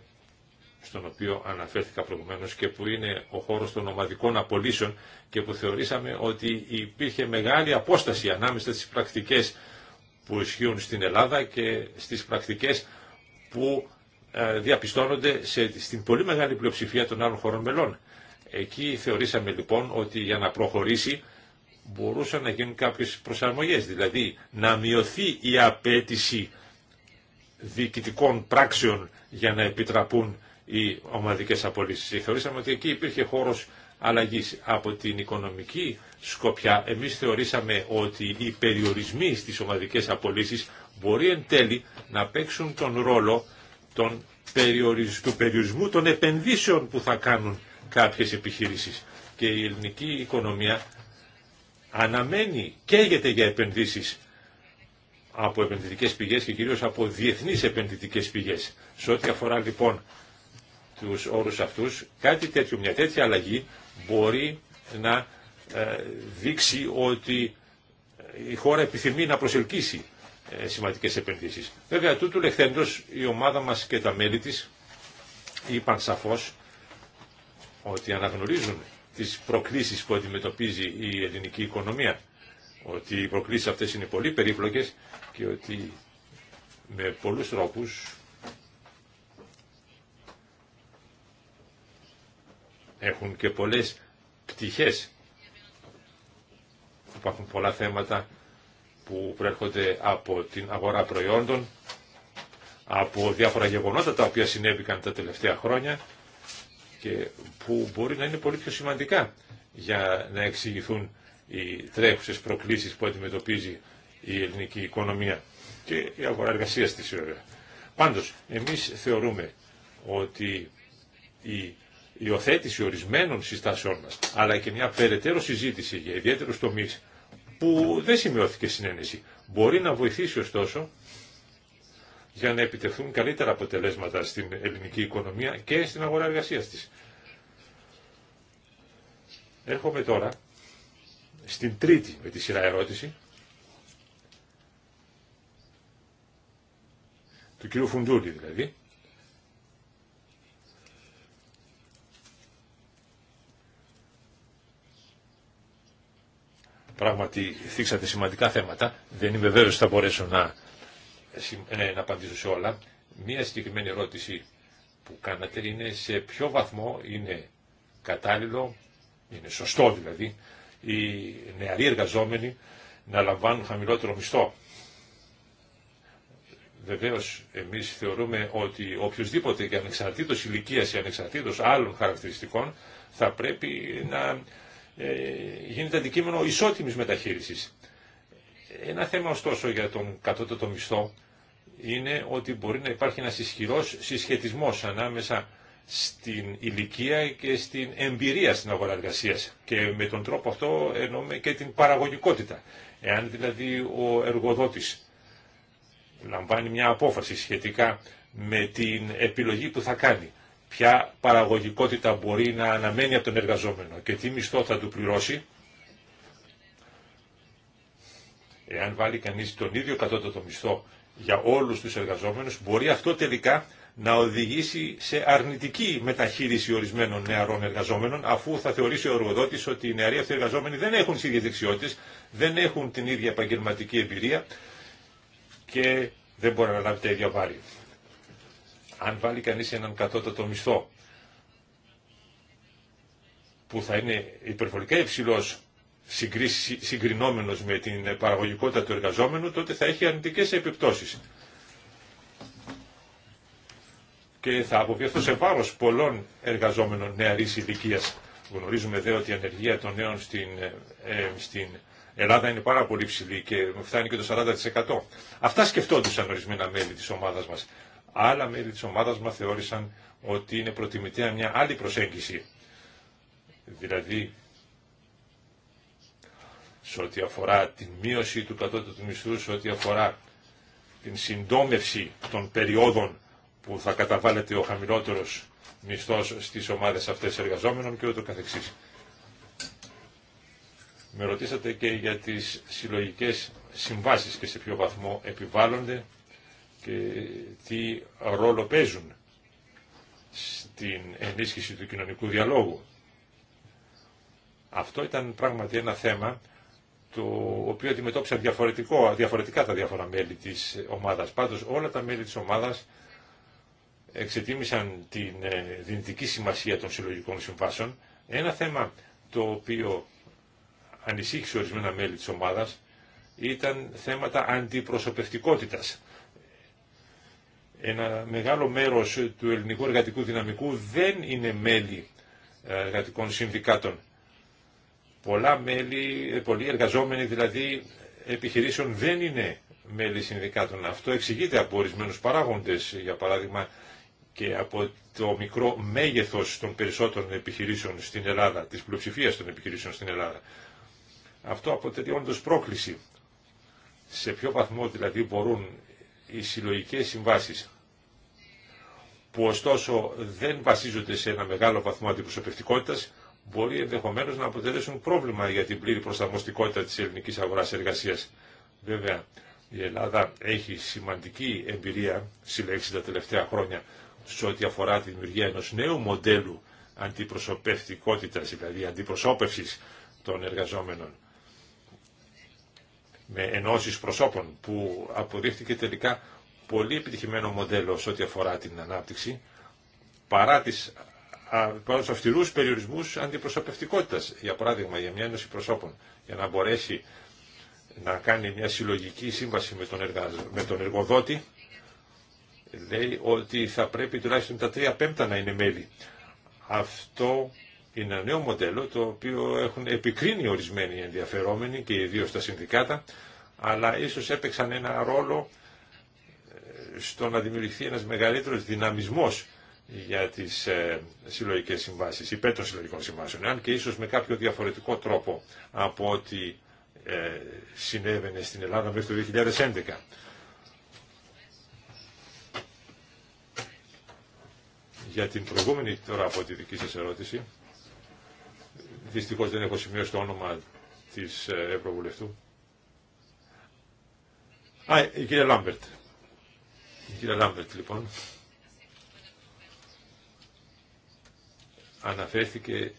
στον οποίο αναφέρθηκα προηγουμένως και που είναι ο χώρος των ομαδικών απολύσεων και που θεωρήσαμε ότι υπήρχε μεγάλη απόσταση ανάμεσα στις πρακτικές που ισχύουν στην Ελλάδα και στις πρακτικές που ε, διαπιστώνονται σε, στην πολύ μεγάλη πλειοψηφία των άλλων χωρών μελών. Εκεί θεωρήσαμε λοιπόν ότι για να προχωρήσει μπορούσαν να γίνουν κάποιες προσαρμογές, δηλαδή να μειωθεί η απέτηση διοικητικών πράξεων για να επιτραπούν οι ομαδικές απολύσεις. Θεωρήσαμε ότι εκεί υπήρχε χώρος αλλαγής. Από την οικονομική σκοπιά εμείς θεωρήσαμε ότι οι περιορισμοί στις ομαδικές απολύσεις μπορεί εν τέλει να παίξουν τον ρόλο των του περιορισμού των επενδύσεων που θα κάνουν κάποιες επιχειρήσεις. Και η ελληνική οικονομία αναμένει, καίγεται για επενδύσεις από επενδυτικές πηγές και κυρίως από διεθνείς επενδυτικές πηγές. Σε ό,τι αφορά λοιπόν τους όρους αυτούς, κάτι τέτοιο, μια τέτοια αλλαγή μπορεί να ε, δείξει ότι η χώρα επιθυμεί να προσελκύσει ε, σημαντικές επενδύσεις. Βέβαια, τούτου λεχθέντος η ομάδα μας και τα μέλη της είπαν σαφώς ότι αναγνωρίζουν τις προκλήσεις που αντιμετωπίζει η ελληνική οικονομία, ότι οι προκλήσεις αυτές είναι πολύ περίπλοκες και ότι με πολλούς τρόπους έχουν και πολλές πτυχές. Υπάρχουν πολλά θέματα που προέρχονται από την αγορά προϊόντων, από διάφορα γεγονότα τα οποία συνέβηκαν τα τελευταία χρόνια και που μπορεί να είναι πολύ πιο σημαντικά για να εξηγηθούν οι τρέχουσες προκλήσεις που αντιμετωπίζει η ελληνική οικονομία και η αγορά εργασίας της Πάντως, εμείς θεωρούμε ότι η υιοθέτηση ορισμένων συστάσεών μας, αλλά και μια περαιτέρω συζήτηση για ιδιαίτερου τομεί που δεν σημειώθηκε συνένεση, μπορεί να βοηθήσει ωστόσο για να επιτευχθούν καλύτερα αποτελέσματα στην ελληνική οικονομία και στην αγορά εργασίας της. Έρχομαι τώρα στην τρίτη με τη σειρά ερώτηση του κύριου Φουντούλη δηλαδή, Πράγματι, θίξατε σημαντικά θέματα. Δεν είμαι βέβαιος ότι θα μπορέσω να, ε, να απαντήσω σε όλα. Μία συγκεκριμένη ερώτηση που κάνατε είναι σε ποιο βαθμό είναι κατάλληλο, είναι σωστό δηλαδή, οι νεαροί εργαζόμενοι να λαμβάνουν χαμηλότερο μισθό. Βεβαίω, εμεί θεωρούμε ότι οποιοδήποτε και ανεξαρτήτω ηλικία ή ανεξαρτήτω άλλων χαρακτηριστικών θα πρέπει να ε, γίνεται αντικείμενο ισότιμης μεταχείρισης. Ένα θέμα ωστόσο για τον κατώτατο μισθό είναι ότι μπορεί να υπάρχει ένας ισχυρός συσχετισμός ανάμεσα στην ηλικία και στην εμπειρία στην αγορά εργασία. Και με τον τρόπο αυτό εννοούμε και την παραγωγικότητα. Εάν δηλαδή ο εργοδότης λαμβάνει μια απόφαση σχετικά με την επιλογή που θα κάνει ποια παραγωγικότητα μπορεί να αναμένει από τον εργαζόμενο και τι μισθό θα του πληρώσει, εάν βάλει κανείς τον ίδιο κατώτατο μισθό για όλους τους εργαζόμενους, μπορεί αυτό τελικά να οδηγήσει σε αρνητική μεταχείριση ορισμένων νεαρών εργαζόμενων, αφού θα θεωρήσει ο εργοδότης ότι οι νεαροί αυτοί εργαζόμενοι δεν έχουν τις ίδιες δεξιότητες, δεν έχουν την ίδια επαγγελματική εμπειρία και δεν μπορεί να λάβει τα ίδια βάρη αν βάλει κανείς έναν κατώτατο μισθό που θα είναι υπερβολικά υψηλός συγκρινόμενος με την παραγωγικότητα του εργαζόμενου, τότε θα έχει αρνητικές επιπτώσεις. Και θα αποβιώθω σε βάρος πολλών εργαζόμενων νεαρής ηλικία. Γνωρίζουμε δε ότι η ανεργία των νέων στην, ε, ε, στην Ελλάδα είναι πάρα πολύ ψηλή και φτάνει και το 40%. Αυτά σκεφτόντουσαν ορισμένα μέλη της ομάδας μας άλλα μέλη της ομάδας μας θεώρησαν ότι είναι προτιμητέα μια άλλη προσέγγιση. Δηλαδή, σε ό,τι αφορά την μείωση του κατώτατου του μισθού, σε ό,τι αφορά την συντόμευση των περιόδων που θα καταβάλλεται ο χαμηλότερος μισθός στις ομάδες αυτές εργαζόμενων και ούτω καθεξής. Με ρωτήσατε και για τις συλλογικές συμβάσεις και σε ποιο βαθμό επιβάλλονται τι ρόλο παίζουν στην ενίσχυση του κοινωνικού διαλόγου. Αυτό ήταν πράγματι ένα θέμα το οποίο αντιμετώπισαν διαφορετικά τα διάφορα μέλη της ομάδας. Πάντως όλα τα μέλη της ομάδας εξετίμησαν την ε, δυνητική σημασία των συλλογικών συμβάσεων. Ένα θέμα το οποίο ανησύχησε ορισμένα μέλη της ομάδας ήταν θέματα αντιπροσωπευτικότητας ένα μεγάλο μέρος του ελληνικού εργατικού δυναμικού δεν είναι μέλη ε, εργατικών συνδικάτων. Πολλά μέλη, ε, πολλοί εργαζόμενοι δηλαδή επιχειρήσεων δεν είναι μέλη συνδικάτων. Αυτό εξηγείται από ορισμένου παράγοντες, για παράδειγμα και από το μικρό μέγεθος των περισσότερων επιχειρήσεων στην Ελλάδα, της πλειοψηφίας των επιχειρήσεων στην Ελλάδα. Αυτό αποτελεί όντως πρόκληση. Σε ποιο βαθμό δηλαδή μπορούν οι συλλογικές συμβάσεις που ωστόσο δεν βασίζονται σε ένα μεγάλο βαθμό αντιπροσωπευτικότητας μπορεί ενδεχομένως να αποτελέσουν πρόβλημα για την πλήρη προσαρμοστικότητα της ελληνικής αγοράς εργασίας. Βέβαια, η Ελλάδα έχει σημαντική εμπειρία συλλέξει τα τελευταία χρόνια σε ό,τι αφορά τη δημιουργία ενός νέου μοντέλου αντιπροσωπευτικότητας, δηλαδή αντιπροσώπευσης των εργαζόμενων με ενώσεις προσώπων που αποδείχθηκε τελικά πολύ επιτυχημένο μοντέλο σε ό,τι αφορά την ανάπτυξη παρά τις αυστηρού τους αυστηρούς περιορισμούς αντιπροσωπευτικότητας, για παράδειγμα για μια ένωση προσώπων, για να μπορέσει να κάνει μια συλλογική σύμβαση με τον, με τον εργοδότη, λέει ότι θα πρέπει τουλάχιστον τα τρία πέμπτα να είναι μέλη. Αυτό είναι ένα νέο μοντέλο το οποίο έχουν επικρίνει ορισμένοι ενδιαφερόμενοι και ιδίω τα συνδικάτα, αλλά ίσως έπαιξαν ένα ρόλο ε, στο να δημιουργηθεί ένας μεγαλύτερος δυναμισμός για τις ε, συλλογικές συμβάσεις, υπέρ των συλλογικών συμβάσεων, αν και ίσως με κάποιο διαφορετικό τρόπο από ό,τι ε, συνέβαινε στην Ελλάδα μέχρι το 2011. Για την προηγούμενη τώρα από τη δική σας ερώτηση, Δυστυχώς δεν έχω σημειώσει το όνομα της ε, Ευρωβουλευτού. Α, η κυρία Λάμπερτ. Η κυρία Λάμπερτ, λοιπόν, αναφέρθηκε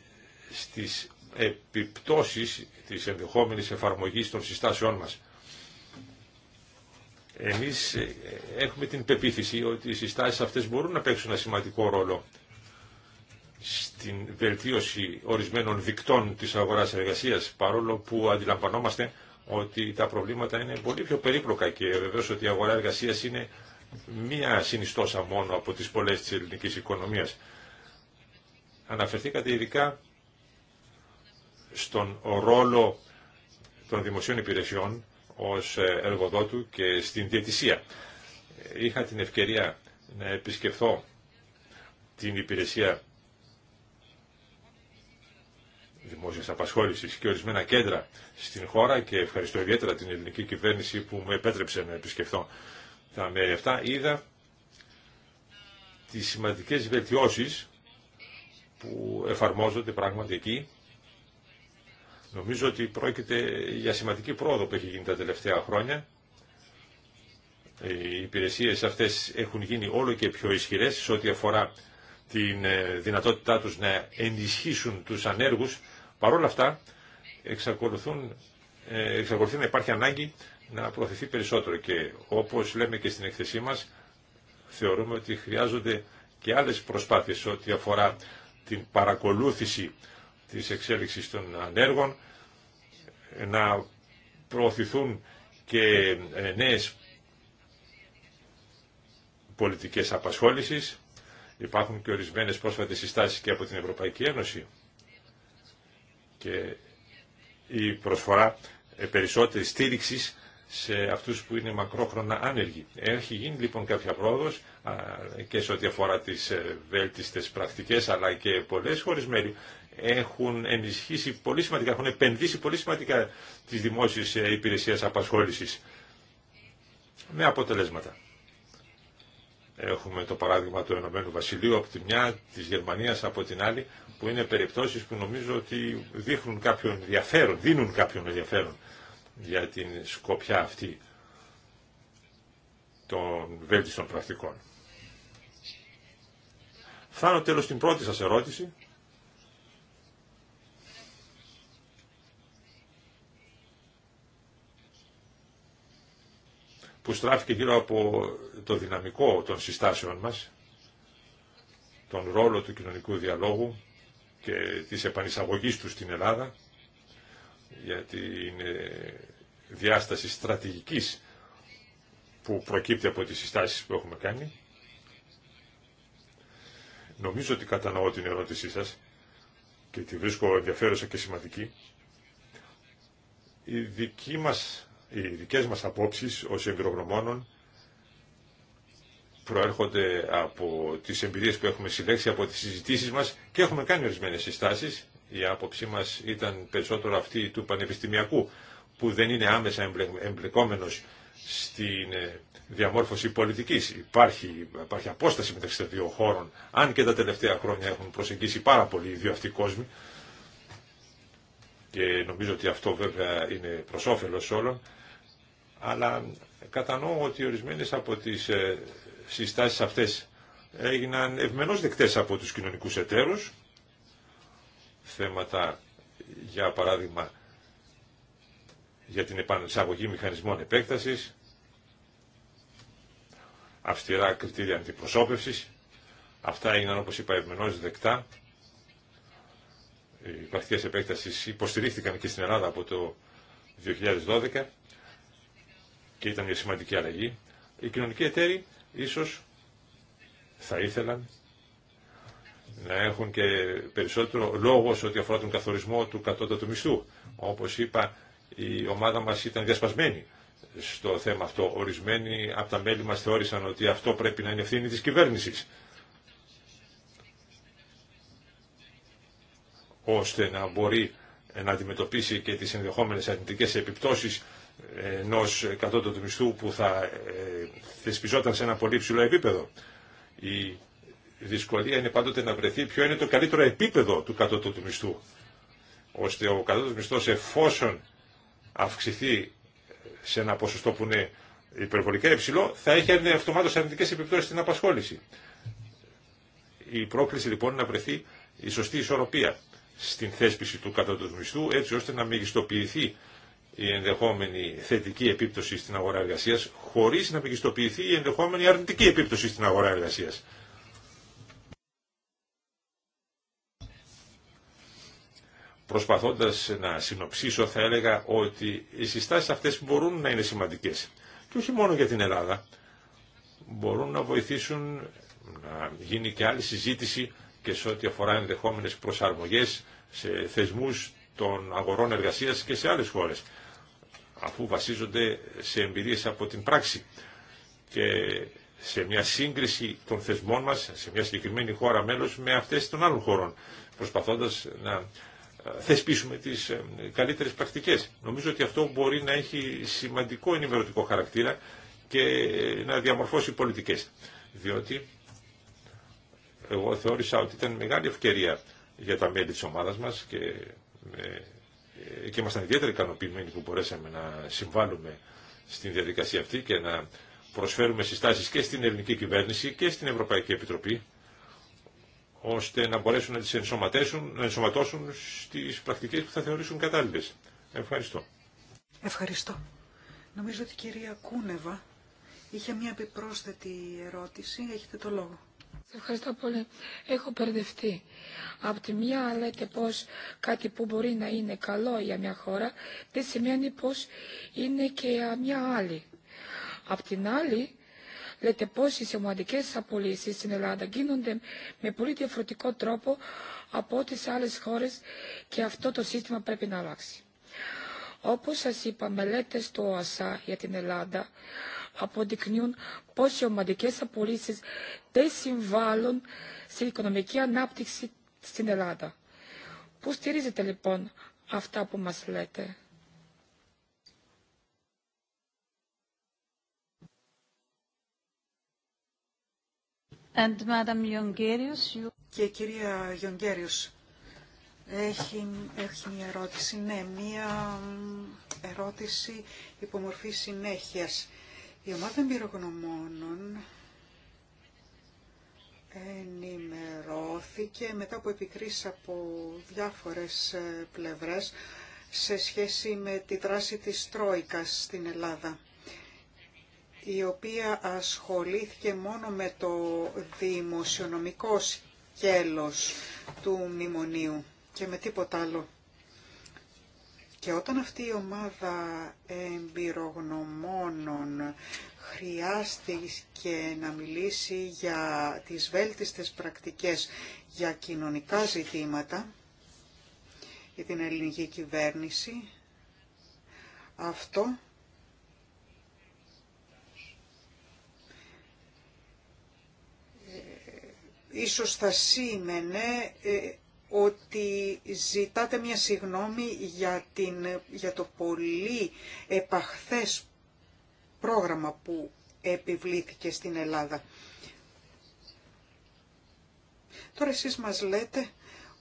στις επιπτώσεις της ενδεχόμενης εφαρμογής των συστάσεών μας. Εμείς ε, έχουμε την πεποίθηση ότι οι συστάσεις αυτές μπορούν να παίξουν ένα σημαντικό ρόλο στην βελτίωση ορισμένων δικτών της αγοράς εργασίας, παρόλο που αντιλαμβανόμαστε ότι τα προβλήματα είναι πολύ πιο περίπλοκα και βεβαίως ότι η αγορά εργασίας είναι μία συνιστόσα μόνο από τις πολλές της ελληνικής οικονομίας. Αναφερθήκατε ειδικά στον ρόλο των δημοσίων υπηρεσιών ως εργοδότου και στην διαιτησία. Είχα την ευκαιρία να επισκεφθώ την υπηρεσία δημόσιας απασχόλησης και ορισμένα κέντρα στην χώρα και ευχαριστώ ιδιαίτερα την ελληνική κυβέρνηση που με επέτρεψε να επισκεφθώ τα μέρη αυτά. Είδα τις σημαντικές βελτιώσεις που εφαρμόζονται πράγματι εκεί. Νομίζω ότι πρόκειται για σημαντική πρόοδο που έχει γίνει τα τελευταία χρόνια. Οι υπηρεσίε αυτές έχουν γίνει όλο και πιο ισχυρές σε ό,τι αφορά την ε, δυνατότητά τους να ενισχύσουν τους ανέργους Παρ' όλα αυτά, εξακολουθούν, ε, εξακολουθεί να υπάρχει ανάγκη να προωθηθεί περισσότερο και όπως λέμε και στην εκθεσή μας, θεωρούμε ότι χρειάζονται και άλλες προσπάθειες ό,τι αφορά την παρακολούθηση της εξέλιξης των ανέργων, ε, να προωθηθούν και ε, νέες πολιτικές απασχόλησης. Υπάρχουν και ορισμένες πρόσφατες συστάσεις και από την Ευρωπαϊκή Ένωση και η προσφορά ε, περισσότερη στήριξη σε αυτούς που είναι μακρόχρονα άνεργοι. Ε, έχει γίνει λοιπόν κάποια πρόοδο, και σε ό,τι αφορά τι ε, βέλτιστες πρακτικέ, αλλά και πολλέ χώρες μέλη έχουν ενισχύσει πολύ σημαντικά, έχουν επενδύσει πολύ σημαντικά τι δημόσιες υπηρεσίες απασχόλησης με αποτελέσματα. Έχουμε το παράδειγμα του Ενωμένου Βασιλείου από τη μια, της Γερμανίας από την άλλη, που είναι περιπτώσεις που νομίζω ότι δείχνουν κάποιον ενδιαφέρον, δίνουν κάποιον ενδιαφέρον για την σκοπιά αυτή των βέλτιστων πρακτικών. Φτάνω τέλος στην πρώτη σας ερώτηση. που στράφηκε γύρω από το δυναμικό των συστάσεων μας, τον ρόλο του κοινωνικού διαλόγου και της επανεισαγωγής του στην Ελλάδα, γιατί είναι διάσταση στρατηγικής που προκύπτει από τις συστάσεις που έχουμε κάνει. Νομίζω ότι κατανοώ την ερώτησή σας και τη βρίσκω ενδιαφέρουσα και σημαντική. Η δική μας οι δικές μας απόψεις ως εμπειρογνωμόνων προέρχονται από τις εμπειρίες που έχουμε συλλέξει, από τις συζητήσεις μας και έχουμε κάνει ορισμένε συστάσεις. Η άποψή μας ήταν περισσότερο αυτή του πανεπιστημιακού, που δεν είναι άμεσα εμπλεκόμενος στην ε, διαμόρφωση πολιτικής. Υπάρχει, υπάρχει απόσταση μεταξύ των δύο χώρων, αν και τα τελευταία χρόνια έχουν προσεγγίσει πάρα πολύ οι δύο αυτοί κόσμοι. Και νομίζω ότι αυτό βέβαια είναι προς όφελος όλων αλλά κατανοώ ότι ορισμένες από τις ε, συστάσεις αυτές έγιναν ευμενώς δεκτές από τους κοινωνικούς εταίρους, θέματα για παράδειγμα για την επανεισαγωγή μηχανισμών επέκτασης, αυστηρά κριτήρια αντιπροσώπευσης, αυτά έγιναν όπως είπα ευμενώς δεκτά, οι πρακτικές επέκτασης υποστηρίχθηκαν και στην Ελλάδα από το 2012, και ήταν μια σημαντική αλλαγή. Οι κοινωνικοί εταίροι ίσως θα ήθελαν να έχουν και περισσότερο λόγο σε ό,τι αφορά τον καθορισμό του κατώτατου μισθού. Όπως είπα, η ομάδα μας ήταν διασπασμένη στο θέμα αυτό. Ορισμένοι από τα μέλη μας θεώρησαν ότι αυτό πρέπει να είναι ευθύνη της κυβέρνησης. ώστε να μπορεί να αντιμετωπίσει και τις ενδεχόμενες αρνητικές επιπτώσεις ενό κατώτατου μισθού που θα ε, θεσπιζόταν σε ένα πολύ ψηλό επίπεδο. Η δυσκολία είναι πάντοτε να βρεθεί ποιο είναι το καλύτερο επίπεδο του κατώτατου μισθού, ώστε ο κατώτατο μισθό εφόσον αυξηθεί σε ένα ποσοστό που είναι υπερβολικά υψηλό, θα έχει αυτομάτως αρνητικέ επιπτώσεις στην απασχόληση. Η πρόκληση λοιπόν είναι να βρεθεί η σωστή ισορροπία στην θέσπιση του κατώτατου μισθού, έτσι ώστε να μεγιστοποιηθεί η ενδεχόμενη θετική επίπτωση στην αγορά εργασία χωρί να μεγιστοποιηθεί η ενδεχόμενη αρνητική επίπτωση στην αγορά εργασία. Προσπαθώντας να συνοψίσω θα έλεγα ότι οι συστάσεις αυτές μπορούν να είναι σημαντικές και όχι μόνο για την Ελλάδα. Μπορούν να βοηθήσουν να γίνει και άλλη συζήτηση και σε ό,τι αφορά ενδεχόμενε προσαρμογές σε θεσμούς των αγορών εργασίας και σε άλλες χώρες αφού βασίζονται σε εμπειρίες από την πράξη και σε μια σύγκριση των θεσμών μας σε μια συγκεκριμένη χώρα μέλος με αυτές των άλλων χωρών, προσπαθώντας να ε, θεσπίσουμε τις ε, καλύτερες πρακτικές. Νομίζω ότι αυτό μπορεί να έχει σημαντικό ενημερωτικό χαρακτήρα και να διαμορφώσει πολιτικές. Διότι εγώ θεώρησα ότι ήταν μεγάλη ευκαιρία για τα μέλη της ομάδας μας και ε, και ήμασταν ιδιαίτερα ικανοποιημένοι που μπορέσαμε να συμβάλλουμε στην διαδικασία αυτή και να προσφέρουμε συστάσεις και στην ελληνική κυβέρνηση και στην Ευρωπαϊκή Επιτροπή ώστε να μπορέσουν να τις ενσωματώσουν, να ενσωματώσουν στις πρακτικές που θα θεωρήσουν κατάλληλες. Ευχαριστώ. Ευχαριστώ. Νομίζω ότι η κυρία Κούνεβα είχε μια επιπρόσθετη ερώτηση. Έχετε το λόγο. Ευχαριστώ πολύ. Έχω μπερδευτεί. Από τη μία λέτε πως κάτι που μπορεί να είναι καλό για μια χώρα δεν σημαίνει πως είναι και για μια άλλη. Απ' την άλλη λέτε πως οι σημαντικές απολύσεις στην Ελλάδα γίνονται με πολύ διαφορετικό τρόπο από τις άλλες χώρες και αυτό το σύστημα πρέπει να αλλάξει. Όπως σας είπα, μελέτες του ΟΑΣΑ για την Ελλάδα αποδεικνύουν πως οι ομαδικές απολύσεις δεν συμβάλλουν στην οικονομική ανάπτυξη στην Ελλάδα. Πού στηρίζετε λοιπόν αυτά που μας λέτε. Και η κυρία Γιονγκέριους, έχει, έχει μια ερώτηση. Ναι, μια ερώτηση υπομορφή συνέχειας. Η ομάδα εμπειρογνωμόνων ενημερώθηκε μετά από επικρίσεις από διάφορες ε, πλευρές σε σχέση με τη δράση της Τρόικας στην Ελλάδα η οποία ασχολήθηκε μόνο με το δημοσιονομικό σκέλος του μνημονίου και με τίποτα άλλο. Και όταν αυτή η ομάδα εμπειρογνωμόνων χρειάστηκε να μιλήσει για τις βέλτιστες πρακτικές για κοινωνικά ζητήματα, για την ελληνική κυβέρνηση, αυτό ε, ίσως θα σήμαινε ε, ότι ζητάτε μια συγνώμη για, για το πολύ επαχθές πρόγραμμα που επιβλήθηκε στην Ελλάδα. Τώρα εσείς μας λέτε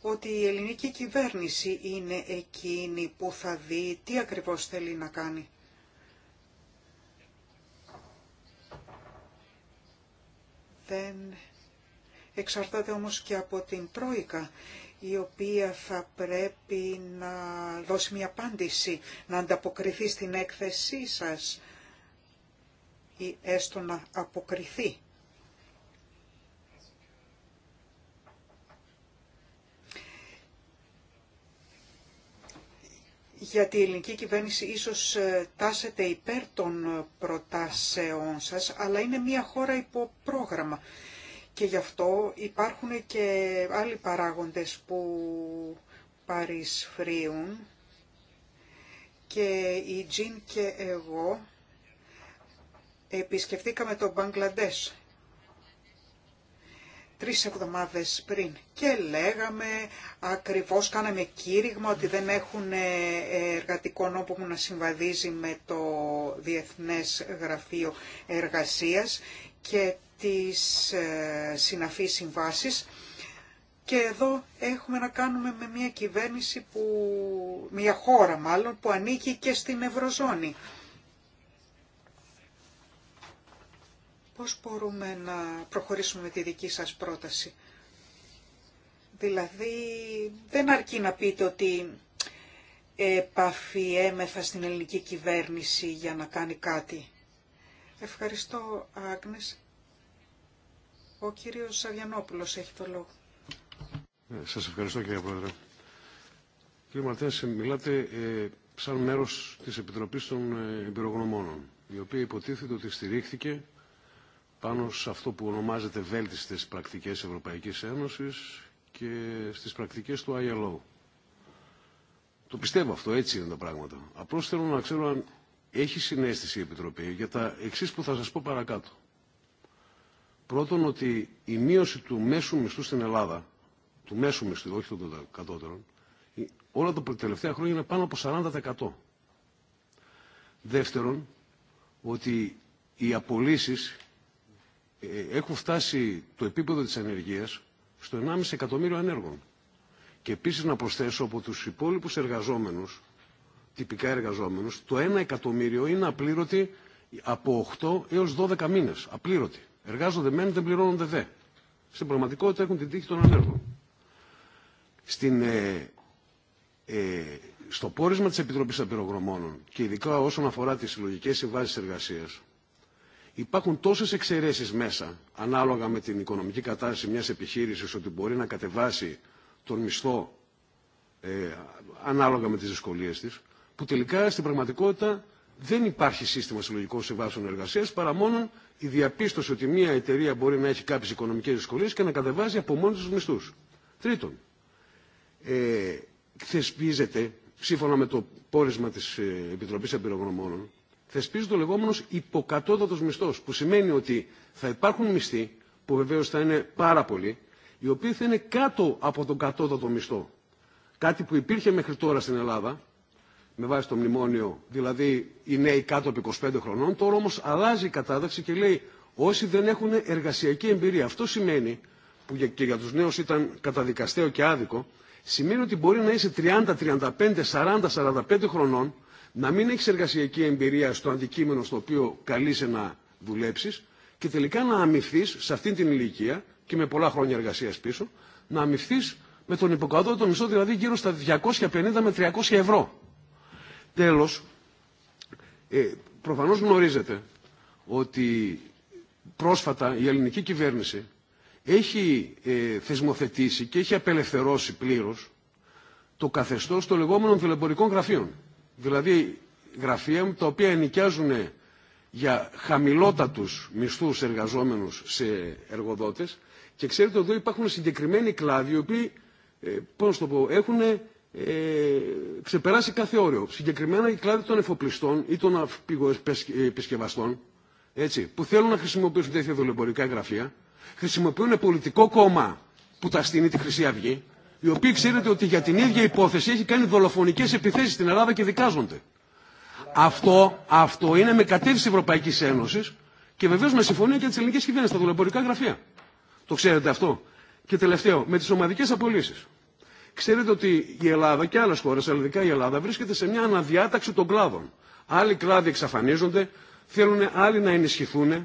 ότι η ελληνική κυβέρνηση είναι εκείνη που θα δει τι ακριβώς θέλει να κάνει. Δεν εξαρτάται όμως και από την Τρόικα η οποία θα πρέπει να δώσει μια απάντηση, να ανταποκριθεί στην έκθεσή σας ή έστω να αποκριθεί. γιατί η ελληνική κυβέρνηση ίσως ε, τάσεται υπέρ των προτάσεών σας, αλλά είναι μια χώρα υπό πρόγραμμα. Και γι' αυτό υπάρχουν και άλλοι παράγοντες που παρισφρίουν και η Τζιν και εγώ επισκεφτήκαμε το Μπαγκλαντές τρεις εβδομάδες πριν και λέγαμε ακριβώς κάναμε κήρυγμα ότι δεν έχουν ε, εργατικό νόμο που να συμβαδίζει με το Διεθνές Γραφείο Εργασίας και τις ε, συναφείς συμβάσεις. Και εδώ έχουμε να κάνουμε με μια κυβέρνηση που, μια χώρα μάλλον, που ανήκει και στην Ευρωζώνη. Πώς μπορούμε να προχωρήσουμε με τη δική σας πρόταση. Δηλαδή δεν αρκεί να πείτε ότι επαφιέμεθα στην ελληνική κυβέρνηση για να κάνει κάτι. Ευχαριστώ, Άγνες. Ο κύριος Σαβιανόπουλος έχει το λόγο. Ε, σας ευχαριστώ, κύριε Πρόεδρε. Κύριε Μαρτένση, μιλάτε ε, σαν μέρος της Επιτροπής των ε, Εμπειρογνωμόνων, η οποία υποτίθεται ότι στηρίχθηκε πάνω σε αυτό που ονομάζεται βέλτιστες πρακτικές Ευρωπαϊκής Ένωσης και στις πρακτικές του ILO. Το πιστεύω αυτό, έτσι είναι τα πράγματα. Απλώς θέλω να ξέρω αν έχει συνέστηση η Επιτροπή για τα εξή που θα σας πω παρακάτω. Πρώτον ότι η μείωση του μέσου μισθού στην Ελλάδα, του μέσου μισθού, όχι των κατώτερων, όλα τα τελευταία χρόνια είναι πάνω από 40%. Δεύτερον, ότι οι απολύσεις ε, έχουν φτάσει το επίπεδο της ανεργίας στο 1,5 εκατομμύριο ανέργων. Και επίσης να προσθέσω από τους υπόλοιπους εργαζόμενους τυπικά εργαζόμενους, το 1 εκατομμύριο είναι απλήρωτοι από 8 έως 12 μήνες. Απλήρωτοι. Εργάζονται μένουν, δεν πληρώνονται δε. Στην πραγματικότητα έχουν την τύχη των ανέργων. Στην, ε, ε στο πόρισμα της Επιτροπής Απειρογρομώνων και ειδικά όσον αφορά τις συλλογικές συμβάσεις εργασία, Υπάρχουν τόσε εξαιρέσει μέσα, ανάλογα με την οικονομική κατάσταση μια επιχείρηση, ότι μπορεί να κατεβάσει τον μισθό ε, ανάλογα με τι δυσκολίε τη που τελικά στην πραγματικότητα δεν υπάρχει σύστημα συλλογικών συμβάσεων εργασία παρά μόνο η διαπίστωση ότι μια εταιρεία μπορεί να έχει κάποιε οικονομικέ δυσκολίε και να κατεβάζει από μόνη του μισθού. Τρίτον, ε, θεσπίζεται, σύμφωνα με το πόρισμα τη ε, Επιτροπή Εμπειρογνωμόνων, θεσπίζεται ο λεγόμενο υποκατώτατο μισθό, που σημαίνει ότι θα υπάρχουν μισθοί, που βεβαίω θα είναι πάρα πολλοί, οι οποίοι θα είναι κάτω από τον κατώτατο μισθό. Κάτι που υπήρχε μέχρι τώρα στην Ελλάδα, με βάση το μνημόνιο, δηλαδή οι νέοι κάτω από 25 χρονών, τώρα όμω αλλάζει η κατάταξη και λέει όσοι δεν έχουν εργασιακή εμπειρία. Αυτό σημαίνει, που και για του νέου ήταν καταδικαστέο και άδικο, σημαίνει ότι μπορεί να είσαι 30, 35, 40, 45 χρονών, να μην έχει εργασιακή εμπειρία στο αντικείμενο στο οποίο καλείσαι να δουλέψει και τελικά να αμυφθεί σε αυτή την ηλικία και με πολλά χρόνια εργασία πίσω, να αμυφθεί με τον υποκατώτατο μισθό, δηλαδή γύρω στα 250 με 300 ευρώ. Τέλος, ε, προφανώς γνωρίζετε ότι πρόσφατα η ελληνική κυβέρνηση έχει ε, θεσμοθετήσει και έχει απελευθερώσει πλήρως το καθεστώς των λεγόμενων φιλεμπορικών γραφείων. Δηλαδή γραφεία τα οποία ενοικιάζουν για χαμηλότατους μισθούς εργαζόμενους σε εργοδότες και ξέρετε εδώ υπάρχουν συγκεκριμένοι κλάδοι οι οποίοι ε, πώς το πω, έχουν ε, ξεπεράσει κάθε όριο. Συγκεκριμένα η κλάδη των εφοπλιστών ή των αυπηγοεπισκευαστών έτσι, που θέλουν να χρησιμοποιήσουν τέτοια δουλεμπορικά γραφεία χρησιμοποιούν πολιτικό κόμμα που τα στείνει τη Χρυσή Αυγή οι οποίοι ξέρετε ότι για την ίδια υπόθεση έχει κάνει δολοφονικέ επιθέσει στην Ελλάδα και δικάζονται. Αυτό, αυτό είναι με κατεύθυνση Ευρωπαϊκή Ένωση και βεβαίω με συμφωνία και τη ελληνική κυβέρνηση, τα δουλεμπορικά γραφεία. Το ξέρετε αυτό. Και τελευταίο, με τι ομαδικέ απολύσει. Ξέρετε ότι η Ελλάδα και άλλε χώρε, αλλά ειδικά η Ελλάδα, βρίσκεται σε μια αναδιάταξη των κλάδων. Άλλοι κλάδοι εξαφανίζονται, θέλουν άλλοι να ενισχυθούν. Ε,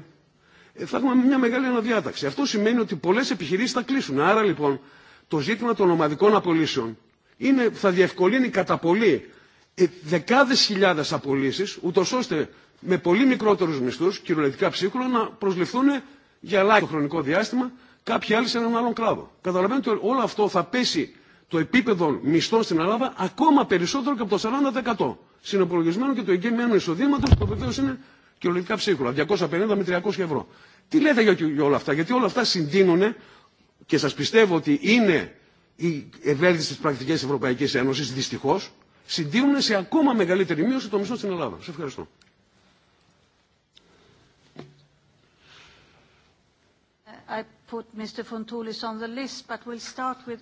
θα έχουμε μια μεγάλη αναδιάταξη. Αυτό σημαίνει ότι πολλέ επιχειρήσει θα κλείσουν. Άρα λοιπόν το ζήτημα των ομαδικών απολύσεων είναι, θα διευκολύνει κατά πολύ ε, δεκάδε χιλιάδε απολύσει, ούτω ώστε με πολύ μικρότερου μισθού, κυριολεκτικά ψίχουλα, να προσληφθούν για ελάχιστο χρονικό διάστημα κάποιοι άλλοι σε έναν άλλον κλάδο. Καταλαβαίνετε ότι όλο αυτό θα πέσει το επίπεδο μισθών στην Ελλάδα ακόμα περισσότερο και από το 40%. Συνοπολογισμένο και το εγγυημένο εισοδήματο, το βεβαίω είναι κυριολεκτικά ψίχουλα, 250 με 300 ευρώ. Τι λέτε για όλα αυτά, γιατί όλα αυτά συντείνουν και σα πιστεύω ότι είναι οι ευέλικτε πρακτικέ Ευρωπαϊκή Ένωση, δυστυχώ, συντείνουν σε ακόμα μεγαλύτερη μείωση των μισθών στην Ελλάδα. Σα ευχαριστώ. I put Mr. Fontoulis on the list, but we'll start with...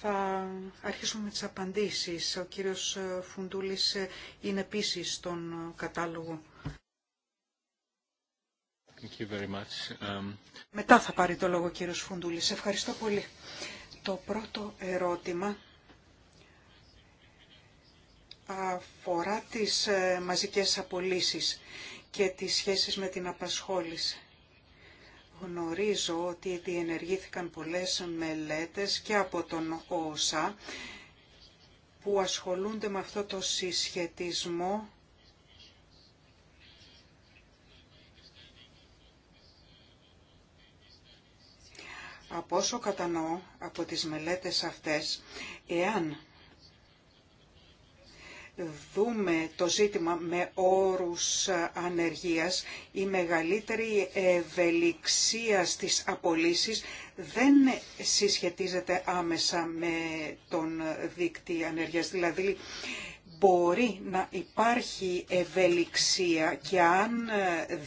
Θα αρχίσουμε με τις απαντήσεις. Ο κύριος Φουντούλης είναι επίση στον κατάλογο. Thank you very much. Um, Μετά θα πάρει το λόγο ο κύριος Φουντούλης. Ευχαριστώ πολύ. Το πρώτο ερώτημα αφορά τις ε, μαζικές απολύσεις και τις σχέσεις με την απασχόληση. Γνωρίζω ότι διενεργήθηκαν πολλές μελέτες και από τον ΩΣΑ που ασχολούνται με αυτό το συσχετισμό Από όσο κατανοώ από τις μελέτες αυτές, εάν δούμε το ζήτημα με όρους ανεργίας, η μεγαλύτερη ευελιξία στις απολύσεις δεν συσχετίζεται άμεσα με τον δίκτυο ανεργίας. Δηλαδή, μπορεί να υπάρχει ευελιξία και αν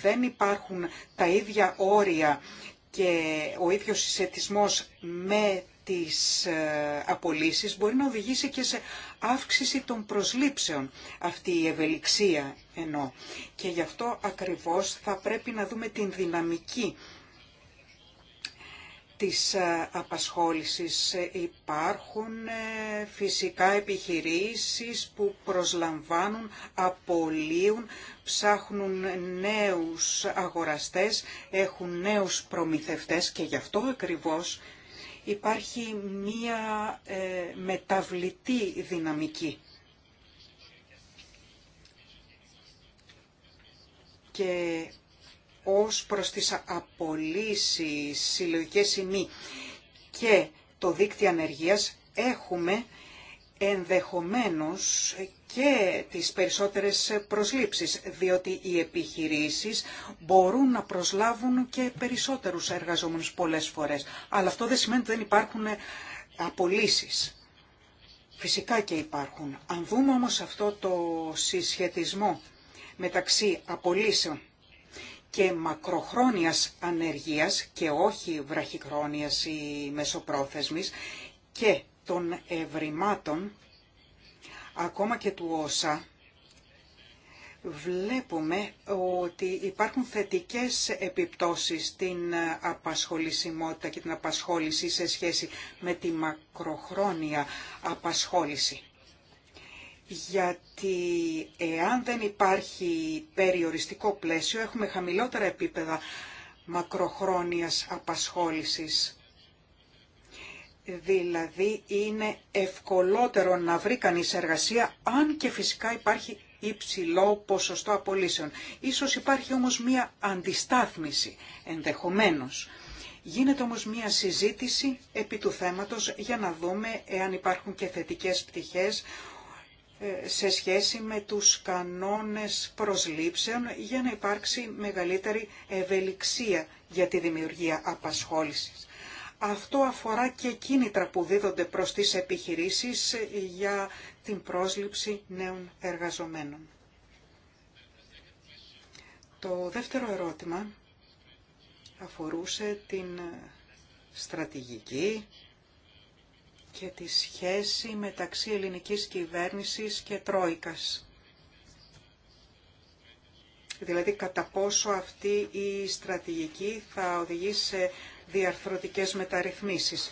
δεν υπάρχουν τα ίδια όρια και ο ίδιος συσχετισμός με τις ε, απολύσεις μπορεί να οδηγήσει και σε αύξηση των προσλήψεων αυτή η ευελιξία ενώ. Και γι' αυτό ακριβώς θα πρέπει να δούμε την δυναμική της ε, απασχόλησης υπάρχουν ε, φυσικά επιχειρήσεις που προσλαμβάνουν, απολύουν, ψάχνουν νέους αγοραστές, έχουν νέους προμηθευτές και γι' αυτό ακριβώς υπάρχει μία ε, μεταβλητή δυναμική. Και ως προς τις απολύσεις, συλλογικές σημεί και το δίκτυο ανεργίας έχουμε ενδεχομένως και τις περισσότερες προσλήψεις, διότι οι επιχειρήσεις μπορούν να προσλάβουν και περισσότερους εργαζόμενους πολλές φορές. Αλλά αυτό δεν σημαίνει ότι δεν υπάρχουν απολύσεις. Φυσικά και υπάρχουν. Αν δούμε όμως αυτό το συσχετισμό μεταξύ απολύσεων και μακροχρόνιας ανεργίας και όχι βραχυχρόνιας ή μεσοπρόθεσμης και των ευρημάτων ακόμα και του ΩΣΑ, βλέπουμε ότι υπάρχουν θετικές επιπτώσεις στην απασχολησιμότητα και την απασχόληση σε σχέση με τη μακροχρόνια απασχόληση. Γιατί εάν δεν υπάρχει περιοριστικό πλαίσιο έχουμε χαμηλότερα επίπεδα μακροχρόνιας απασχόλησης Δηλαδή είναι ευκολότερο να βρει κανεί εργασία αν και φυσικά υπάρχει υψηλό ποσοστό απολύσεων. Ίσως υπάρχει όμως μία αντιστάθμιση ενδεχομένως. Γίνεται όμως μία συζήτηση επί του θέματος για να δούμε εάν υπάρχουν και θετικές πτυχές ε, σε σχέση με τους κανόνες προσλήψεων για να υπάρξει μεγαλύτερη ευελιξία για τη δημιουργία απασχόλησης. Αυτό αφορά και κίνητρα που δίδονται προς τις επιχειρήσεις για την πρόσληψη νέων εργαζομένων. Το δεύτερο ερώτημα αφορούσε την στρατηγική και τη σχέση μεταξύ ελληνικής κυβέρνησης και Τρόικας. Δηλαδή κατά πόσο αυτή η στρατηγική θα οδηγήσει σε διαρθρωτικές μεταρρυθμίσεις.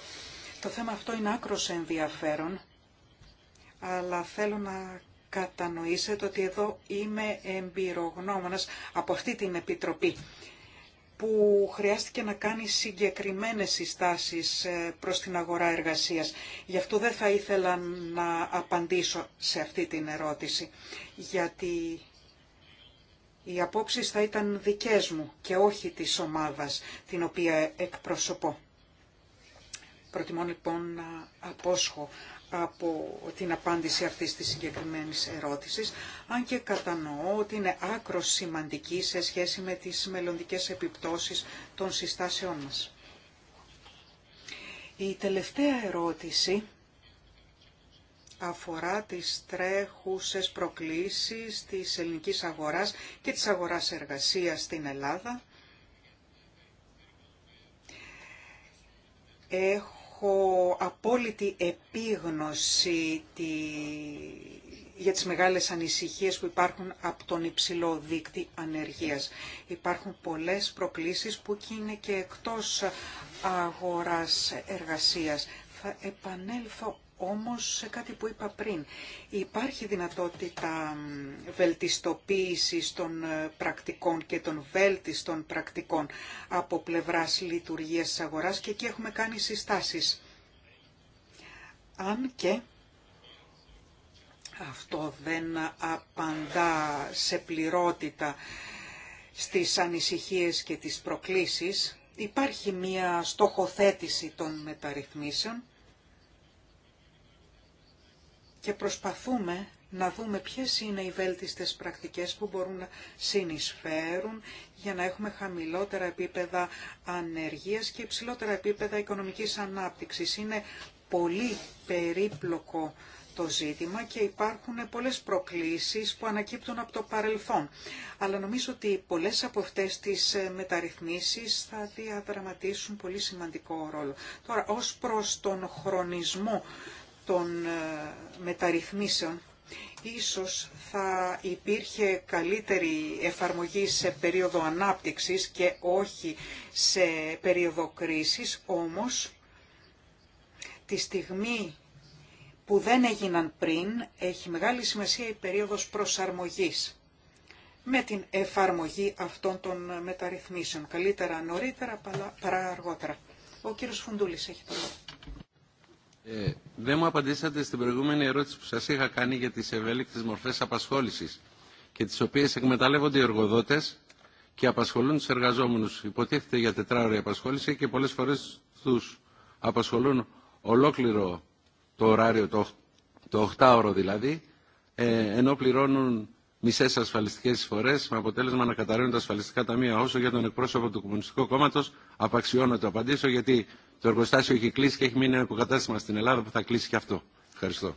Το θέμα αυτό είναι άκρος ενδιαφέρον, αλλά θέλω να κατανοήσετε ότι εδώ είμαι εμπειρογνώμονας από αυτή την Επιτροπή που χρειάστηκε να κάνει συγκεκριμένες συστάσεις ε, προς την αγορά εργασίας. Γι' αυτό δεν θα ήθελα να απαντήσω σε αυτή την ερώτηση, γιατί οι απόψεις θα ήταν δικές μου και όχι της ομάδας την οποία εκπροσωπώ. Προτιμώ λοιπόν να απόσχω από την απάντηση αυτή της συγκεκριμένη ερώτησης, αν και κατανοώ ότι είναι άκρος σημαντική σε σχέση με τις μελλοντικές επιπτώσεις των συστάσεών μας. Η τελευταία ερώτηση αφορά τις τρέχουσες προκλήσεις της ελληνικής αγοράς και της αγοράς εργασίας στην Ελλάδα. Έχω απόλυτη επίγνωση τη... για τις μεγάλες ανησυχίες που υπάρχουν από τον υψηλό δίκτυ ανεργίας. Υπάρχουν πολλές προκλήσεις που είναι και εκτός αγοράς εργασίας. Θα επανέλθω όμως σε κάτι που είπα πριν. Υπάρχει δυνατότητα βελτιστοποίησης των ε, πρακτικών και των βέλτιστων πρακτικών από πλευράς λειτουργίας της αγοράς και εκεί έχουμε κάνει συστάσεις. Αν και αυτό δεν απαντά σε πληρότητα στις ανησυχίες και τις προκλήσεις, υπάρχει μία στοχοθέτηση των μεταρρυθμίσεων και προσπαθούμε να δούμε ποιες είναι οι βέλτιστες πρακτικές που μπορούν να συνεισφέρουν για να έχουμε χαμηλότερα επίπεδα ανεργίας και υψηλότερα επίπεδα οικονομικής ανάπτυξης. Είναι πολύ περίπλοκο το ζήτημα και υπάρχουν πολλές προκλήσεις που ανακύπτουν από το παρελθόν. Αλλά νομίζω ότι πολλές από αυτές τις ε, μεταρρυθμίσεις θα διαδραματίσουν πολύ σημαντικό ρόλο. Τώρα, ως προς τον χρονισμό των ε, μεταρρυθμίσεων. Ίσως θα υπήρχε καλύτερη εφαρμογή σε περίοδο ανάπτυξης και όχι σε περίοδο κρίσης, όμως τη στιγμή που δεν έγιναν πριν έχει μεγάλη σημασία η περίοδος προσαρμογής με την εφαρμογή αυτών των ε, μεταρρυθμίσεων. Καλύτερα νωρίτερα παρά αργότερα. Ο κύριος Φουντούλης έχει το λόγο. Ε, δεν μου απαντήσατε στην προηγούμενη ερώτηση που σας είχα κάνει για τις ευέλικτες μορφές απασχόλησης και τις οποίες εκμεταλλεύονται οι εργοδότες και απασχολούν τους εργαζόμενους. Υποτίθεται για τετράωρη απασχόληση και πολλές φορές τους απασχολούν ολόκληρο το ωράριο, το, το οχτάωρο δηλαδή, ε, ενώ πληρώνουν μισέ ασφαλιστικέ εισφορές με αποτέλεσμα να καταραίουν τα ασφαλιστικά ταμεία. Όσο για τον εκπρόσωπο του Κομμουνιστικού κόμματο, απαξιώνω το απαντήσω γιατί το εργοστάσιο έχει κλείσει και έχει μείνει ένα υποκατάστημα στην Ελλάδα που θα κλείσει και αυτό. Ευχαριστώ.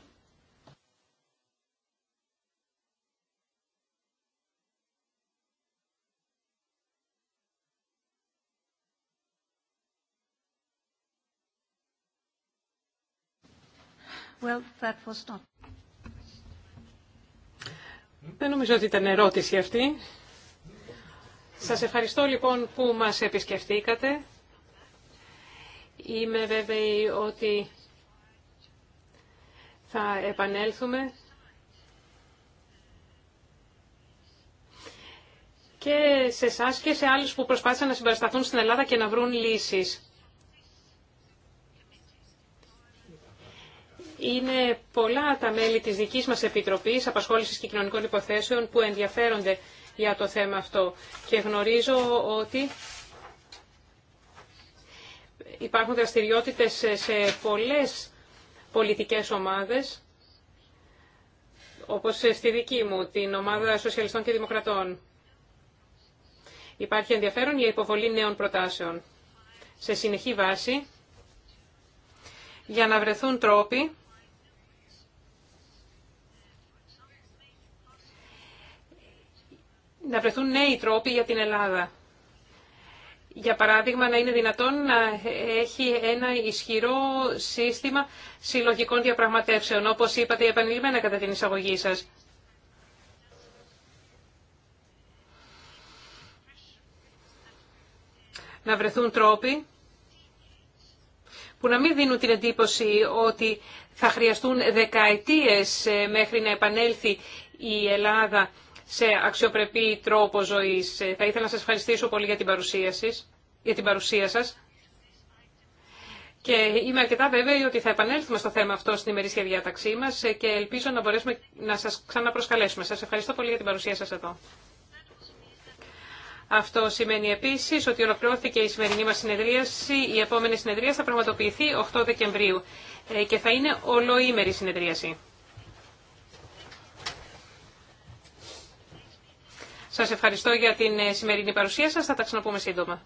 Well, that was not... Δεν νομίζω ότι ήταν ερώτηση αυτή. Σας ευχαριστώ λοιπόν που μας επισκεφτήκατε. Είμαι βέβαιη ότι θα επανέλθουμε και σε εσά και σε άλλους που προσπάθησαν να συμπαρασταθούν στην Ελλάδα και να βρουν λύσεις. Είναι πολλά τα μέλη της δικής μας Επιτροπής Απασχόλησης και Κοινωνικών Υποθέσεων που ενδιαφέρονται για το θέμα αυτό και γνωρίζω ότι Υπάρχουν δραστηριότητες σε πολλές πολιτικές ομάδες, όπως στη δική μου, την ομάδα Σοσιαλιστών και Δημοκρατών. Υπάρχει ενδιαφέρον για υποβολή νέων προτάσεων σε συνεχή βάση για να βρεθούν τρόποι να βρεθούν νέοι τρόποι για την Ελλάδα για παράδειγμα, να είναι δυνατόν να έχει ένα ισχυρό σύστημα συλλογικών διαπραγματεύσεων, όπως είπατε επανειλημμένα κατά την εισαγωγή σας. Να βρεθούν τρόποι που να μην δίνουν την εντύπωση ότι θα χρειαστούν δεκαετίες ε, μέχρι να επανέλθει η Ελλάδα σε αξιοπρεπή τρόπο ζωής. Ε, θα ήθελα να σας ευχαριστήσω πολύ για την παρουσία, σας, για την παρουσία σας. Και είμαι αρκετά βέβαιη ότι θα επανέλθουμε στο θέμα αυτό στην ημερήσια διάταξή μας ε, και ελπίζω να μπορέσουμε να σας ξαναπροσκαλέσουμε. Σας ευχαριστώ πολύ για την παρουσία σας εδώ. Αυτό σημαίνει επίση ότι ολοκληρώθηκε η σημερινή μα συνεδρίαση. Η επόμενη συνεδρία θα πραγματοποιηθεί 8 Δεκεμβρίου ε, και θα είναι ολοήμερη συνεδρίαση. Σας ευχαριστώ για την ε, σημερινή παρουσία σας. Θα τα ξαναπούμε σύντομα.